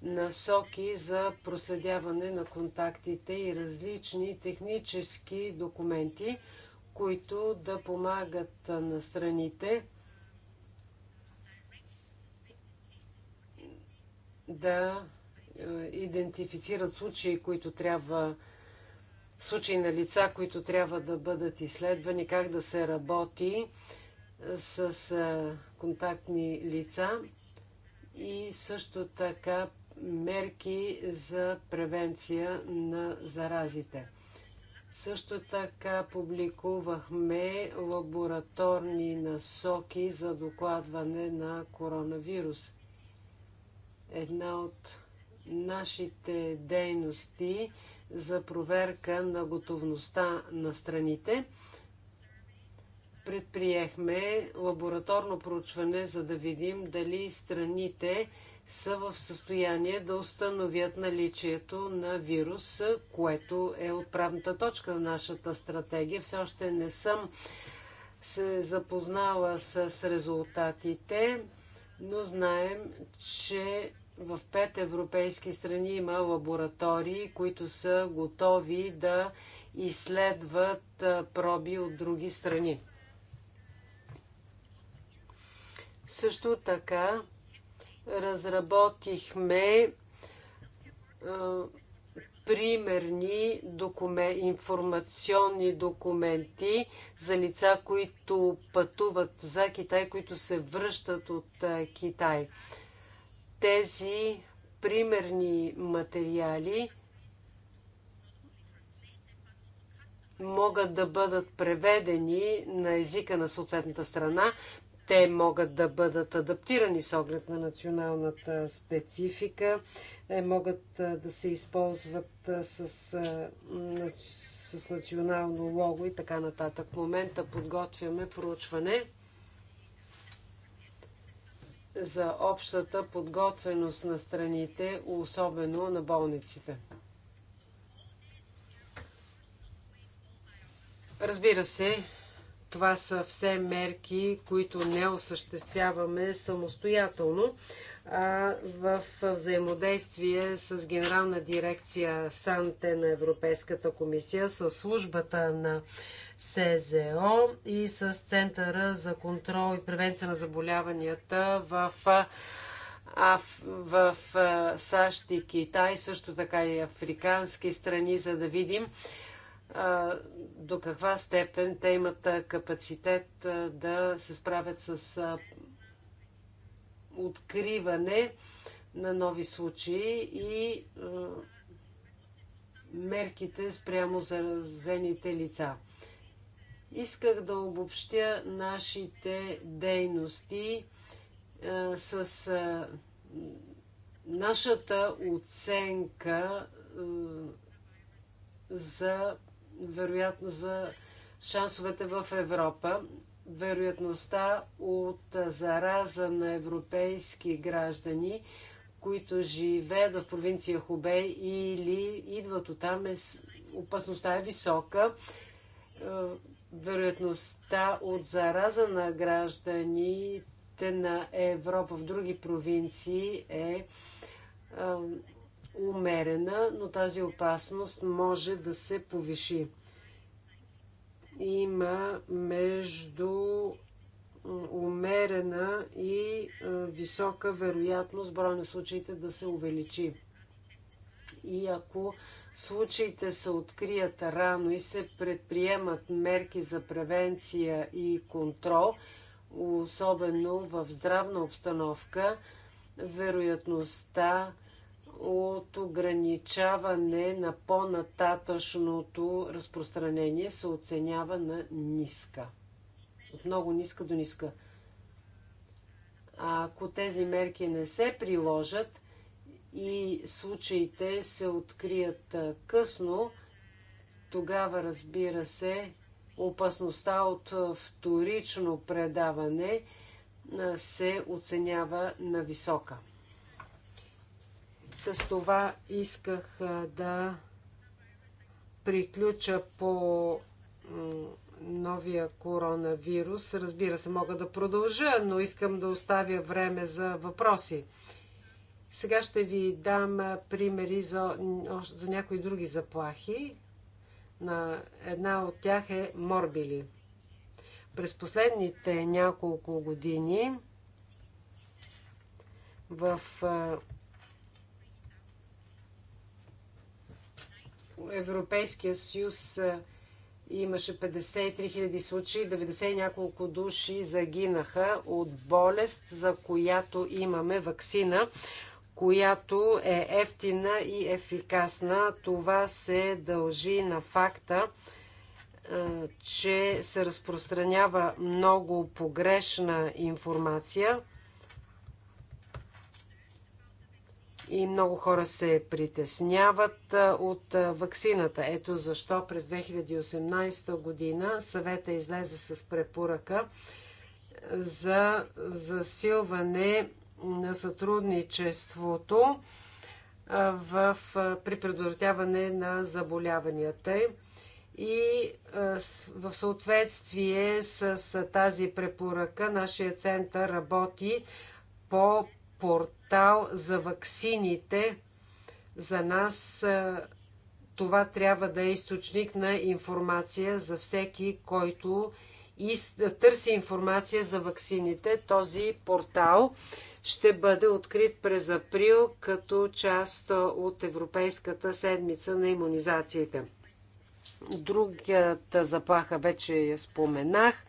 B: насоки за проследяване на контактите и различни технически документи, които да помагат на страните да е, идентифицират случаи, които трябва случаи на лица, които трябва да бъдат изследвани, как да се работи с е, контактни лица и също така мерки за превенция на заразите. Също така публикувахме лабораторни насоки за докладване на коронавирус. Една от нашите дейности за проверка на готовността на страните – предприехме лабораторно проучване, за да видим дали страните са в състояние да установят наличието на вирус, което е отправната точка на нашата стратегия. Все още не съм се запознала с резултатите, но знаем, че в пет европейски страни има лаборатории, които са готови да изследват проби от други страни. Също така разработихме примерни информационни документи за лица, които пътуват за Китай, които се връщат от Китай. Тези примерни материали могат да бъдат преведени на езика на съответната страна те могат да бъдат адаптирани с оглед на националната специфика, могат да се използват с, с национално лого и така нататък. В момента подготвяме проучване за общата подготвеност на страните, особено на болниците. Разбира се, това са все мерки, които не осъществяваме самостоятелно, а в взаимодействие с Генерална дирекция САНТЕ на Европейската комисия, с службата на СЗО и с Центъра за контрол и превенция на заболяванията в а в, в САЩ и Китай, също така и африкански страни, за да видим до каква степен те имат капацитет да се справят с откриване на нови случаи и мерките спрямо заразените лица. Исках да обобщя нашите дейности с нашата оценка за вероятно за шансовете в Европа. Вероятността от зараза на европейски граждани, които живеят в провинция Хубей или идват от там, е, опасността е висока. Е, вероятността от зараза на гражданите на Европа в други провинции е, е умерена, но тази опасност може да се повиши. Има между умерена и висока вероятност броя на случаите да се увеличи. И ако случаите се открият рано и се предприемат мерки за превенция и контрол, особено в здравна обстановка, вероятността от ограничаване на по-нататъчното разпространение се оценява на ниска. От много ниска до ниска. ако тези мерки не се приложат и случаите се открият късно, тогава разбира се опасността от вторично предаване се оценява на висока. С това исках да приключа по новия коронавирус. Разбира се, мога да продължа, но искам да оставя време за въпроси. Сега ще ви дам примери за, за някои други заплахи. На една от тях е морбили. През последните няколко години в Европейския съюз имаше 53 000 случаи, 90 няколко души загинаха от болест, за която имаме вакцина, която е ефтина и ефикасна. Това се дължи на факта, че се разпространява много погрешна информация и много хора се притесняват от ваксината. Ето защо през 2018 година съвета излезе с препоръка за засилване на сътрудничеството в, при предотвратяване на заболяванията и в съответствие с тази препоръка нашия център работи по порт квартал за ваксините. За нас това трябва да е източник на информация за всеки, който търси информация за ваксините. Този портал ще бъде открит през април като част от Европейската седмица на иммунизациите. Другата заплаха вече я споменах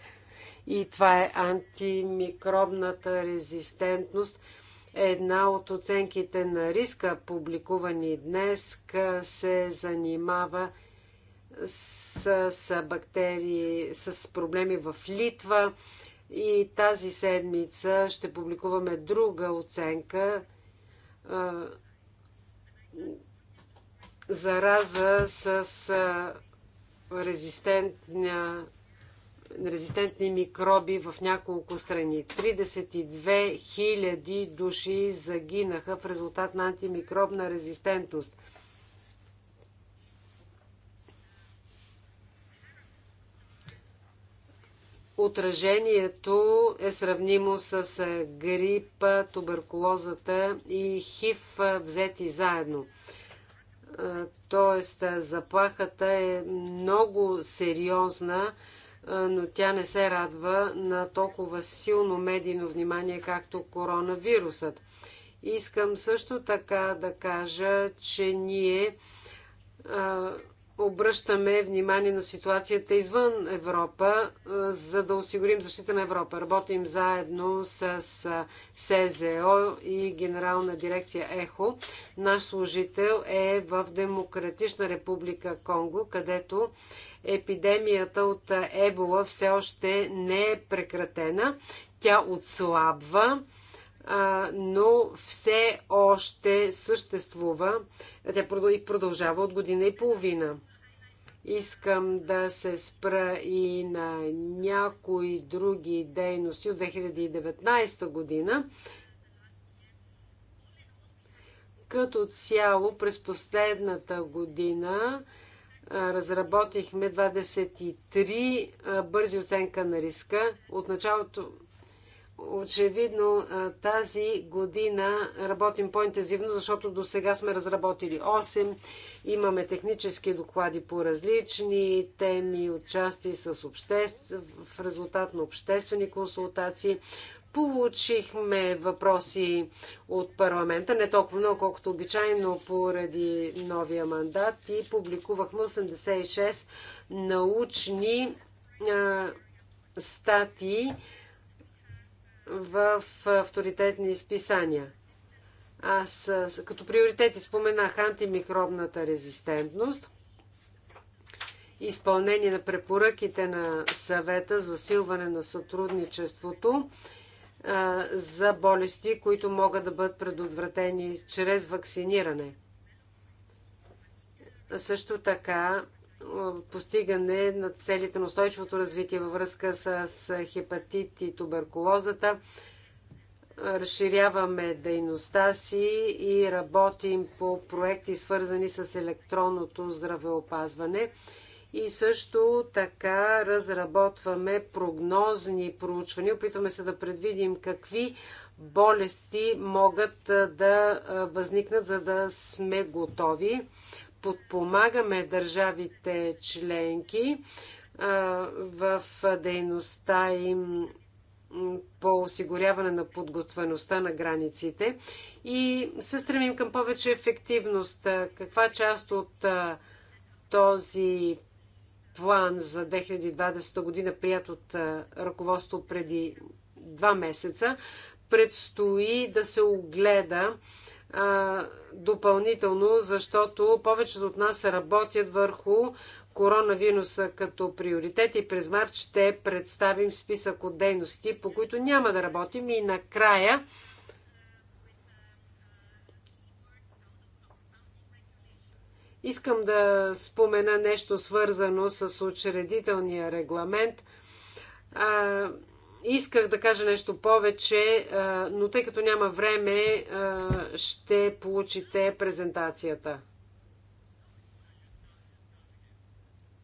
B: и това е антимикробната резистентност – Една от оценките на риска, публикувани днес, се занимава с, бактерии, с проблеми в Литва. И тази седмица ще публикуваме друга оценка зараза с резистентния. резистентна резистентни микроби в няколко страни. 32 000 души загинаха в резултат на антимикробна резистентност. Отражението е сравнимо с грипа, туберкулозата и хив взети заедно. Тоест, заплахата е много сериозна но тя не се радва на толкова силно медийно внимание, както коронавирусът. Искам също така да кажа, че ние обръщаме внимание на ситуацията извън Европа, е, за да осигурим защита на Европа. Работим заедно с е, СЗО и Генерална дирекция ЕХО. Наш служител е в Демократична република Конго, където епидемията от Ебола все още не е прекратена. Тя отслабва но все още съществува. Тя продължава от година и половина. Искам да се спра и на някои други дейности от 2019 година. Като цяло през последната година разработихме 23 бързи оценка на риска. От началото Очевидно тази година работим по-интензивно, защото до сега сме разработили 8. Имаме технически доклади по различни теми, отчасти с обществ... в резултат на обществени консултации. Получихме въпроси от парламента, не толкова много, колкото обичайно поради новия мандат и публикувахме 86 научни а, статии в авторитетни изписания. Аз като приоритети споменах антимикробната резистентност, изпълнение на препоръките на съвета за силване на сътрудничеството за болести, които могат да бъдат предотвратени чрез вакциниране. Също така постигане на целите на устойчивото развитие във връзка с хепатит и туберкулозата. Разширяваме дейността си и работим по проекти, свързани с електронното здравеопазване. И също така разработваме прогнозни проучвания. Опитваме се да предвидим какви болести могат да възникнат, за да сме готови подпомагаме държавите членки в дейността им по осигуряване на подготвеността на границите и се стремим към повече ефективност. Каква част от този план за 2020 година, прият от ръководство преди два месеца, предстои да се огледа а, допълнително, защото повечето от нас работят върху коронавируса като приоритет и през март ще представим списък от дейности, по които няма да работим и накрая Искам да спомена нещо свързано с учредителния регламент. Исках да кажа нещо повече, но тъй като няма време, ще получите презентацията.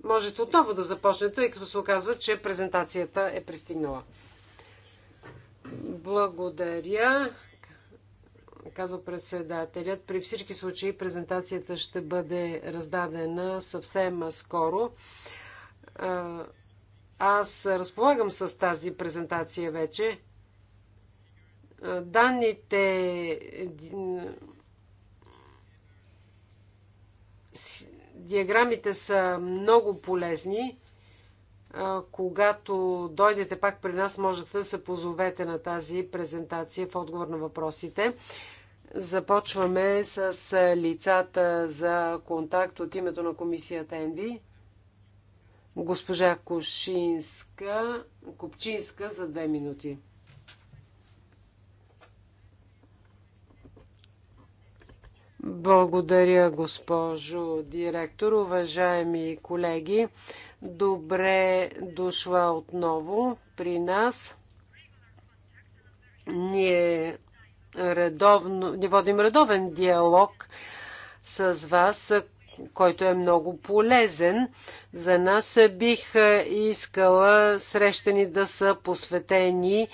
B: Можете отново да започнете, тъй като се оказва, че презентацията е пристигнала. Благодаря, казва председателят. При всички случаи презентацията ще бъде раздадена съвсем скоро аз разполагам с тази презентация вече. Данните, диаграмите са много полезни. Когато дойдете пак при нас, можете да се позовете на тази презентация в отговор на въпросите. Започваме с лицата за контакт от името на комисията ЕНВИ госпожа Кушинска, Купчинска за две минути. Благодаря, госпожо директор. Уважаеми колеги, добре дошла отново при нас. Ние, редовно, ние водим редовен диалог с вас, който е много полезен за нас. Бих искала срещани да са посветени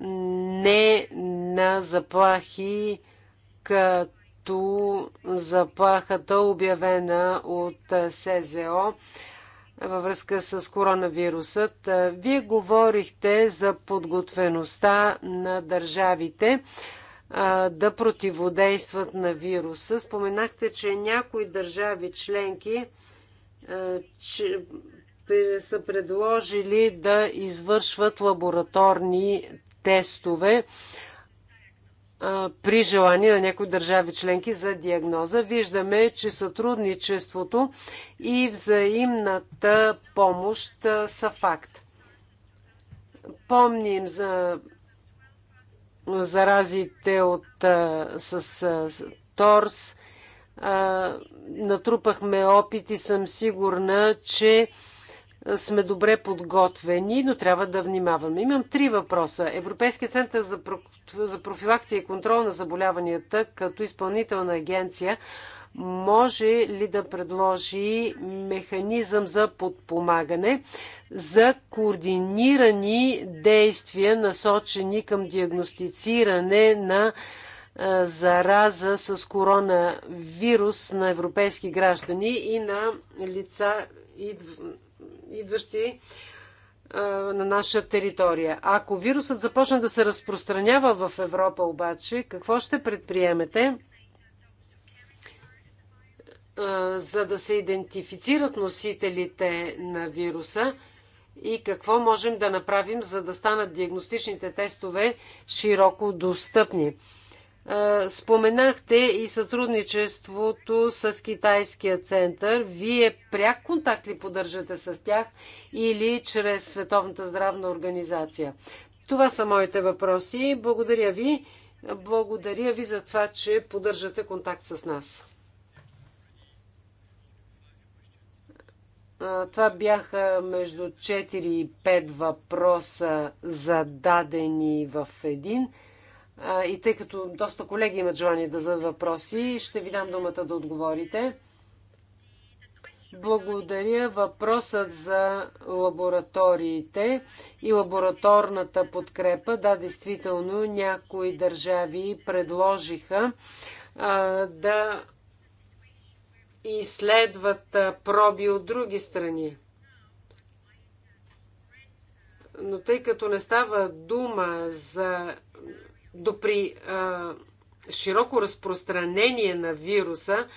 B: не на заплахи, като заплахата обявена от СЗО във връзка с коронавирусът. Вие говорихте за подготвеността на държавите да противодействат на вируса. Споменахте, че някои държави членки са предложили да извършват лабораторни тестове при желание на някои държави членки за диагноза. Виждаме, че сътрудничеството и взаимната помощ са факт. Помним за заразите от, с, с торс. натрупахме опит и съм сигурна, че сме добре подготвени, но трябва да внимаваме. Имам три въпроса. Европейския център за, за профилактика и контрол на заболяванията като изпълнителна агенция може ли да предложи механизъм за подпомагане за координирани действия, насочени към диагностициране на зараза с коронавирус на европейски граждани и на лица, идващи на наша територия. Ако вирусът започне да се разпространява в Европа обаче, какво ще предприемете, за да се идентифицират носителите на вируса? и какво можем да направим, за да станат диагностичните тестове широко достъпни. Споменахте и сътрудничеството с Китайския център. Вие пряк контакт ли поддържате с тях или чрез Световната здравна организация? Това са моите въпроси. Благодаря ви. Благодаря ви за това, че поддържате контакт с нас. Това бяха между 4 и 5 въпроса зададени в един. И тъй като доста колеги имат желание да зададат въпроси, ще ви дам думата да отговорите. Благодаря. Въпросът за лабораториите и лабораторната подкрепа. Да, действително, някои държави предложиха а, да и следват проби от други страни. Но тъй като не става дума за допри а, широко разпространение на вируса,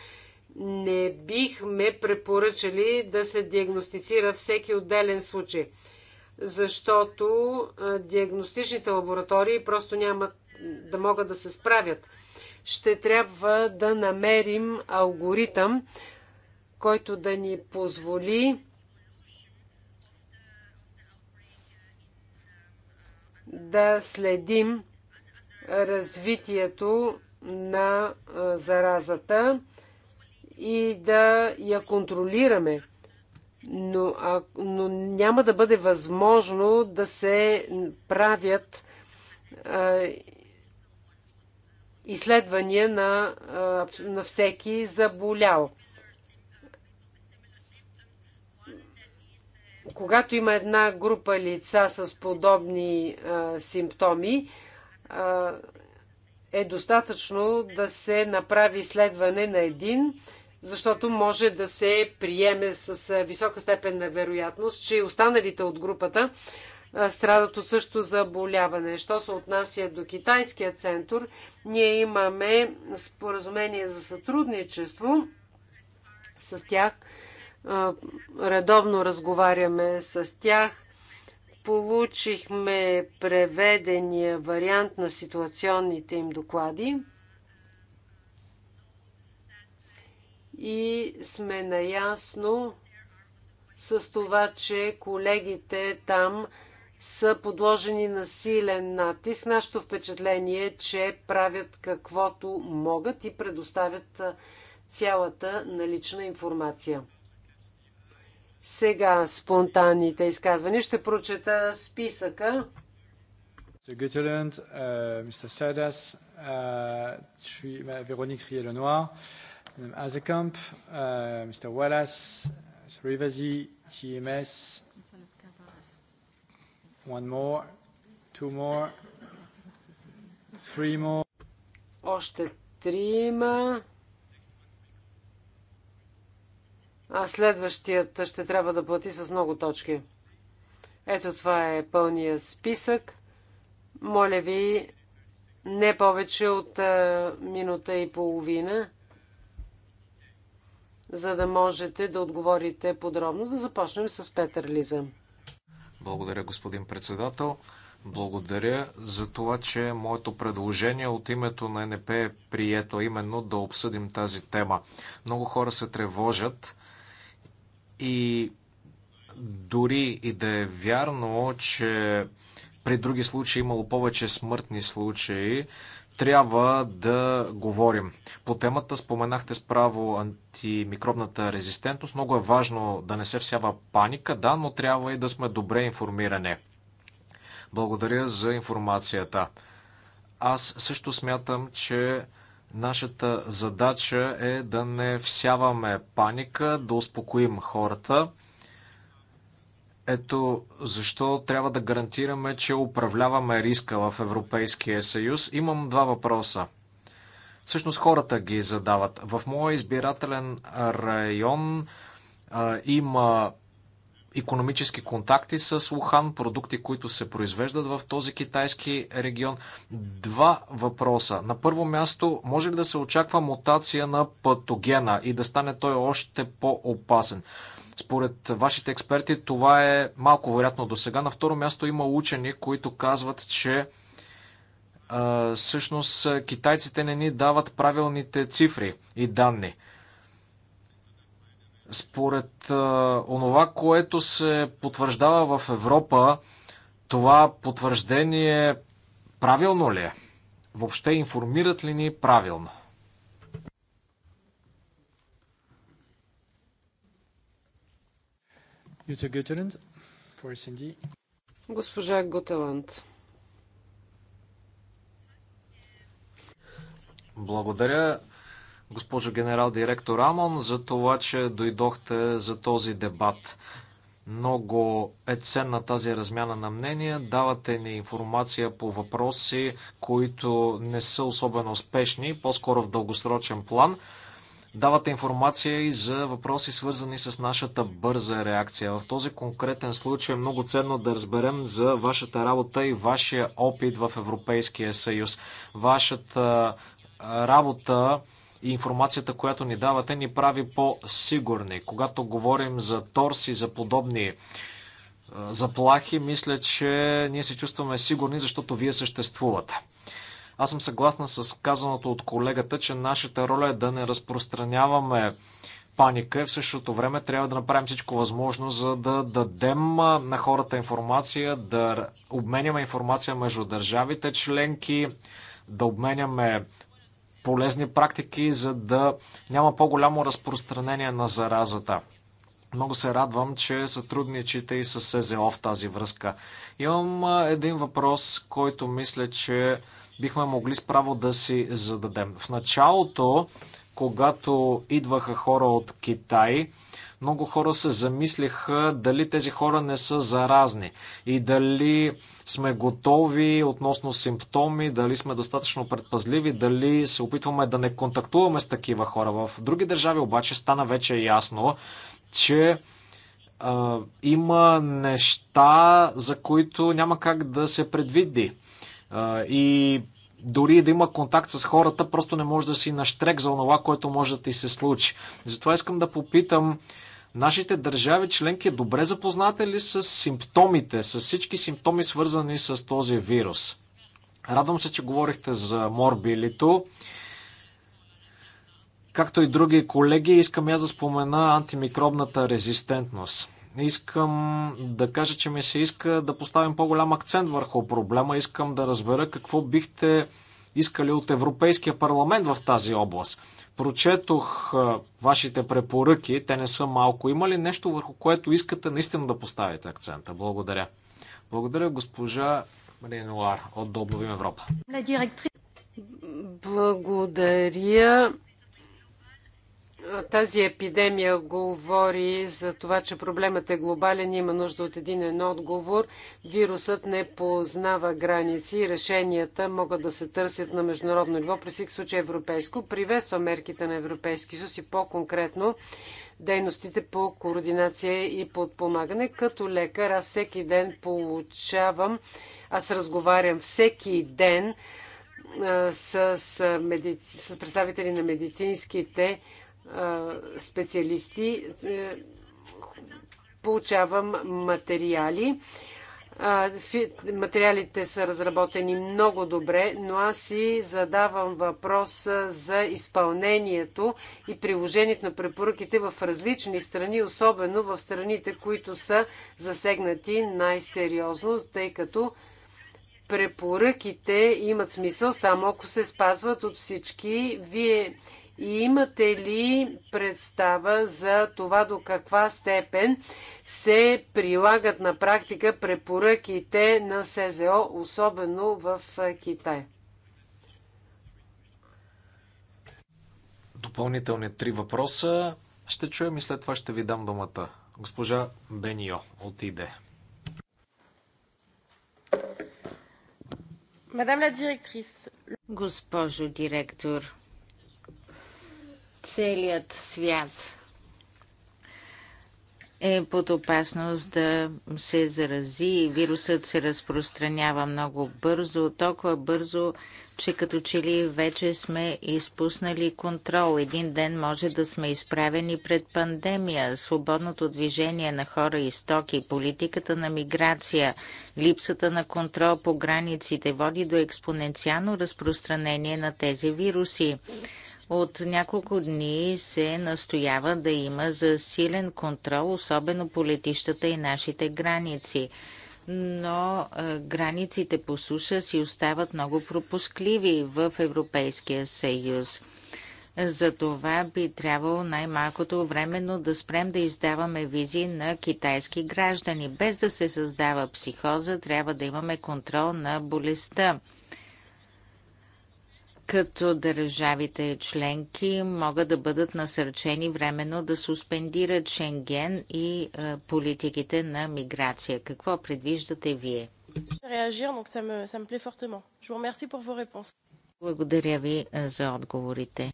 B: не бихме препоръчали да се диагностицира всеки отделен случай, защото диагностичните лаборатории просто нямат да могат да се справят ще трябва да намерим алгоритъм, който да ни позволи да следим развитието на заразата и да я контролираме. Но, а, но няма да бъде възможно да се правят а, изследвания на, на всеки заболял. Когато има една група лица с подобни а, симптоми, а, е достатъчно да се направи изследване на един, защото може да се приеме с висока степен на вероятност, че останалите от групата страдат от също заболяване. Що се отнася до китайския център, ние имаме споразумение за сътрудничество с тях. Редовно разговаряме с тях. Получихме преведения вариант на ситуационните им доклади. И сме наясно с това, че колегите там са подложени на силен натиск. Нашето впечатление е, че правят каквото могат и предоставят цялата налична информация. Сега спонтанните изказвания. Ще прочета списъка.
A: Э, мистер э, э, Вероник Азекамп, мистер Уалас, Ривази, ТМС, One more. Two more. Three more. Още трима.
B: А следващият ще трябва да плати с много точки. Ето това е пълния списък. Моля ви, не повече от а, е, минута и половина, за да можете да отговорите подробно. Да започнем с Петър Лиза.
D: Благодаря, господин председател. Благодаря за това, че моето предложение от името на НП е прието, именно да обсъдим тази тема. Много хора се тревожат и дори и да е вярно, че при други случаи имало повече смъртни случаи, трябва да говорим. По темата споменахте справо антимикробната резистентност. Много е важно да не се всява паника, да, но трябва и да сме добре информирани. Благодаря за информацията. Аз също смятам, че нашата задача е да не всяваме паника, да успокоим хората. Ето защо трябва да гарантираме, че управляваме риска в Европейския съюз. Имам два въпроса. Всъщност хората ги задават. В моя избирателен район а, има економически контакти с Лухан, продукти, които се произвеждат в този китайски регион. Два въпроса. На първо място, може ли да се очаква мутация на патогена и да стане той още по-опасен? Според вашите експерти това е малко вероятно до сега. На второ място има учени, които казват, че а, всъщност китайците не ни дават правилните цифри и данни. Според а, онова, което се потвърждава в Европа, това потвърждение правилно ли е? Въобще информират ли ни правилно?
A: for SND.
B: Госпожа Гутеланд.
D: Благодаря, госпожо генерал директор Амон, за това, че дойдохте за този дебат. Много е ценна тази размяна на мнения. Давате ни информация по въпроси, които не са особено успешни, по-скоро в дългосрочен план. Давате информация и за въпроси, свързани с нашата бърза реакция. В този конкретен случай е много ценно да разберем за вашата работа и вашия опит в Европейския съюз. Вашата работа и информацията, която ни давате, ни прави по-сигурни. Когато говорим за торси, за подобни заплахи, мисля, че ние се чувстваме сигурни, защото вие съществувате. Аз съм съгласна с казаното от колегата, че нашата роля е да не разпространяваме паника и в същото време трябва да направим всичко възможно, за да дадем на хората информация, да обменяме информация между държавите членки, да обменяме полезни практики, за да няма по-голямо разпространение на заразата. Много се радвам, че сътрудничите и с СЗО в тази връзка. Имам един въпрос, който мисля, че бихме могли справо да си зададем. В началото, когато идваха хора от Китай, много хора се замислиха дали тези хора не са заразни и дали сме готови относно симптоми, дали сме достатъчно предпазливи, дали се опитваме да не контактуваме с такива хора. В други държави обаче стана вече ясно, че има неща, за които няма как да се предвиди и дори да има контакт с хората, просто не може да си наштрек за това, което може да ти се случи. Затова искам да попитам, нашите държави членки добре запознати ли с симптомите, с всички симптоми свързани с този вирус? Радвам се, че говорихте за морбилито. Както и други колеги, искам я да спомена антимикробната резистентност. Искам да кажа, че ми се иска да поставим по-голям акцент върху проблема. Искам да разбера какво бихте искали от Европейския парламент в тази област. Прочетох вашите препоръки, те не са малко. Има ли нещо върху което искате наистина да поставите акцента? Благодаря. Благодаря госпожа Марин от Добровим Европа.
B: Благодаря тази епидемия говори за това, че проблемът е глобален, има нужда от един едно отговор. Вирусът не познава граници и решенията могат да се търсят на международно ниво, при всеки случай европейско. Приветства мерките на Европейски съюз и по-конкретно дейностите по координация и подпомагане. Като лекар аз всеки ден получавам, аз разговарям всеки ден с, медици... с представители на медицинските специалисти, е, получавам материали. Материалите са разработени много добре, но аз си задавам въпрос за изпълнението и приложението на препоръките в различни страни, особено в страните, които са засегнати най-сериозно, тъй като препоръките имат смисъл само ако се спазват от всички. Вие и имате ли представа за това до каква степен се прилагат на практика препоръките на СЗО, особено в е, Китай?
D: Допълнителни три въпроса ще чуем и след това ще ви дам думата. Госпожа Бенио от ИДЕ.
C: Госпожо директор, целият свят е под опасност да се зарази. Вирусът се разпространява много бързо, толкова бързо, че като че ли вече сме изпуснали контрол. Един ден може да сме изправени пред пандемия, свободното движение на хора и стоки, политиката на миграция, липсата на контрол по границите води до експоненциално разпространение на тези вируси. От няколко дни се настоява да има засилен контрол, особено по летищата и нашите граници. Но границите по суша си остават много пропускливи в Европейския съюз. За това би трябвало най-малкото временно да спрем да издаваме визи на китайски граждани. Без да се създава психоза, трябва да имаме контрол на болестта като държавите членки могат да бъдат насърчени временно да суспендират Шенген и политиките на миграция. Какво предвиждате вие? Благодаря ви за отговорите.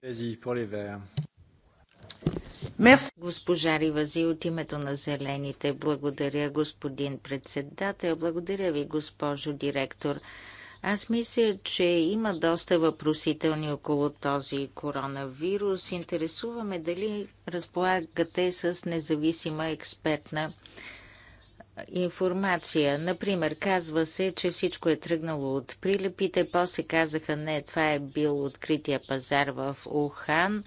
C: Госпожа Ривази от името на Зелените. Благодаря, господин председател. Благодаря ви, госпожо директор. Аз мисля, че има доста въпросителни около този коронавирус. Интересуваме дали разполагате с независима експертна информация. Например, казва се, че всичко е тръгнало от прилепите, после казаха не, това е бил открития пазар в Ухан.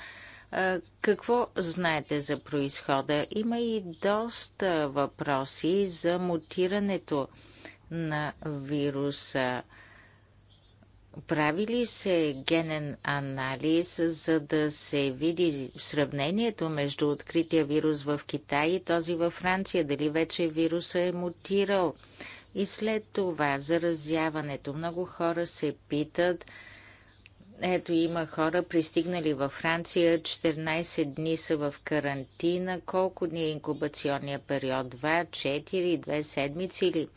C: Какво знаете за происхода? Има и доста въпроси за мутирането на вируса. Прави ли се генен анализ, за да се види сравнението между открития вирус в Китай и този във Франция? Дали вече вируса е мутирал? И след това заразяването. Много хора се питат. Ето има хора, пристигнали във Франция, 14 дни са в карантина. Колко дни е инкубационния период? 2, 4, 2 седмици или?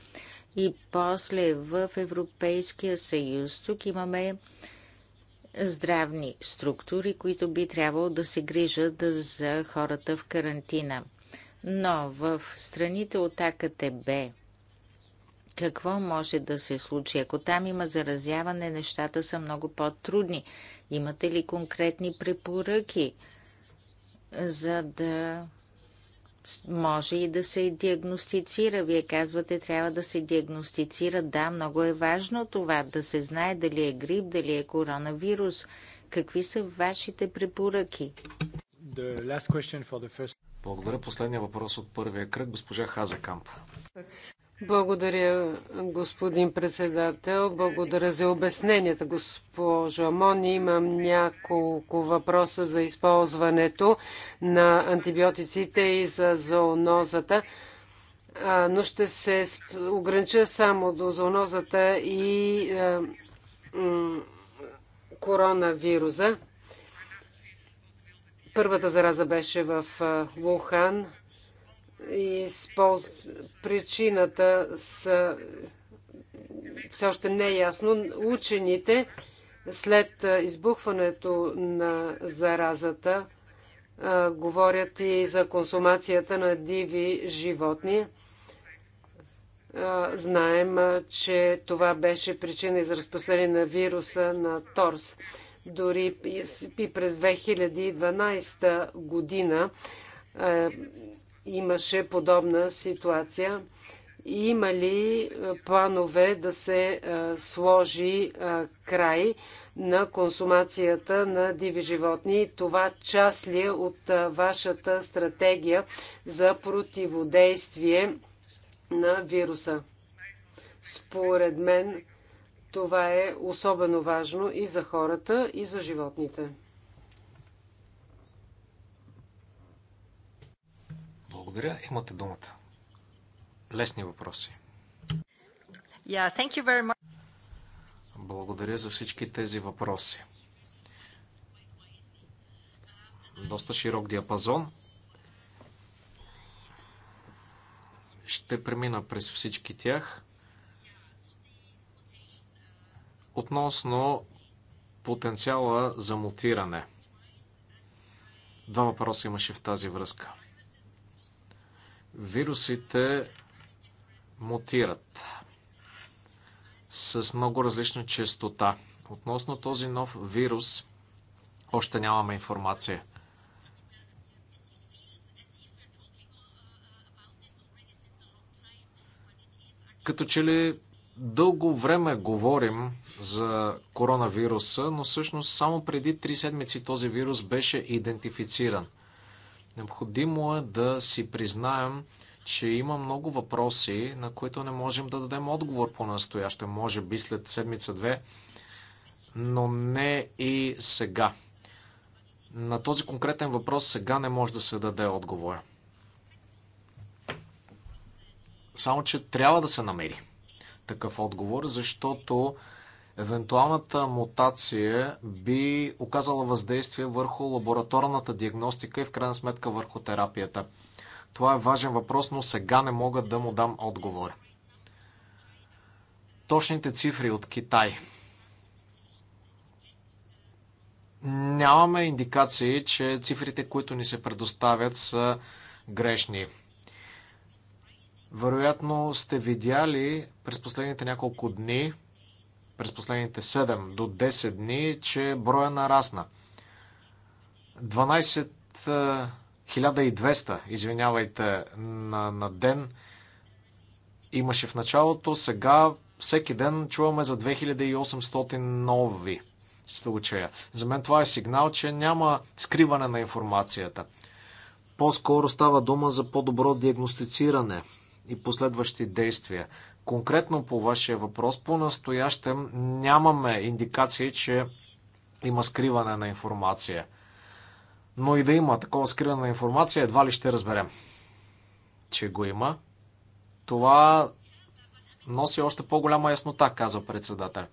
C: и после в Европейския съюз. Тук имаме здравни структури, които би трябвало да се грижат за хората в карантина. Но в страните от АКТБ какво може да се случи? Ако там има заразяване, нещата са много по-трудни. Имате ли конкретни препоръки, за да може и да се диагностицира. Вие казвате, трябва да се диагностицира. Да, много е важно това, да се знае дали е грип, дали е коронавирус. Какви са вашите
B: препоръки?
D: First... Благодаря. Последния въпрос от първия кръг, госпожа Хазакамп.
B: Благодаря, господин председател. Благодаря за обясненията, госпожо Амон. Имам няколко въпроса за използването на антибиотиците и за зоонозата, но ще се огранича само до зоонозата и коронавируса. Първата зараза беше в Лухан използ... причината са все още не е ясно. Учените след избухването на заразата а, говорят и за консумацията на диви животни. А, знаем, а, че това беше причина и за разпространение на вируса на торс. Дори и през 2012 година имаше подобна ситуация. Има ли планове да се сложи край на консумацията на диви животни? Това част ли е от вашата стратегия за противодействие на вируса? Според мен това е особено важно и за хората, и за животните.
D: Благодаря. Имате думата. Лесни въпроси.
A: Yeah, thank you very much.
D: Благодаря за всички тези въпроси. Доста широк диапазон. Ще премина през всички тях. Относно потенциала за мутиране. Два въпроса имаше в тази връзка. Вирусите мутират с много различна частота. Относно този нов вирус, още нямаме информация. Като че ли дълго време говорим за коронавируса, но всъщност само преди три седмици този вирус беше идентифициран – Необходимо е да си признаем, че има много въпроси, на които не можем да дадем отговор по-настояще, може би след седмица-две, но не и сега. На този конкретен въпрос сега не може да се даде отговор. Само, че трябва да се намери такъв отговор, защото Евентуалната мутация би оказала въздействие върху лабораторната диагностика и в крайна сметка върху терапията. Това е важен въпрос, но сега не мога да му дам отговор. Точните цифри от Китай. Нямаме индикации, че цифрите, които ни се предоставят, са грешни. Вероятно сте видяли през последните няколко дни през последните 7 до 10 дни, че броя нарасна. 12 1200, извинявайте, на, на ден имаше в началото. Сега всеки ден чуваме за 2800 нови случая. За мен това е сигнал, че няма скриване на информацията. По-скоро става дума за по-добро диагностициране и последващи действия. Конкретно по вашия въпрос, по-настоящем нямаме индикации, че има скриване на информация. Но и да има такова скриване на информация, едва ли ще разберем, че го има. Това носи още по-голяма яснота, каза председател.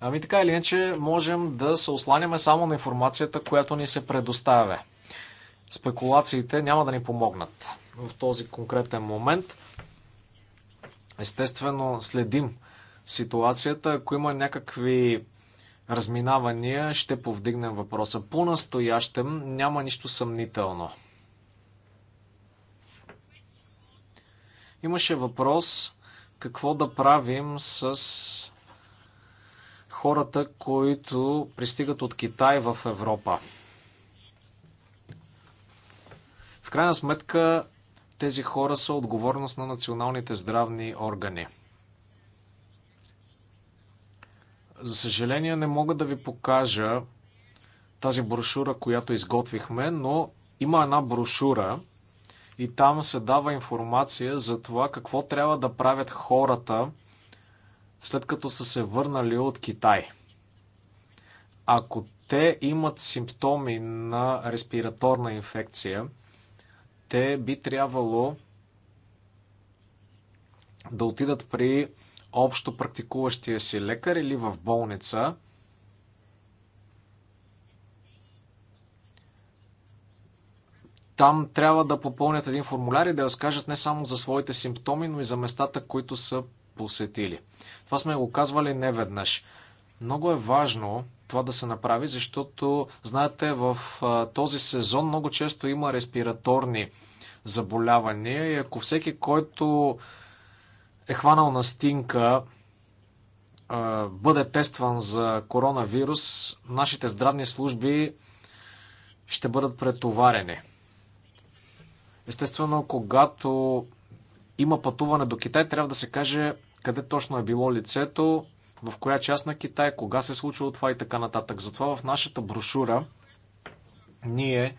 D: Ами така или иначе, можем да се осланяме само на информацията, която ни се предоставя. Спекулациите няма да ни помогнат в този конкретен момент. Естествено, следим ситуацията. Ако има някакви разминавания, ще повдигнем въпроса. По-настоящем няма нищо съмнително. Имаше въпрос какво да правим с хората, които пристигат от Китай в Европа. В крайна сметка тези хора са отговорност на националните здравни органи. За съжаление не мога да ви покажа тази брошура, която изготвихме, но има една брошура и там се дава информация за това какво трябва да правят хората след като са се върнали от Китай. Ако те имат симптоми на респираторна инфекция, те би трябвало да отидат при общо практикуващия си лекар или в болница. Там трябва да попълнят един формуляр и да разкажат не само за своите симптоми, но и за местата, които са посетили. Това сме го казвали не веднъж. Много е важно това да се направи, защото, знаете, в този сезон много често има респираторни заболявания и ако всеки, който е хванал на стинка, бъде тестван за коронавирус, нашите здравни служби ще бъдат претоварени. Естествено, когато има пътуване до Китай, трябва да се каже къде точно е било лицето, в коя част на Китай, кога се е случило това и така нататък. Затова в нашата брошура ние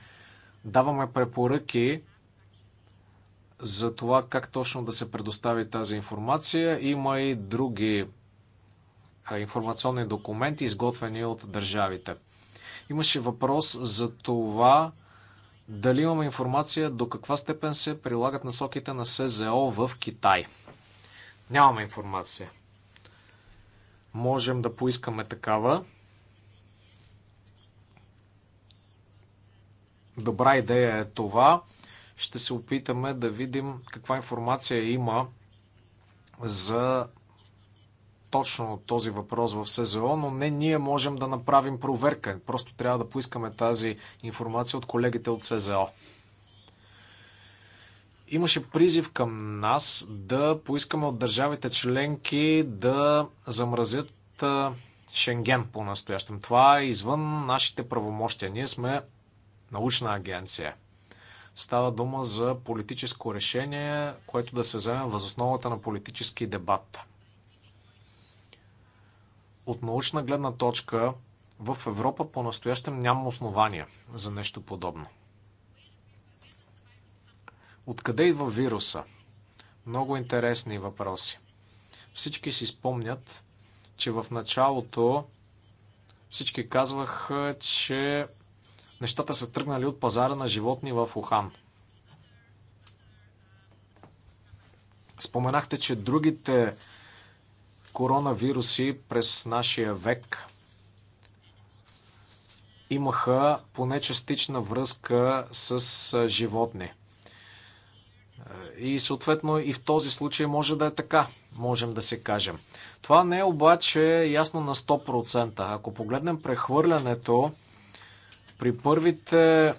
D: даваме препоръки за това как точно да се предостави тази информация. Има и други информационни документи, изготвени от държавите. Имаше въпрос за това дали имаме информация до каква степен се прилагат насоките на СЗО в Китай. Нямаме информация Можем да поискаме такава. Добра идея е това. Ще се опитаме да видим каква информация има за точно този въпрос в СЗО, но не ние можем да направим проверка. Просто трябва да поискаме тази информация от колегите от СЗО имаше призив към нас да поискаме от държавите членки да замразят Шенген по-настоящем. Това е извън нашите правомощия. Ние сме научна агенция. Става дума за политическо решение, което да се вземе възосновата на политически дебат. От научна гледна точка в Европа по-настоящем няма основания за нещо подобно. Откъде идва вируса? Много интересни въпроси. Всички си спомнят, че в началото всички казваха, че нещата са тръгнали от пазара на животни в Ухан. Споменахте, че другите коронавируси през нашия век имаха поне частична връзка с животни. Е, и съответно и в този случай може да е така, можем да се кажем. Това не е обаче ясно на 100%. Ако погледнем прехвърлянето, при първите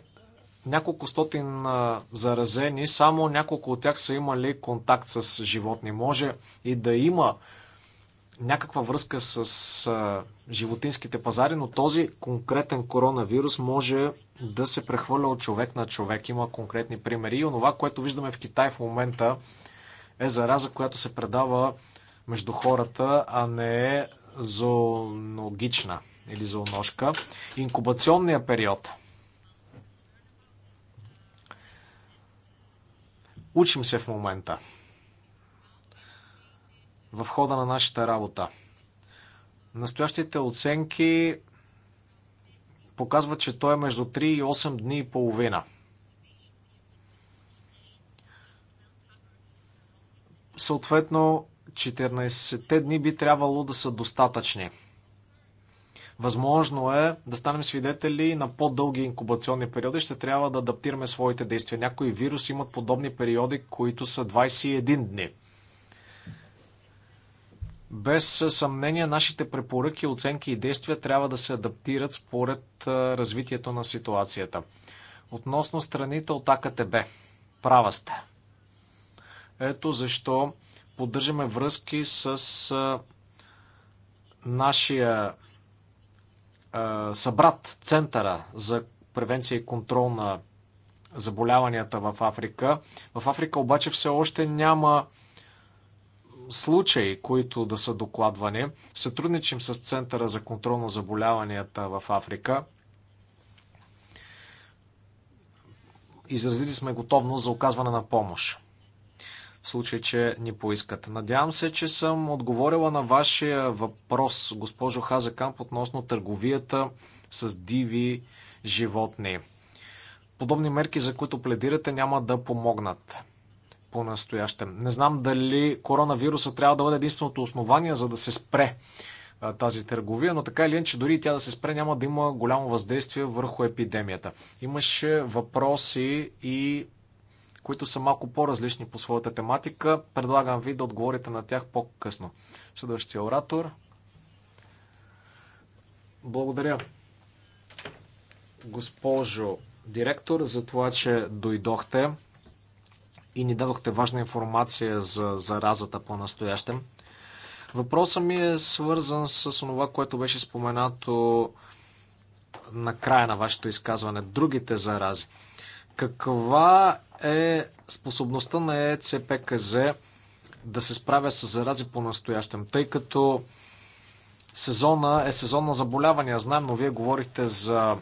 D: няколко стотин заразени, само няколко от тях са имали контакт с животни. Може и да има някаква връзка с а, животинските пазари, но този конкретен коронавирус може да се прехвърля от човек на човек. Има конкретни примери. И онова, което виждаме в Китай в момента, е зараза, която се предава между хората, а не е зооногична или зооножка. Инкубационния период. Учим се в момента в хода на нашата работа. Настоящите оценки показват, че той е между 3 и 8 дни и половина. Съответно, 14-те дни би трябвало да са достатъчни. Възможно е да станем свидетели на по-дълги инкубационни периоди. Ще трябва да адаптираме своите действия. Някои вируси имат подобни периоди, които са 21 дни. Без съмнение, нашите препоръки, оценки и действия трябва да се адаптират според развитието на ситуацията. Относно страните от АКТБ, права сте. Ето защо поддържаме връзки с нашия събрат Центъра за превенция и контрол на заболяванията в Африка. В Африка обаче все още няма случаи, които да са докладвани. Сътрудничим с Центъра за контрол на заболяванията в Африка. Изразили сме готовност за оказване на помощ в случай, че ни поискат. Надявам се, че съм отговорила на вашия въпрос, госпожо Хазакамп, относно търговията с диви животни. Подобни мерки, за които пледирате, няма да помогнат по-настоящем. Не знам дали коронавируса трябва да бъде единственото основание, за да се спре тази търговия, но така или иначе, дори тя да се спре, няма да има голямо въздействие върху епидемията. Имаше въпроси и които са малко по-различни по своята тематика. Предлагам ви да отговорите на тях по-късно. Следващия оратор. Благодаря, госпожо директор, за това, че дойдохте и ни дадохте важна информация за заразата по-настоящем. Въпросът ми е свързан с това, което беше споменато на края на вашето изказване. Другите зарази. Каква е способността на ЕЦПКЗ да се справя с зарази по-настоящем? Тъй като сезона е сезон на заболявания, знаем, но вие говорихте за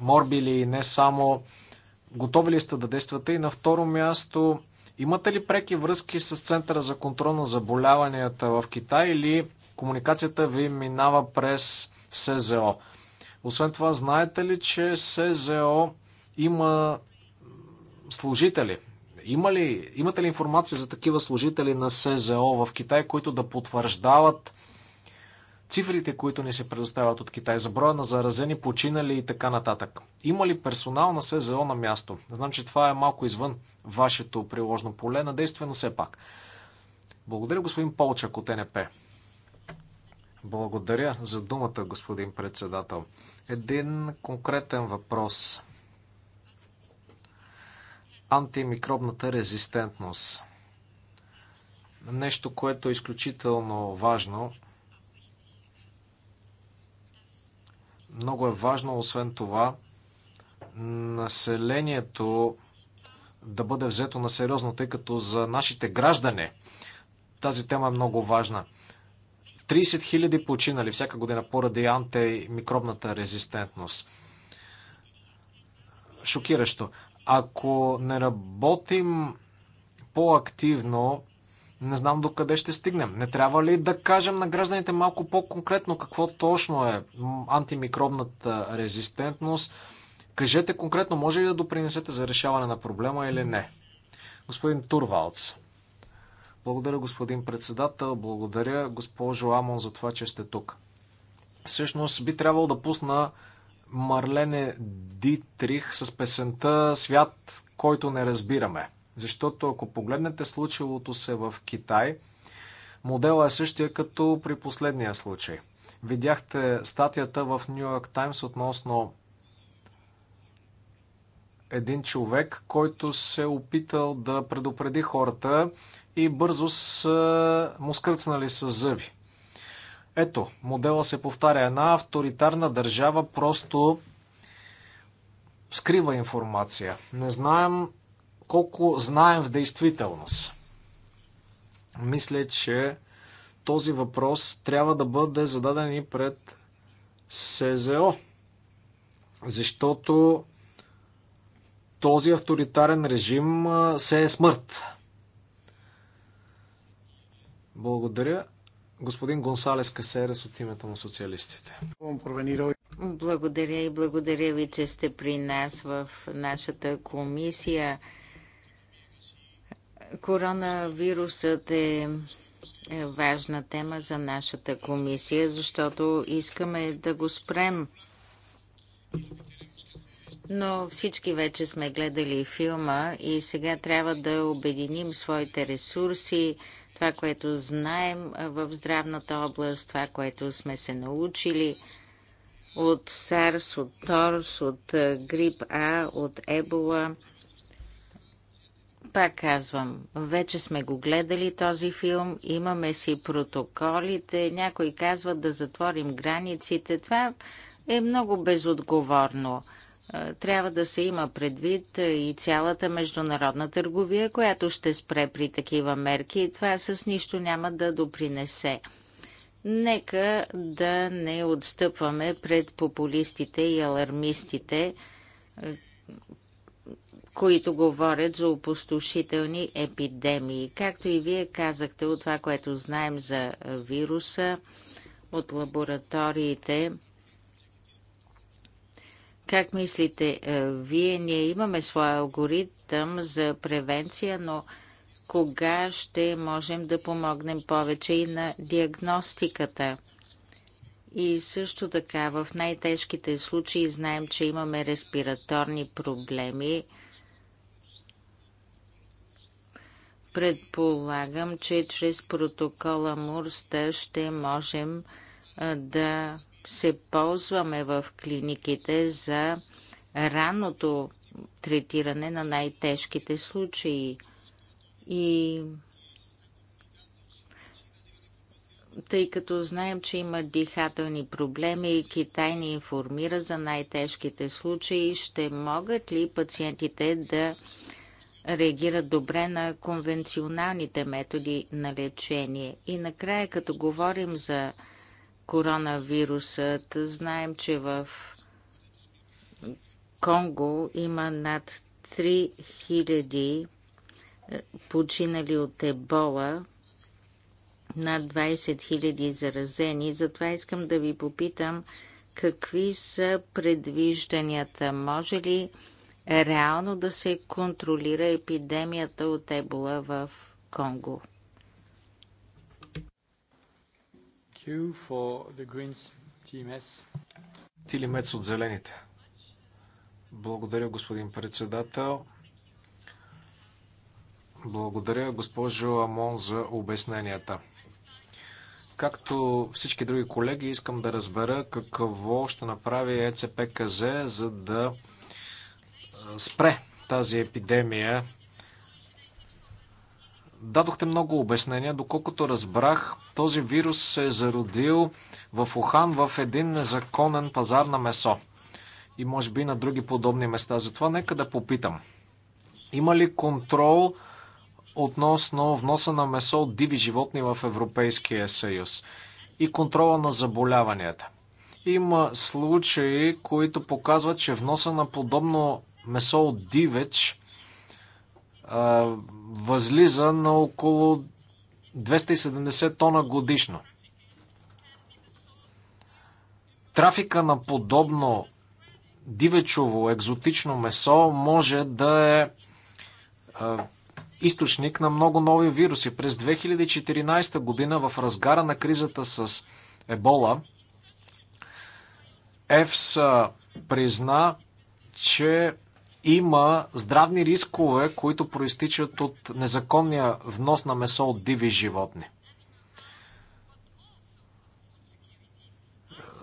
D: морбили и не само Готови ли сте да действате? И на второ място, имате ли преки връзки с Центъра за контрол на заболяванията в Китай или комуникацията ви минава през СЗО? Освен това, знаете ли, че СЗО има служители? Има ли, имате ли информация за такива служители на СЗО в Китай, които да потвърждават цифрите, които ни се предоставят от Китай за броя на заразени, починали и така нататък. Има ли персонал на СЗО на място? Знам, че това е малко извън вашето приложно поле на действие, но все пак. Благодаря, господин Полчак от НП. Благодаря за думата, господин председател. Един конкретен въпрос. Антимикробната резистентност. Нещо, което е изключително важно Много е важно, освен това, населението да бъде взето на сериозно, тъй като за нашите граждане тази тема е много важна. 30 000 починали всяка година поради антимикробната резистентност. Шокиращо. Ако не работим по-активно, не знам до къде ще стигнем. Не трябва ли да кажем на гражданите малко по-конкретно какво точно е антимикробната резистентност? Кажете конкретно, може ли да допринесете за решаване на проблема или не? Господин Турвалц. Благодаря, господин председател. Благодаря, госпожо Амон, за това, че сте тук. Всъщност би трябвало да пусна Марлене Дитрих с песента Свят, който не разбираме. Защото ако погледнете случилото се в Китай, моделът е същия като при последния случай. Видяхте статията в Нью Йорк Таймс относно един човек, който се е опитал да предупреди хората и бързо с му скръцнали с зъби. Ето, модела се повтаря. Една авторитарна държава просто скрива информация. Не знаем колко знаем в действителност. Мисля, че този въпрос трябва да бъде зададен и пред СЗО. Защото този авторитарен режим се е смърт. Благодаря. Господин Гонсалес Касерес от името на социалистите.
C: Благодаря и благодаря ви, че сте при нас в нашата комисия. Коронавирусът е, е важна тема за нашата комисия, защото искаме да го спрем. Но всички вече сме гледали филма и сега трябва да обединим своите ресурси, това, което знаем в здравната област, това, което сме се научили от САРС, от ТОРС, от грип А, от Ебола – пак казвам, вече сме го гледали този филм, имаме си протоколите, някои казват да затворим границите. Това е много безотговорно. Е, трябва да се има предвид е, и цялата международна търговия, която ще спре при такива мерки и това с нищо няма да допринесе. Нека да не отстъпваме пред популистите и алармистите, е, които говорят за опустошителни епидемии. Както и вие казахте от това, което знаем за вируса, от лабораториите, как мислите, е, вие ние имаме своя алгоритъм за превенция, но кога ще можем да помогнем повече и на диагностиката? И също така, в най-тежките случаи знаем, че имаме респираторни проблеми. Предполагам, че чрез протокола Мурста ще можем да се ползваме в клиниките за раното третиране на най-тежките случаи. И тъй като знаем, че има дихателни проблеми и Китай ни информира за най-тежките случаи, ще могат ли пациентите да реагират добре на конвенционалните методи на лечение. И накрая, като говорим за коронавирусът, знаем, че в Конго има над 3000 е, починали от ебола, над 20 000 заразени. Затова искам да ви попитам какви са предвижданията. Може ли е реално да се контролира епидемията от ебола в Конго.
D: Тилимец от Зелените. Благодаря, господин председател. Благодаря, госпожо Амон, за обясненията. Както всички други колеги, искам да разбера какво ще направи ЕЦПКЗ, за да спре тази епидемия. Дадохте много обяснения. Доколкото разбрах, този вирус се е зародил в Охан в един незаконен пазар на месо. И може би на други подобни места. Затова нека да попитам. Има ли контрол относно вноса на месо от диви животни в Европейския съюз и контрола на заболяванията? Има случаи, които показват, че вноса на подобно месо от дивеч възлиза на около 270 тона годишно. Трафика на подобно дивечово екзотично месо може да е източник на много нови вируси. През 2014 година в разгара на кризата с Ебола, ЕФС призна, че има здравни рискове, които проистичат от незаконния внос на месо от диви животни.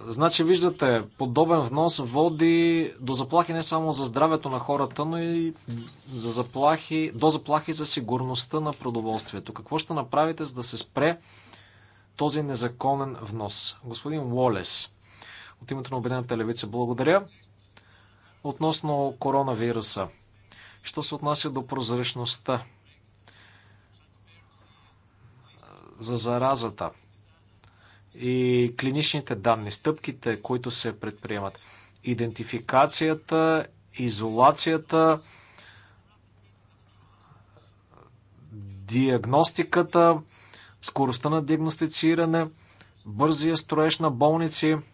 D: Значи, виждате, подобен внос води до заплахи не само за здравето на хората, но и за заплахи, до заплахи за сигурността на продоволствието. Какво ще направите, за да се спре този незаконен внос? Господин Уолес, от името на Обединената левица, благодаря относно коронавируса. Що се отнася до прозрачността за заразата и клиничните данни, стъпките, които се предприемат, идентификацията, изолацията, диагностиката, скоростта на диагностициране, бързия строеж на болници –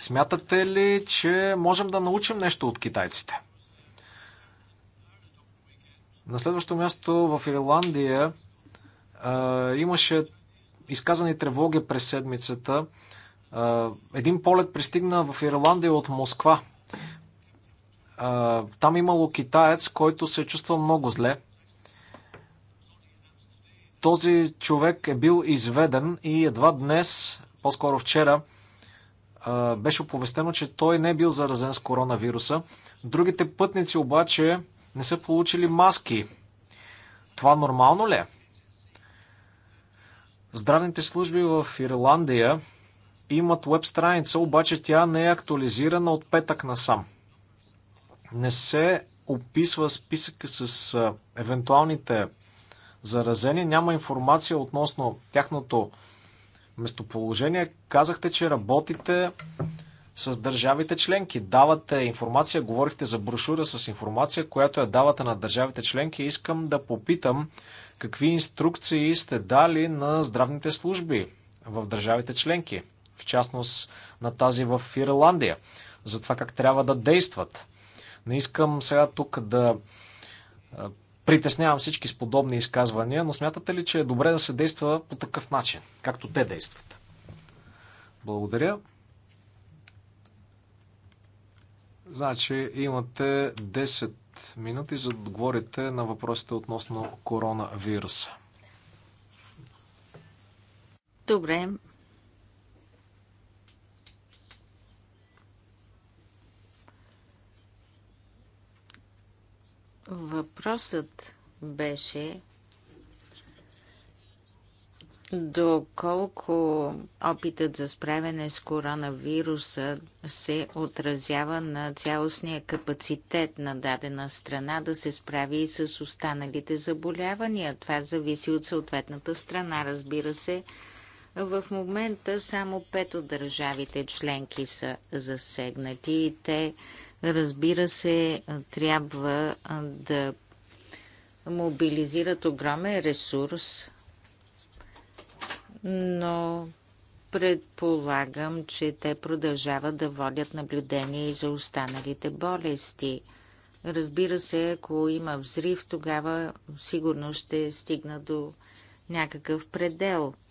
D: Смятате ли, че можем да научим нещо от китайците? На следващо място в Ирландия а, имаше изказани тревоги през седмицата. А, един полет пристигна в Ирландия от Москва. А, там имало китаец, който се чувства много зле. Този човек е бил изведен и едва днес, по-скоро вчера, беше оповестено, че той не е бил заразен с коронавируса. Другите пътници обаче не са получили маски. Това нормално ли е? Здравните служби в Ирландия имат веб страница, обаче тя не е актуализирана от петък насам. Не се описва списъка с евентуалните заразени, няма информация относно тяхното местоположение. Казахте, че работите с държавите членки. Давате информация, говорихте за брошура с информация, която я давате на държавите членки. Искам да попитам какви инструкции сте дали на здравните служби в държавите членки, в частност на тази в Ирландия, за това как трябва да действат. Не искам сега тук да притеснявам всички с подобни изказвания, но смятате ли, че е добре да се действа по такъв начин, както те действат? Благодаря. Значи имате 10 минути за да отговорите на въпросите относно коронавируса.
C: Добре, Въпросът беше доколко опитът за справяне с коронавируса се отразява на цялостния капацитет на дадена страна да се справи и с останалите заболявания. Това зависи от съответната страна, разбира се. В момента само пет от държавите членки са засегнати и те разбира се, трябва да мобилизират огромен ресурс, но предполагам, че те продължават да водят наблюдение и за останалите болести. Разбира се, ако има взрив, тогава сигурно ще стигна до някакъв предел –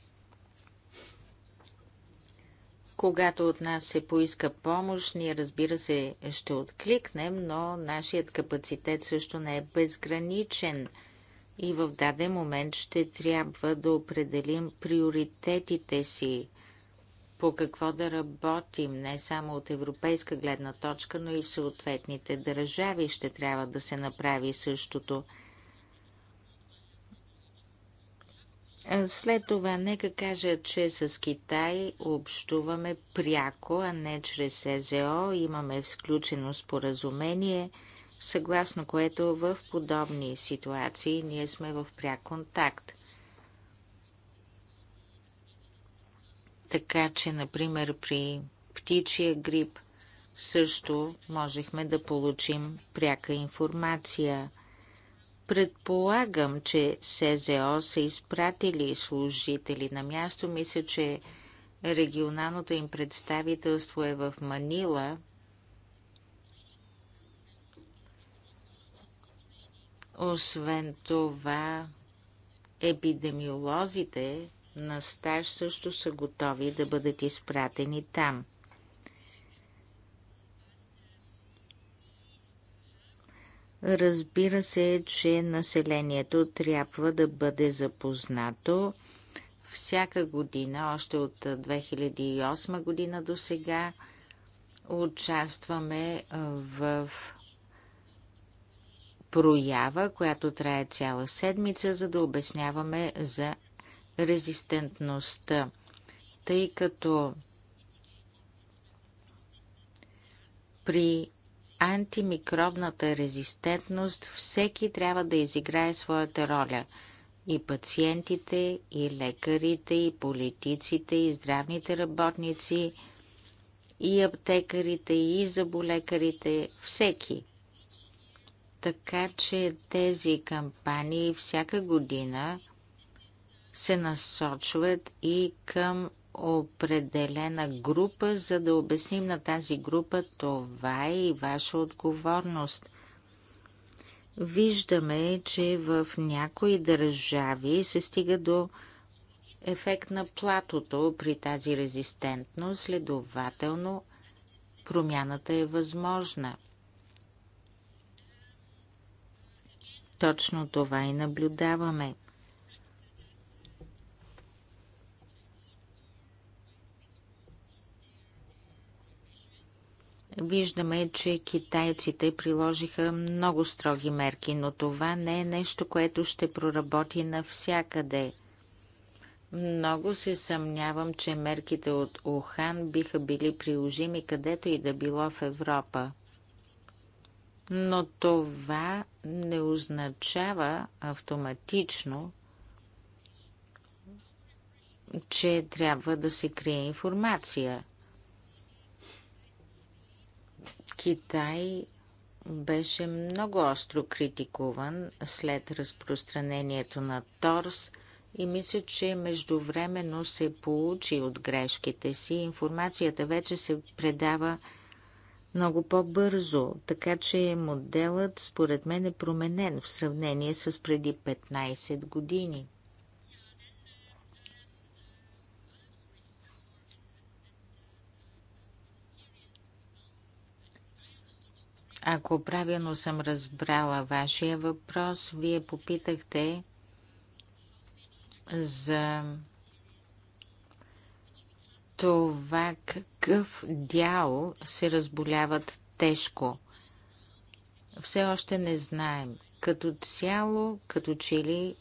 C: когато от нас се поиска помощ, ние разбира се ще откликнем, но нашият капацитет също не е безграничен и в даден момент ще трябва да определим приоритетите си, по какво да работим, не само от европейска гледна точка, но и в съответните държави ще трябва да се направи същото. След това нека кажа, че с Китай общуваме пряко, а не чрез СЗО. Имаме включено споразумение, съгласно което в подобни ситуации ние сме в пряк контакт. Така че, например, при птичия грип също можехме да получим пряка информация. Предполагам, че СЗО са изпратили служители на място. Мисля, че регионалното им представителство е в Манила. Освен това, епидемиолозите на стаж също са готови да бъдат изпратени там – Разбира се, че населението трябва да бъде запознато. Всяка година, още от 2008 година до сега, участваме в проява, която трае цяла седмица, за да обясняваме за резистентността. Тъй като при антимикробната резистентност всеки трябва да изиграе своята роля. И пациентите, и лекарите, и политиците, и здравните работници, и аптекарите, и заболекарите, всеки. Така че тези кампании всяка година се насочват и към определена група, за да обясним на тази група това е и ваша отговорност. Виждаме, че в някои държави се стига до ефект на платото при тази резистентност, следователно промяната е възможна. Точно това и наблюдаваме – Виждаме, че китайците приложиха много строги мерки, но това не е нещо, което ще проработи навсякъде. Много се съмнявам, че мерките от Ухан биха били приложими където и да било в Европа. Но това не означава автоматично, че трябва да се крие информация. Китай беше много остро критикуван след разпространението на Торс и мисля, че междувременно се получи от грешките си. Информацията вече се предава много по-бързо, така че моделът според мен е променен в сравнение с преди 15 години. Ако правилно съм разбрала вашия въпрос, вие попитахте за това какъв дял се разболяват тежко. Все още не знаем. Като цяло, като че ли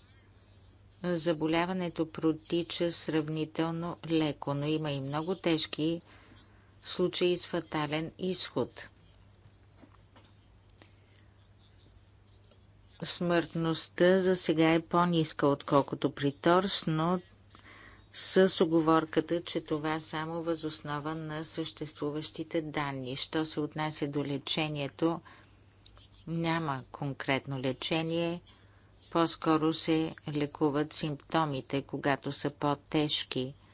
C: заболяването протича сравнително леко, но има и много тежки случаи с фатален изход. Смъртността за сега е по-ниска, отколкото при торс, но с оговорката, че това само възоснова на съществуващите данни. Що се отнася до лечението, няма конкретно лечение. По-скоро се лекуват симптомите, когато са по-тежки –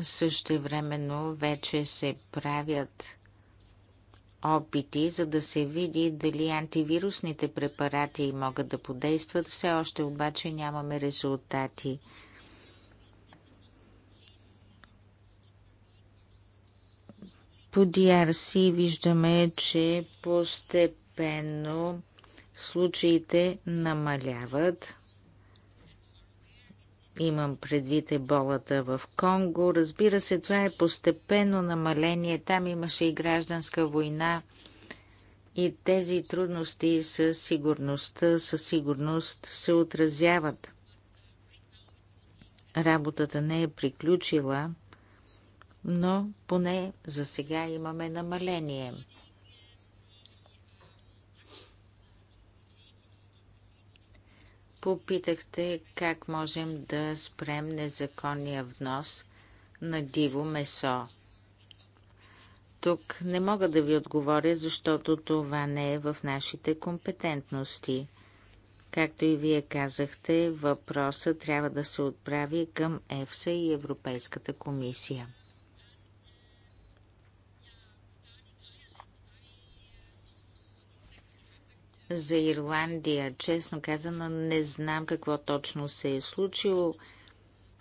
C: Също времено вече се правят опити, за да се види дали антивирусните препарати могат да подействат. Все още обаче нямаме резултати. По DRC виждаме, че постепенно случаите намаляват. Имам предвид еболата в Конго. Разбира се, това е постепенно намаление. Там имаше и гражданска война. И тези трудности със сигурността, със сигурност се отразяват. Работата не е приключила, но поне за сега имаме намаление. Попитахте как можем да спрем незаконния внос на диво месо. Тук не мога да ви отговоря, защото това не е в нашите компетентности. Както и вие казахте, въпросът трябва да се отправи към ЕФСА и Европейската комисия. за Ирландия. Честно казано, не знам какво точно се е случило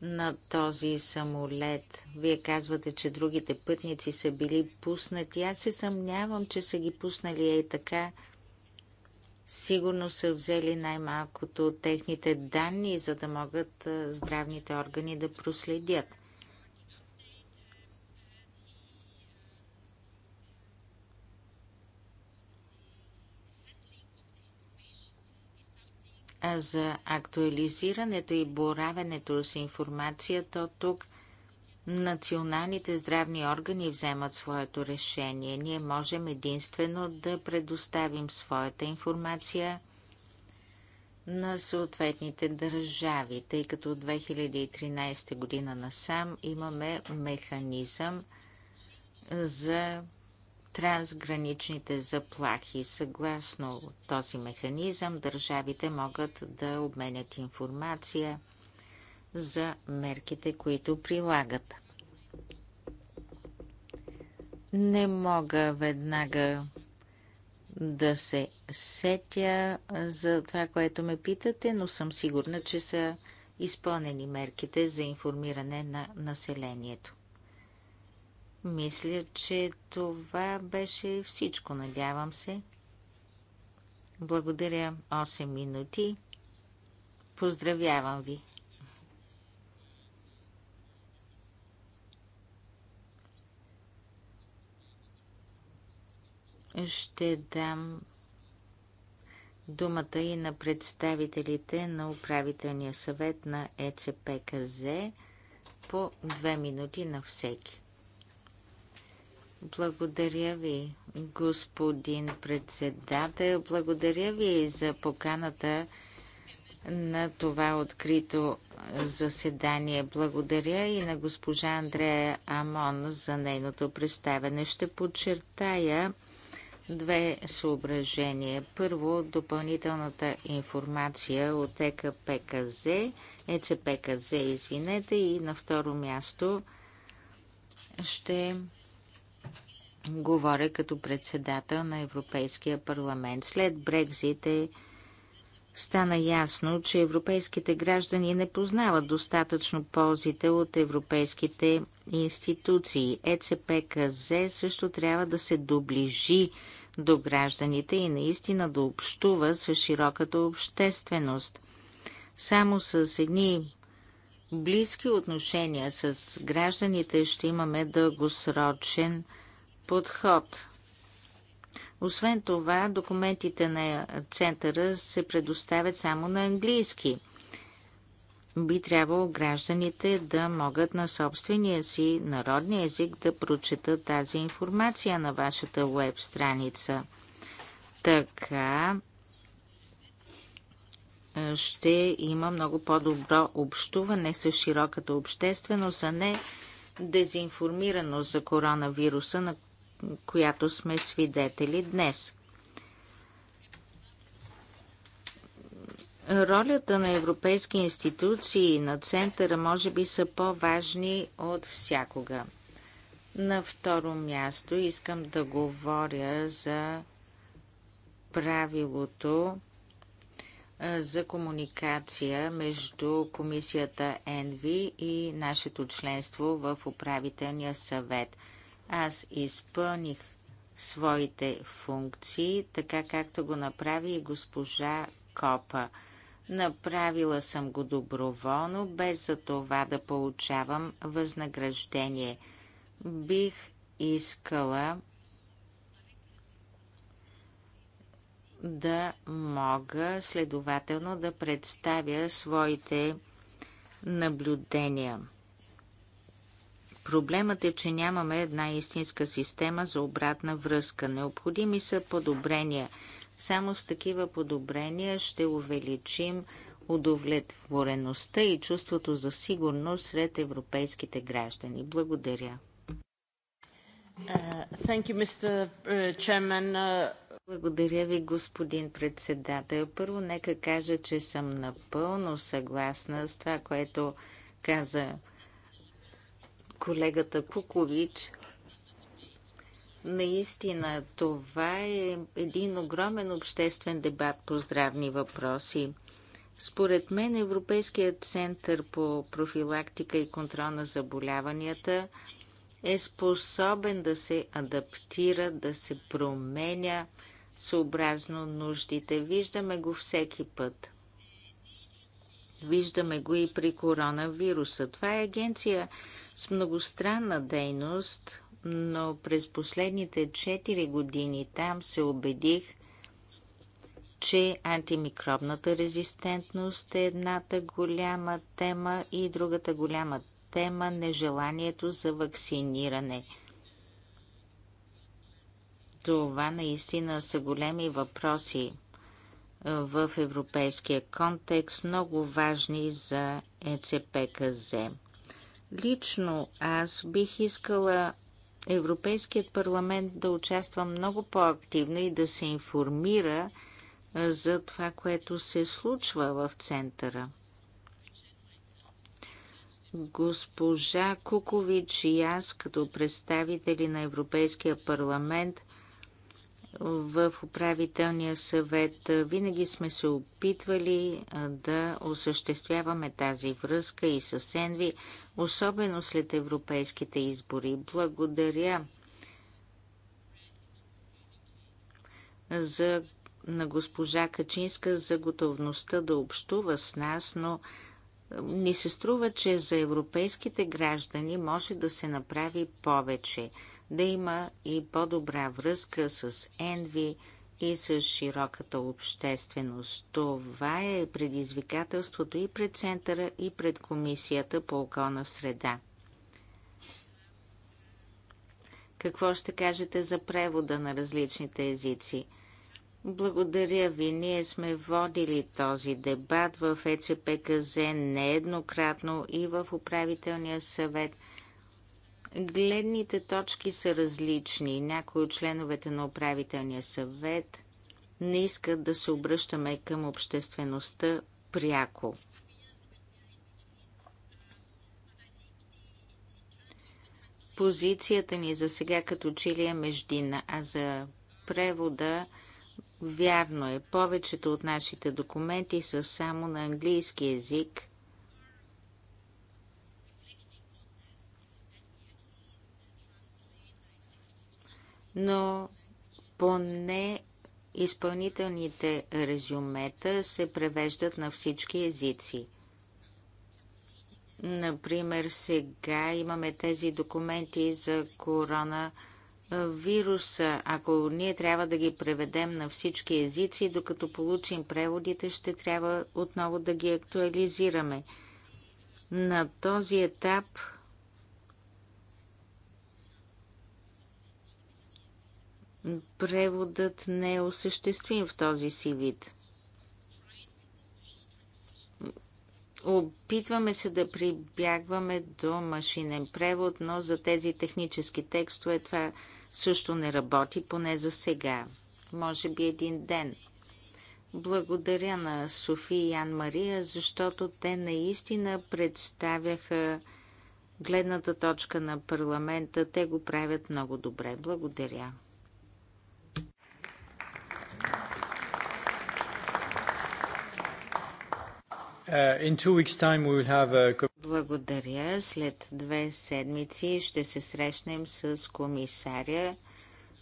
C: на този самолет. Вие казвате, че другите пътници са били пуснати. Аз се съмнявам, че са ги пуснали ей така. Сигурно са взели най-малкото техните данни, за да могат здравните органи да проследят. за актуализирането и боравенето с информацията, тук националните здравни органи вземат своето решение. Ние можем единствено да предоставим своята информация на съответните държави, тъй като от 2013 година насам имаме механизъм за трансграничните заплахи. Съгласно този механизъм, държавите могат да обменят информация за мерките, които прилагат. Не мога веднага да се сетя за това, което ме питате, но съм сигурна, че са изпълнени мерките за информиране на населението. Мисля, че това беше всичко, надявам се. Благодаря 8 минути. Поздравявам ви! Ще дам думата и на представителите на управителния съвет на ЕЦПКЗ по две минути на всеки. Благодаря ви, господин председател. Благодаря ви за поканата на това открито заседание. Благодаря и на госпожа Андрея Амон за нейното представяне. Ще подчертая две съображения. Първо, допълнителната информация от ЕКПКЗ, ЕЦПКЗ, извинете, и на второ място ще Говоря като председател на Европейския парламент. След Брекзит е Стана ясно, че европейските граждани не познават достатъчно ползите от европейските институции. ЕЦПКЗ също трябва да се доближи до гражданите и наистина да общува с широката общественост. Само с едни близки отношения с гражданите ще имаме дългосрочен подход. Освен това, документите на центъра се предоставят само на английски. Би трябвало гражданите да могат на собствения си народния език да прочитат тази информация на вашата веб страница. Така ще има много по-добро общуване с широката общественост, а не дезинформираност за коронавируса, на която сме свидетели днес. Ролята на европейски институции на центъра може би са по-важни от всякога. На второ място искам да говоря за правилото за комуникация между комисията ЕНВИ и нашето членство в управителния съвет – аз изпълних своите функции, така както го направи и госпожа Копа. Направила съм го доброволно, без за това да получавам възнаграждение. Бих искала да мога следователно да представя своите наблюдения. Проблемът е, че нямаме една истинска система за обратна връзка. Необходими са подобрения. Само с такива подобрения ще увеличим удовлетвореността и чувството за сигурност сред европейските граждани. Благодаря. Uh, you, uh, uh... Благодаря ви, господин председател. Първо, нека кажа, че съм напълно съгласна с това, което каза колегата Пукович. Наистина, това е един огромен обществен дебат по здравни въпроси. Според мен Европейският център по профилактика и контрол на заболяванията е способен да се адаптира, да се променя съобразно нуждите. Виждаме го всеки път. Виждаме го и при коронавируса. Това е агенция, с многостранна дейност, но през последните 4 години там се убедих, че антимикробната резистентност е едната голяма тема и другата голяма тема нежеланието за вакциниране. Това наистина са големи въпроси в европейския контекст, много важни за ЕЦПКЗ. Лично аз бих искала Европейският парламент да участва много по-активно и да се информира за това, което се случва в центъра. Госпожа Кукович и аз, като представители на Европейския парламент, в управителния съвет. Винаги сме се опитвали да осъществяваме тази връзка и с Енви, особено след европейските избори. Благодаря за, на госпожа Качинска за готовността да общува с нас, но ни се струва, че за европейските граждани може да се направи повече – да има и по-добра връзка с Енви и с широката общественост. Това е предизвикателството и пред Центъра, и пред Комисията по околна среда. Какво ще кажете за превода на различните езици? Благодаря ви. Ние сме водили този дебат в ЕЦПКЗ нееднократно и в управителния съвет – Гледните точки са различни. Някои от членовете на управителния съвет не искат да се обръщаме към обществеността пряко. Позицията ни за сега като чили е междина, а за превода вярно е. Повечето от нашите документи са само на английски язик – но поне изпълнителните резюмета се превеждат на всички езици. Например, сега имаме тези документи за корона вируса. Ако ние трябва да ги преведем на всички езици, докато получим преводите, ще трябва отново да ги актуализираме. На този етап преводът не е осъществим в този си вид. Опитваме се да прибягваме до машинен превод, но за тези технически текстове това също не работи, поне за сега. Може би един ден. Благодаря на Софи и Ян Мария, защото те наистина представяха гледната точка на парламента. Те го правят много добре. Благодаря.
A: Uh,
C: Благодаря. След две седмици ще се срещнем с комисаря,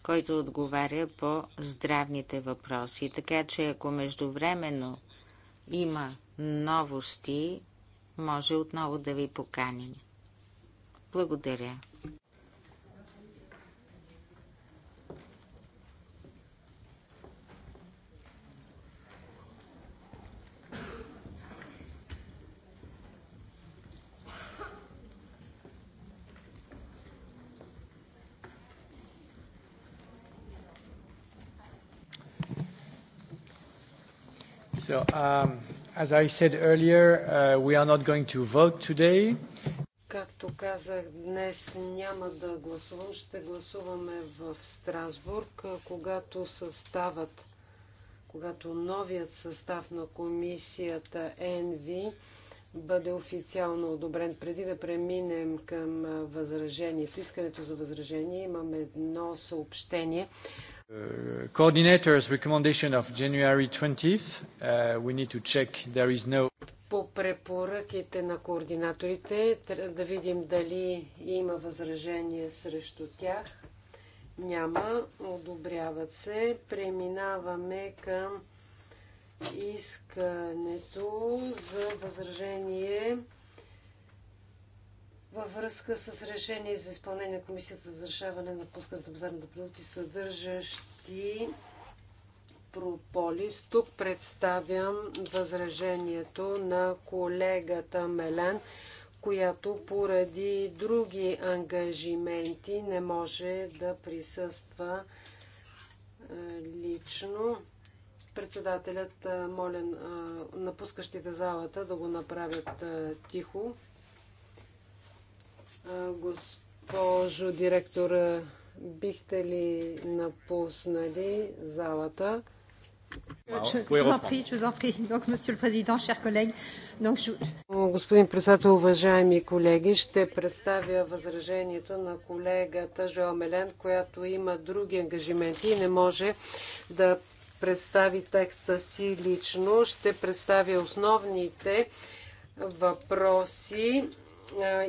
C: който отговаря по здравните въпроси. Така че ако междувременно има новости, може отново да ви поканим. Благодаря.
A: So, um, as I said earlier, uh, we are not going to vote today.
B: Както казах, днес няма да гласувам. Ще гласуваме в Страсбург, когато съставът, когато новият състав на комисията ЕНВИ бъде официално одобрен. Преди да преминем към възражението, искането за възражение, имам едно съобщение.
A: Uh, coordinators recommendation of January 20th. Uh, we need to check there is no
B: по препоръките на координаторите, да видим дали има възражение срещу тях. Няма. Одобряват се. Преминаваме към искането за възражение във връзка с решение за изпълнение на Комисията за решаване на пускането на пазарните продукти, съдържащи прополис. Тук представям възражението на колегата Мелен, която поради други ангажименти не може да присъства е, лично. Председателят е, моля е, напускащите залата да го направят тихо. Госпожо директор, бихте ли напуснали залата? Е, господин председател, уважаеми колеги, ще представя възражението на колегата Жоа Мелен, която има други ангажименти и не може да представи текста си лично. Ще представя основните въпроси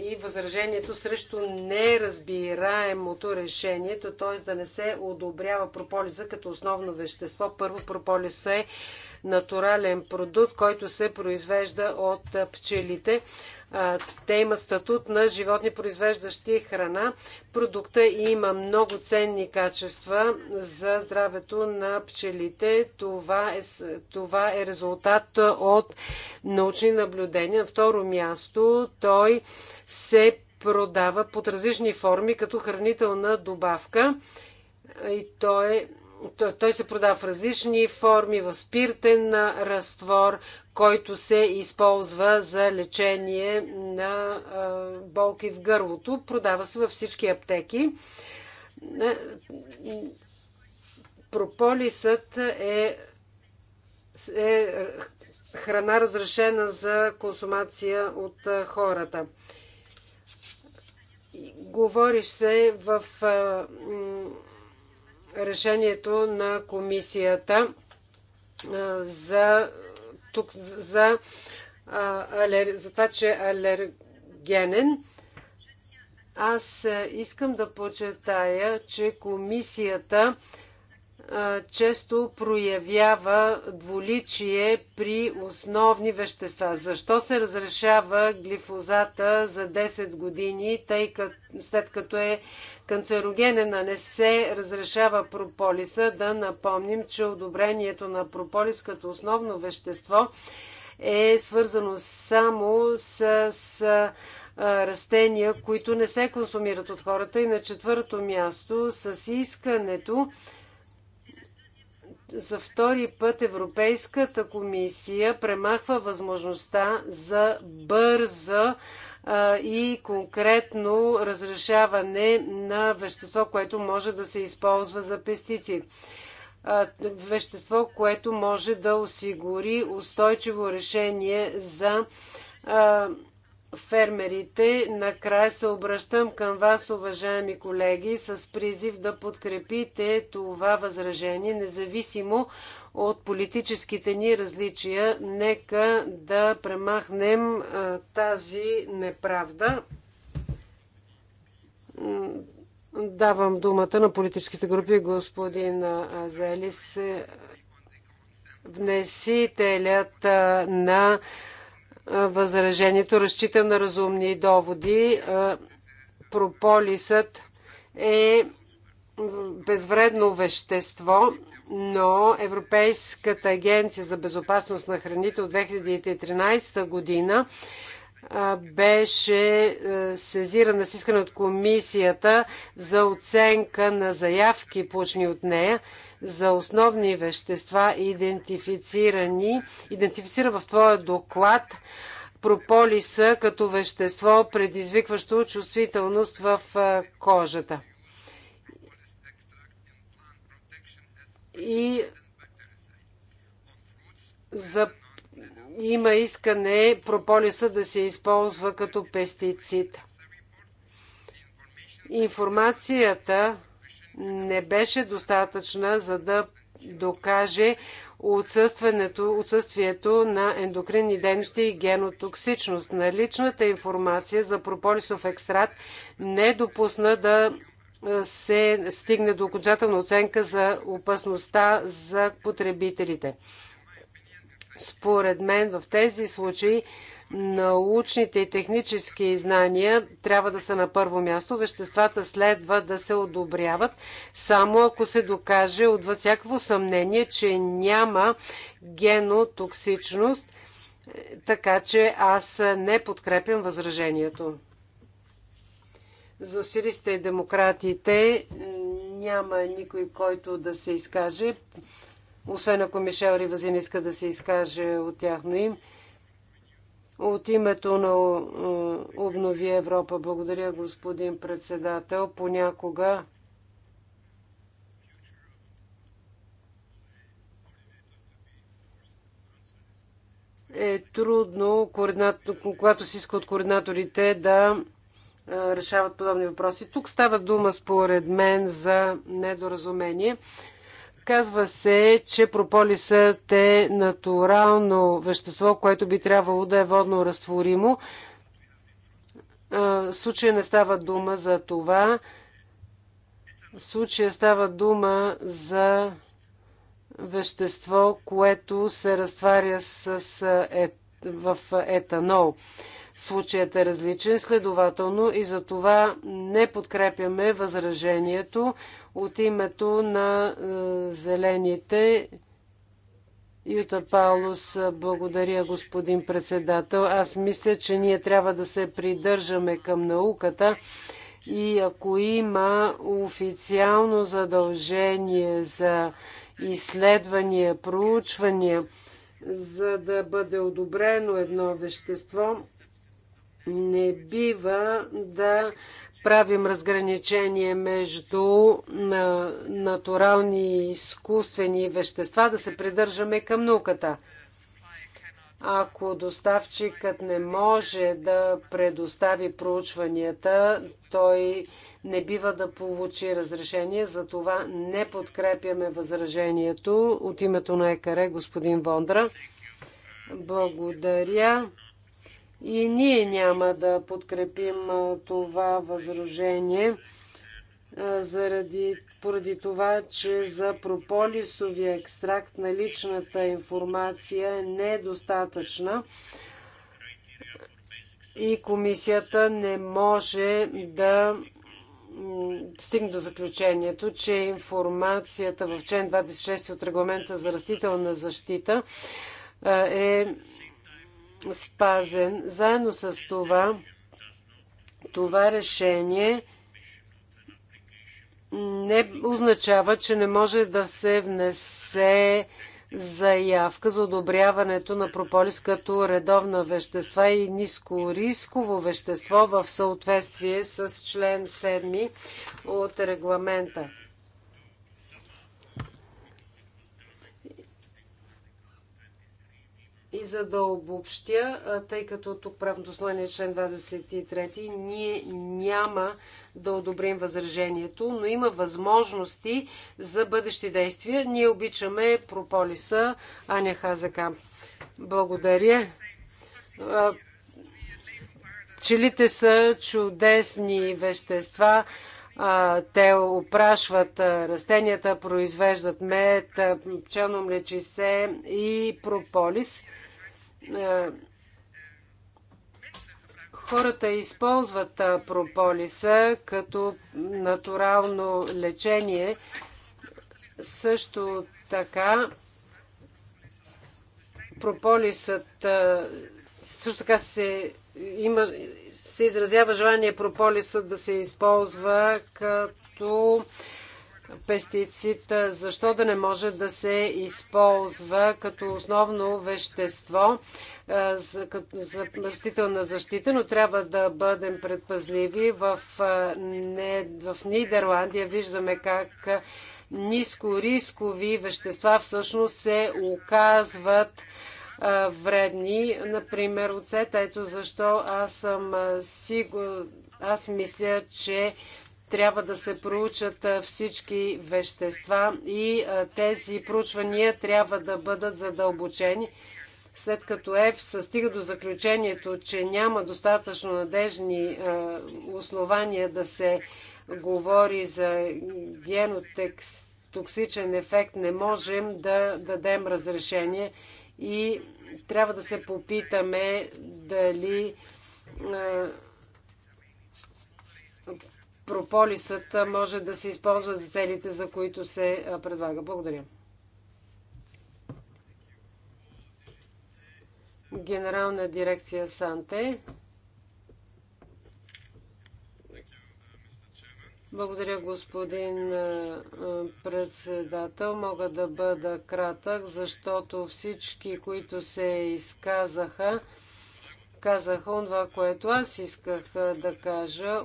B: и възражението срещу неразбираемото решението, т.е. да не се одобрява прополиса като основно вещество. Първо, прополиса е натурален продукт, който се произвежда от пчелите. Те имат статут на животни, произвеждащи храна. Продукта има много ценни качества за здравето на пчелите. Това е, това е резултат от научни наблюдения. На второ място той се продава под различни форми, като хранителна добавка. И той, е, той, той се продава в различни форми, в спиртен раствор, който се използва за лечение на болки в гърлото. Продава се във всички аптеки. Е, прополисът е, е храна разрешена за консумация от хората. Говориш се в решението на комисията за тук за, алер... за това, че е алергенен. Аз искам да почетая, че комисията често проявява дволичие при основни вещества. Защо се разрешава глифозата за 10 години, тъй като, след като е канцерогенен, а не се разрешава прополиса? Да напомним, че одобрението на прополис като основно вещество е свързано само с, с растения, които не се консумират от хората. И на четвърто място, с искането за втори път Европейската комисия премахва възможността за бърза и конкретно разрешаване на вещество, което може да се използва за пестицид. Вещество, което може да осигури устойчиво решение за фермерите. Накрая се обръщам към вас, уважаеми колеги, с призив да подкрепите това възражение, независимо от политическите ни различия. Нека да премахнем тази неправда. Давам думата на политическите групи, господин Азелис. Внесителят на възражението разчита на разумни доводи. Прополисът е безвредно вещество, но Европейската агенция за безопасност на храните от 2013 година беше сезирана с искане от комисията за оценка на заявки, получени от нея за основни вещества, идентифицирани, идентифицира в твоя доклад прополиса като вещество, предизвикващо чувствителност в кожата. И за има искане прополиса да се използва като пестицид. Информацията не беше достатъчна, за да докаже отсъствието, отсъствието на ендокринни дейности и генотоксичност. Наличната информация за прополисов екстракт не допусна да се стигне до окончателна оценка за опасността за потребителите. Според мен в тези случаи научните и технически знания трябва да са на първо място. Веществата следва да се одобряват, само ако се докаже от всякакво съмнение, че няма генотоксичност. Така че аз не подкрепям възражението. За социалистите и демократите няма никой, който да се изкаже, освен ако Мишел Ривазин иска да се изкаже от тяхно им. От името на е, Обнови Европа, благодаря господин председател. Понякога е трудно, когато се иска от координаторите да е, решават подобни въпроси. Тук става дума, според мен, за недоразумение. Казва се, че прополисът е натурално вещество, което би трябвало да е водно разтворимо. В случая не става дума за това. В случая става дума за вещество, което се разтваря с ет, в етанол. Случаят е различен, следователно и за това не подкрепяме възражението от името на е, зелените Юта Паулус, е, благодаря господин председател. Аз мисля, че ние трябва да се придържаме към науката и ако има официално задължение за изследвания, проучвания, за да бъде одобрено едно вещество, не бива да правим разграничение между натурални и изкуствени вещества, да се придържаме към науката. Ако доставчикът не може да предостави проучванията, той не бива да получи разрешение. Затова не подкрепяме възражението от името на ЕКАРЕ господин Вондра. Благодаря. И ние няма да подкрепим това възражение заради, поради това, че за прополисовия екстракт на личната информация е недостатъчна и комисията не може да стигне до заключението, че информацията в член 26 от регламента за растителна защита е спазен. Заедно с това, това решение не означава, че не може да се внесе заявка за одобряването на прополис като редовна вещества и ниско рисково вещество в съответствие с член 7 от регламента. И за да обобщя, тъй като тук правното основание е член 23, ние няма да одобрим възражението, но има възможности за бъдещи действия. Ние обичаме прополиса Аня Хазака. Благодаря. Пчелите са чудесни вещества те опрашват растенията, произвеждат мед, пчелно млечисе и прополис. Хората използват прополиса като натурално лечение. Също така прополисът също така се има, се изразява желание прополисът да се използва като пестицид. Защо да не може да се използва като основно вещество за, за растителна защита, но трябва да бъдем предпазливи. В, не, в Нидерландия виждаме как нискорискови вещества всъщност се оказват вредни. Например, оцета. Ето защо аз съм сигур... Аз мисля, че трябва да се проучат всички вещества и тези проучвания трябва да бъдат задълбочени. След като ЕФС стига до заключението, че няма достатъчно надежни основания да се говори за генотоксичен ефект, не можем да дадем разрешение и трябва да се попитаме дали е, прополисът може да се използва за целите, за които се е, предлага. Благодаря. Генерална дирекция Санте. Благодаря, господин председател. Мога да бъда кратък, защото всички, които се изказаха, казаха това, което аз исках да кажа.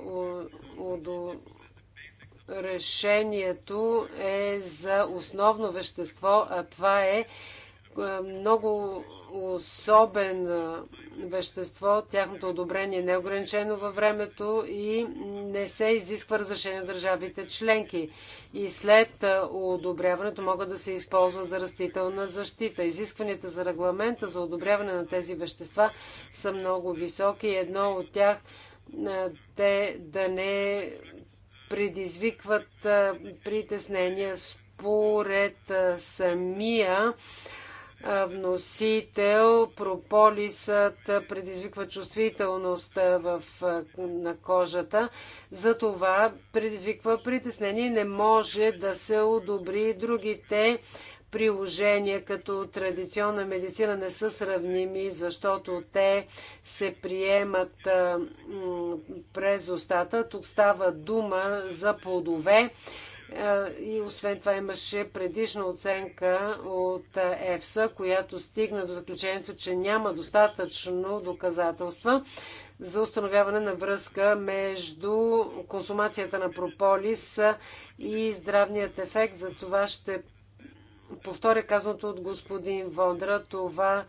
B: Решението е за основно вещество, а това е е, много особен е, вещество. Тяхното одобрение не е ограничено във времето и не се изисква разрешение от държавите членки. И след е, одобряването могат да се използват за растителна защита. Изискванията за регламента за одобряване на тези вещества са много високи. Едно от тях те да не предизвикват притеснения според самия вносител. Прополисът предизвиква чувствителност в, на кожата. Затова предизвиква притеснение. Не може да се одобри другите приложения като традиционна медицина не са сравними, защото те се приемат през устата. Тук става дума за плодове е, и освен това имаше предишна оценка от ЕФСА, която стигна до заключението, че няма достатъчно доказателства за установяване на връзка между консумацията на прополис и здравният ефект. За това ще повторя казаното от господин Вондра. Това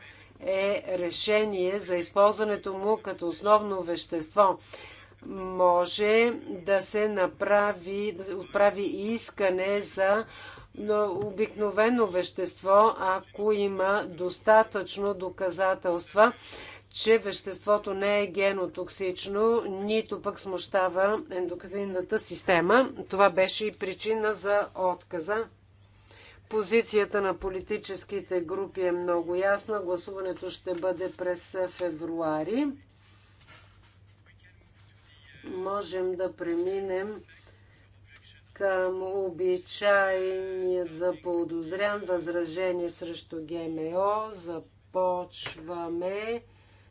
B: е решение за използването му като основно вещество може да се направи, да отправи искане за обикновено вещество, ако има достатъчно доказателства, че веществото не е генотоксично, нито пък смущава ендокринната система. Това беше и причина за отказа. Позицията на политическите групи е много ясна. Гласуването ще бъде през февруари можем да преминем към обичайният за подозрян възражение срещу ГМО. Започваме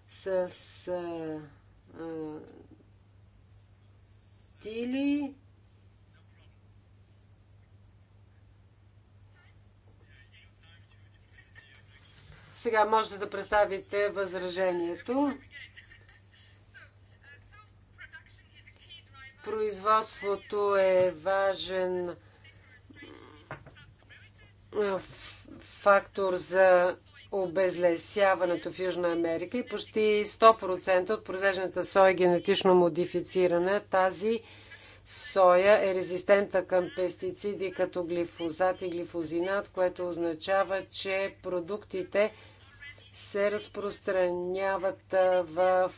B: с а, а, Тили. Сега можете да представите възражението. Производството е важен фактор за обезлесяването в Южна Америка и почти 100% от произвежданата соя е генетично модифицирана. Тази соя е резистента към пестициди като глифозат и глифозинат, което означава, че продуктите се разпространяват в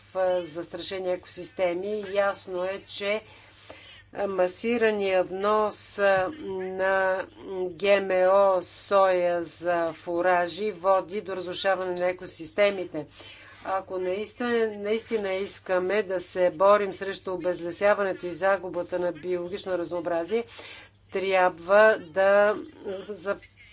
B: застрашени екосистеми. Ясно е, че масирания внос на ГМО соя за фуражи води до разрушаване на екосистемите. Ако наистина, наистина искаме да се борим срещу обезлесяването и загубата на биологично разнообразие, трябва да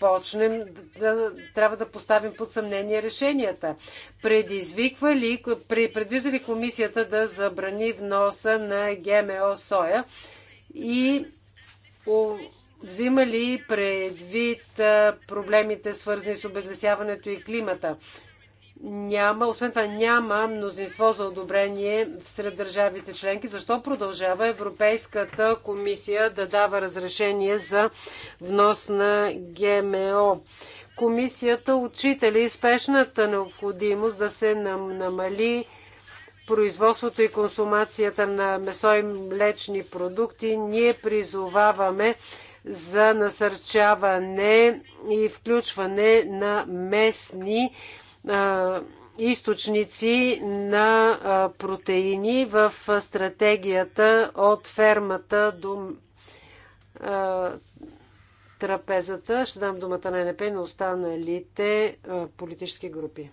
B: Почнем, да, трябва да поставим под съмнение решенията. Предизвиква ли, предвижда ли комисията да забрани вноса на ГМО соя и взима ли предвид проблемите свързани с обезлесяването и климата? няма, освен това няма мнозинство за одобрение сред държавите членки. Защо продължава Европейската комисия да дава разрешение за внос на ГМО? Комисията отчита ли спешната необходимост да се намали производството и консумацията на месо и млечни продукти? Ние призоваваме за насърчаване и включване на местни източници на протеини в стратегията от фермата до трапезата. Ще дам думата на НП на останалите политически групи.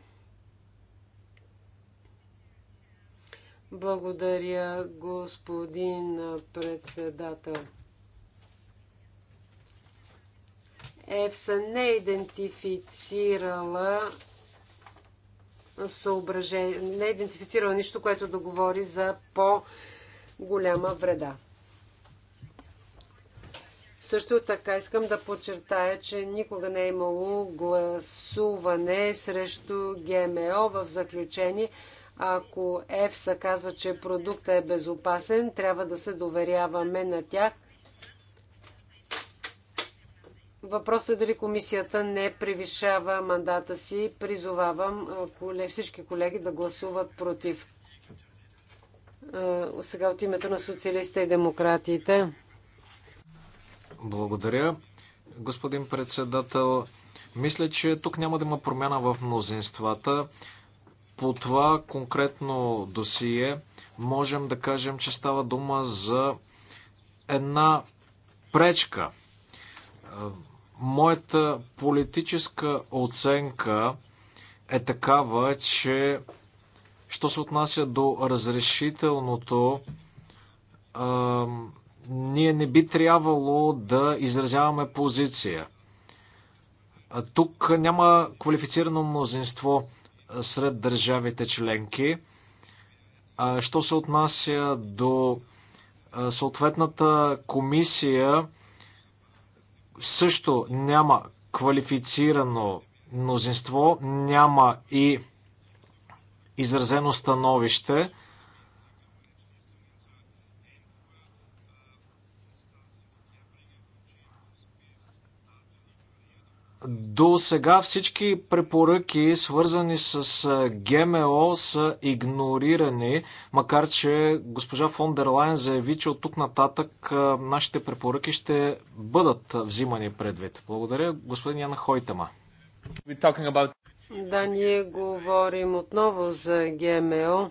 B: Благодаря, господин председател. ЕФСА не е идентифицирала съображение, не е идентифицирала нищо, което да говори за по-голяма вреда. Също така искам да подчертая, че никога не е имало гласуване срещу ГМО в заключение. Ако ЕФСА казва, че продукта е безопасен, трябва да се доверяваме на тях Въпросът е дали комисията не превишава мандата си. Призовавам всички колеги да гласуват против. Сега от името на Социалиста и демократите.
D: Благодаря, господин председател. Мисля, че тук няма да има промяна в мнозинствата. По това конкретно досие можем да кажем, че става дума за една пречка Моята политическа оценка е такава, че що се отнася до разрешителното, а, ние не би трябвало да изразяваме позиция. А, тук няма квалифицирано мнозинство сред държавите членки. А, що се отнася до съответната комисия, също няма квалифицирано мнозинство, няма и изразено становище. До сега всички препоръки, свързани с ГМО, са игнорирани, макар че госпожа фон дер Лайн заяви, че от тук нататък нашите препоръки ще бъдат взимани предвид. Благодаря, господин Яна Хойтема.
B: Да, ние говорим отново за ГМО.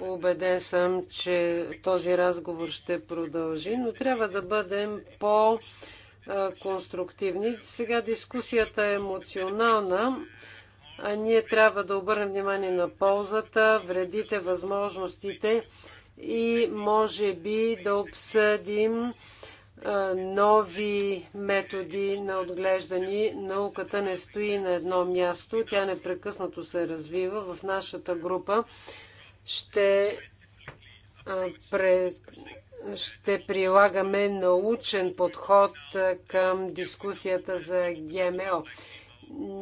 B: Обеден съм, че този разговор ще продължи, но трябва да бъдем по- конструктивни. Сега дискусията е емоционална. А ние трябва да обърнем внимание на ползата, вредите, възможностите и може би да обсъдим нови методи на отглеждане. Науката не стои на едно място, тя непрекъснато се развива. В нашата група ще ще прилагаме научен подход към дискусията за ГМО.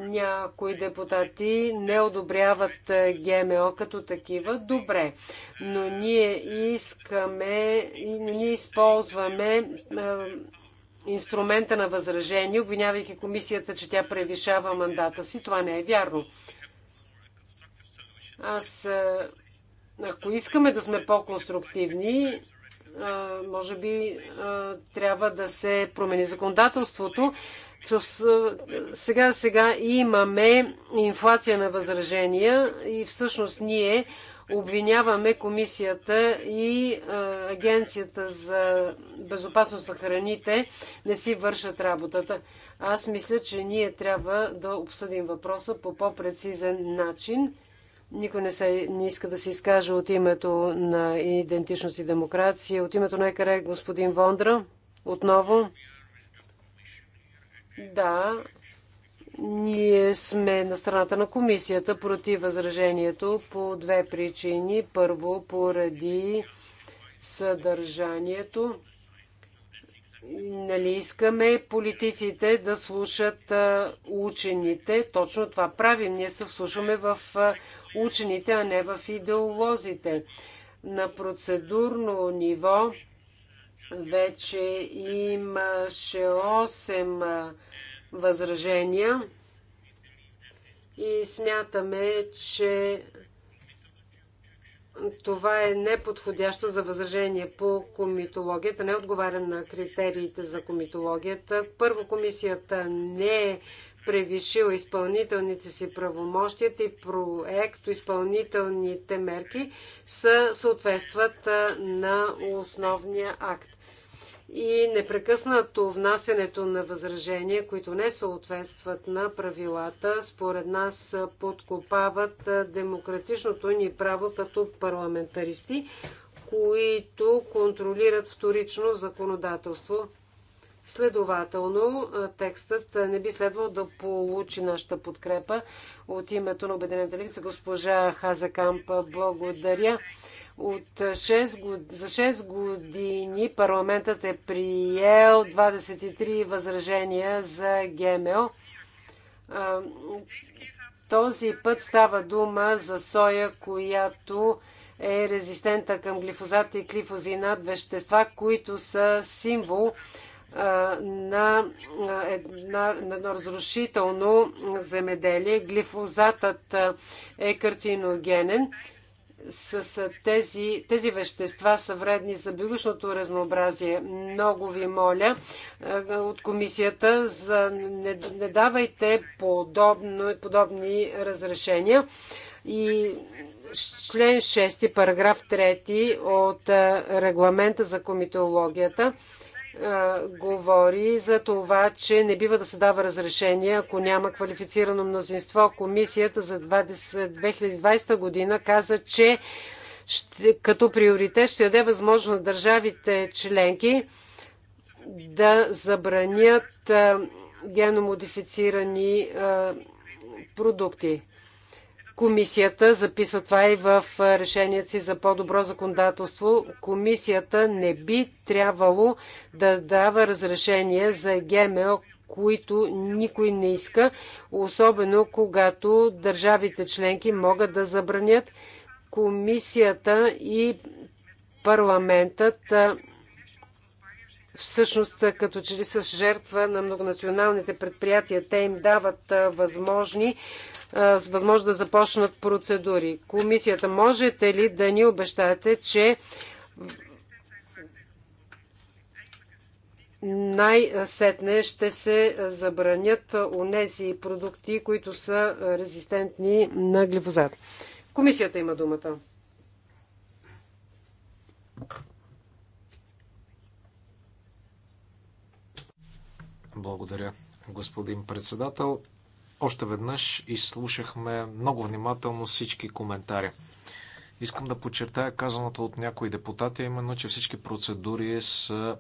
B: Някои депутати не одобряват ГМО като такива. Добре, но ние искаме, и ние използваме инструмента на възражение, обвинявайки комисията, че тя превишава мандата си. Това не е вярно. Аз, ако искаме да сме по-конструктивни, може би трябва да се промени законодателството. Сега, сега имаме инфлация на възражения и всъщност ние обвиняваме комисията и агенцията за безопасност на храните не си вършат работата. Аз мисля, че ние трябва да обсъдим въпроса по по-прецизен начин. Никой не, се, не иска да се изкаже от името на идентичност и демокрация. От името на ЕКР господин Вондра, отново. Да, ние сме на страната на комисията против възражението по две причини. Първо, поради съдържанието. Нали искаме политиците да слушат учените. Точно това правим. Ние се вслушваме в учените, а не в идеолозите. На процедурно ниво вече имаше 8 възражения и смятаме, че това е неподходящо за възражение по комитологията, не отговаря на критериите за комитологията. Първо, комисията не е превишил изпълнителните си правомощия и проекто изпълнителните мерки са, съответстват на основния акт. И непрекъснато внасянето на възражения, които не съответстват на правилата, според нас подкопават демократичното ни право като парламентаристи, които контролират вторично законодателство. Следователно, текстът не би следвал да получи нашата подкрепа от името на Обединената левица. Госпожа Кампа, благодаря. От 6 год... За 6 години парламентът е приел 23 възражения за ГМО. Този път става дума за соя, която е резистента към глифозат и клифозинат, вещества, които са символ на едно разрушително земеделие. Глифозатът е картиногенен. С тези, тези вещества са вредни за биологичното разнообразие. Много ви моля от комисията, за не, не давайте подобно, подобни разрешения. И член 6, параграф 3 от регламента за комитологията е, говори за това, че не бива да се дава разрешение, ако няма квалифицирано мнозинство. Комисията за 2020 година каза, че като приоритет ще даде възможност на държавите членки да забранят е, геномодифицирани е, продукти. Комисията записва това и в решението си за по-добро законодателство. Комисията не би трябвало да дава разрешение за ГМО, които никой не иска, особено когато държавите членки могат да забранят. Комисията и парламентът всъщност като че ли са жертва на многонационалните предприятия. Те им дават възможни с възможност да започнат процедури. Комисията, можете ли да ни обещаете, че най-сетне ще се забранят онези продукти, които са резистентни на глифозат. Комисията има думата.
D: Благодаря, господин председател. Още веднъж изслушахме много внимателно всички коментари. Искам да подчертая казаното от някои депутати, именно, че всички процедури са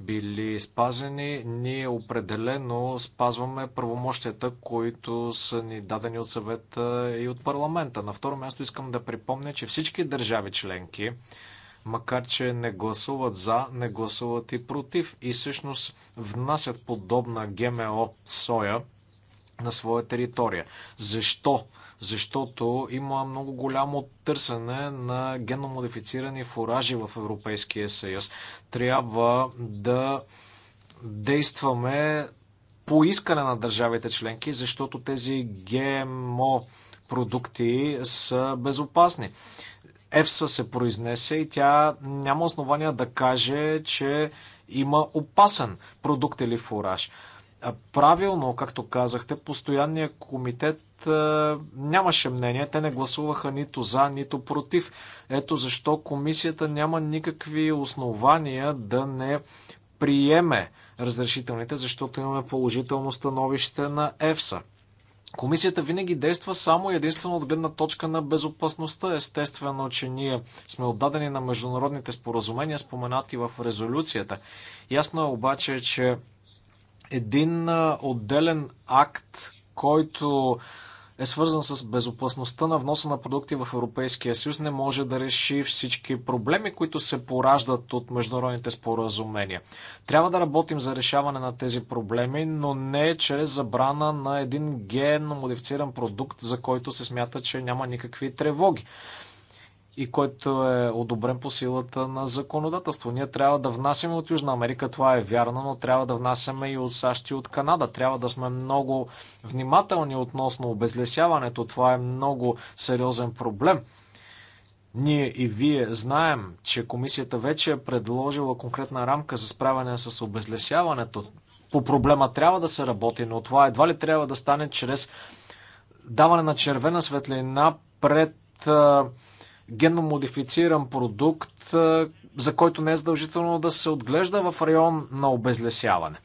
D: били спазени. Ние определено спазваме правомощията, които са ни дадени от съвета и от парламента. На второ място искам да припомня, че всички държави членки, макар че не гласуват за, не гласуват и против и всъщност внасят подобна ГМО соя на своя територия. Защо? Защото има много голямо търсене на генномодифицирани фуражи в Европейския съюз. Трябва да действаме по искане на държавите членки, защото тези ГМО продукти са безопасни. ЕФСА се произнесе и тя няма основания да каже, че има опасен продукт или фураж правилно, както казахте, постоянния комитет е, нямаше мнение. Те не гласуваха нито за, нито против. Ето защо комисията няма никакви основания да не приеме разрешителните, защото имаме положително становище на ЕФСА. Комисията винаги действа само и единствено от гледна точка на безопасността. Естествено, че ние сме отдадени на международните споразумения, споменати в резолюцията. Ясно е обаче, че един отделен акт, който е свързан с безопасността на вноса на продукти в Европейския съюз, не може да реши всички проблеми, които се пораждат от международните споразумения. Трябва да работим за решаване на тези проблеми, но не чрез забрана на един генно модифициран продукт, за който се смята, че няма никакви тревоги и който е одобрен по силата на законодателство. Ние трябва да внасяме от Южна Америка, това е вярно, но трябва да внасяме и от САЩ и от Канада. Трябва да сме много внимателни относно обезлесяването. Това е много сериозен проблем. Ние и вие знаем, че комисията вече е предложила конкретна рамка за справяне с обезлесяването. По проблема трябва да се работи, но това едва ли трябва да стане чрез даване на червена светлина пред генно модифициран продукт, за който не е задължително да се отглежда в район на обезлесяване.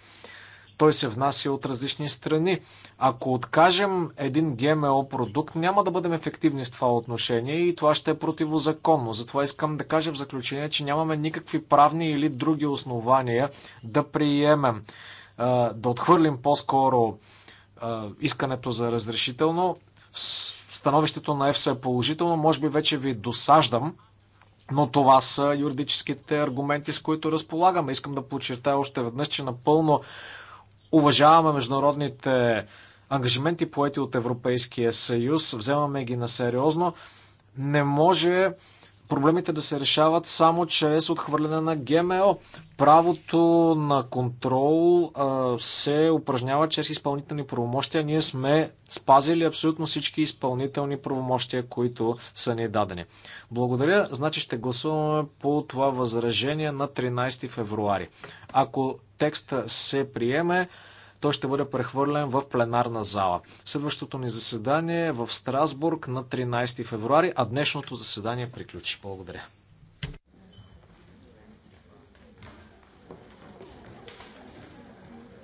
D: Той се внася от различни страни. Ако откажем един ГМО продукт, няма да бъдем ефективни в това отношение и това ще е противозаконно. Затова искам да кажа в заключение, че нямаме никакви правни или други основания да приемем, да отхвърлим по-скоро искането за разрешително Становището на ЕФСА е положително, може би вече ви досаждам, но това са юридическите аргументи, с които разполагаме. Искам да подчертая още веднъж, че напълно уважаваме международните ангажименти, поети от Европейския съюз, вземаме ги на сериозно. Не може проблемите да се решават само чрез отхвърляне на ГМО. Правото на контрол а, се упражнява чрез изпълнителни правомощия. Ние сме спазили абсолютно всички изпълнителни правомощия, които са ни дадени. Благодаря. Значи ще гласуваме по това възражение на 13 февруари. Ако текста се приеме, той ще бъде прехвърлен в пленарна зала. Следващото ни заседание е в Страсбург на 13 февруари, а днешното заседание приключи. Благодаря.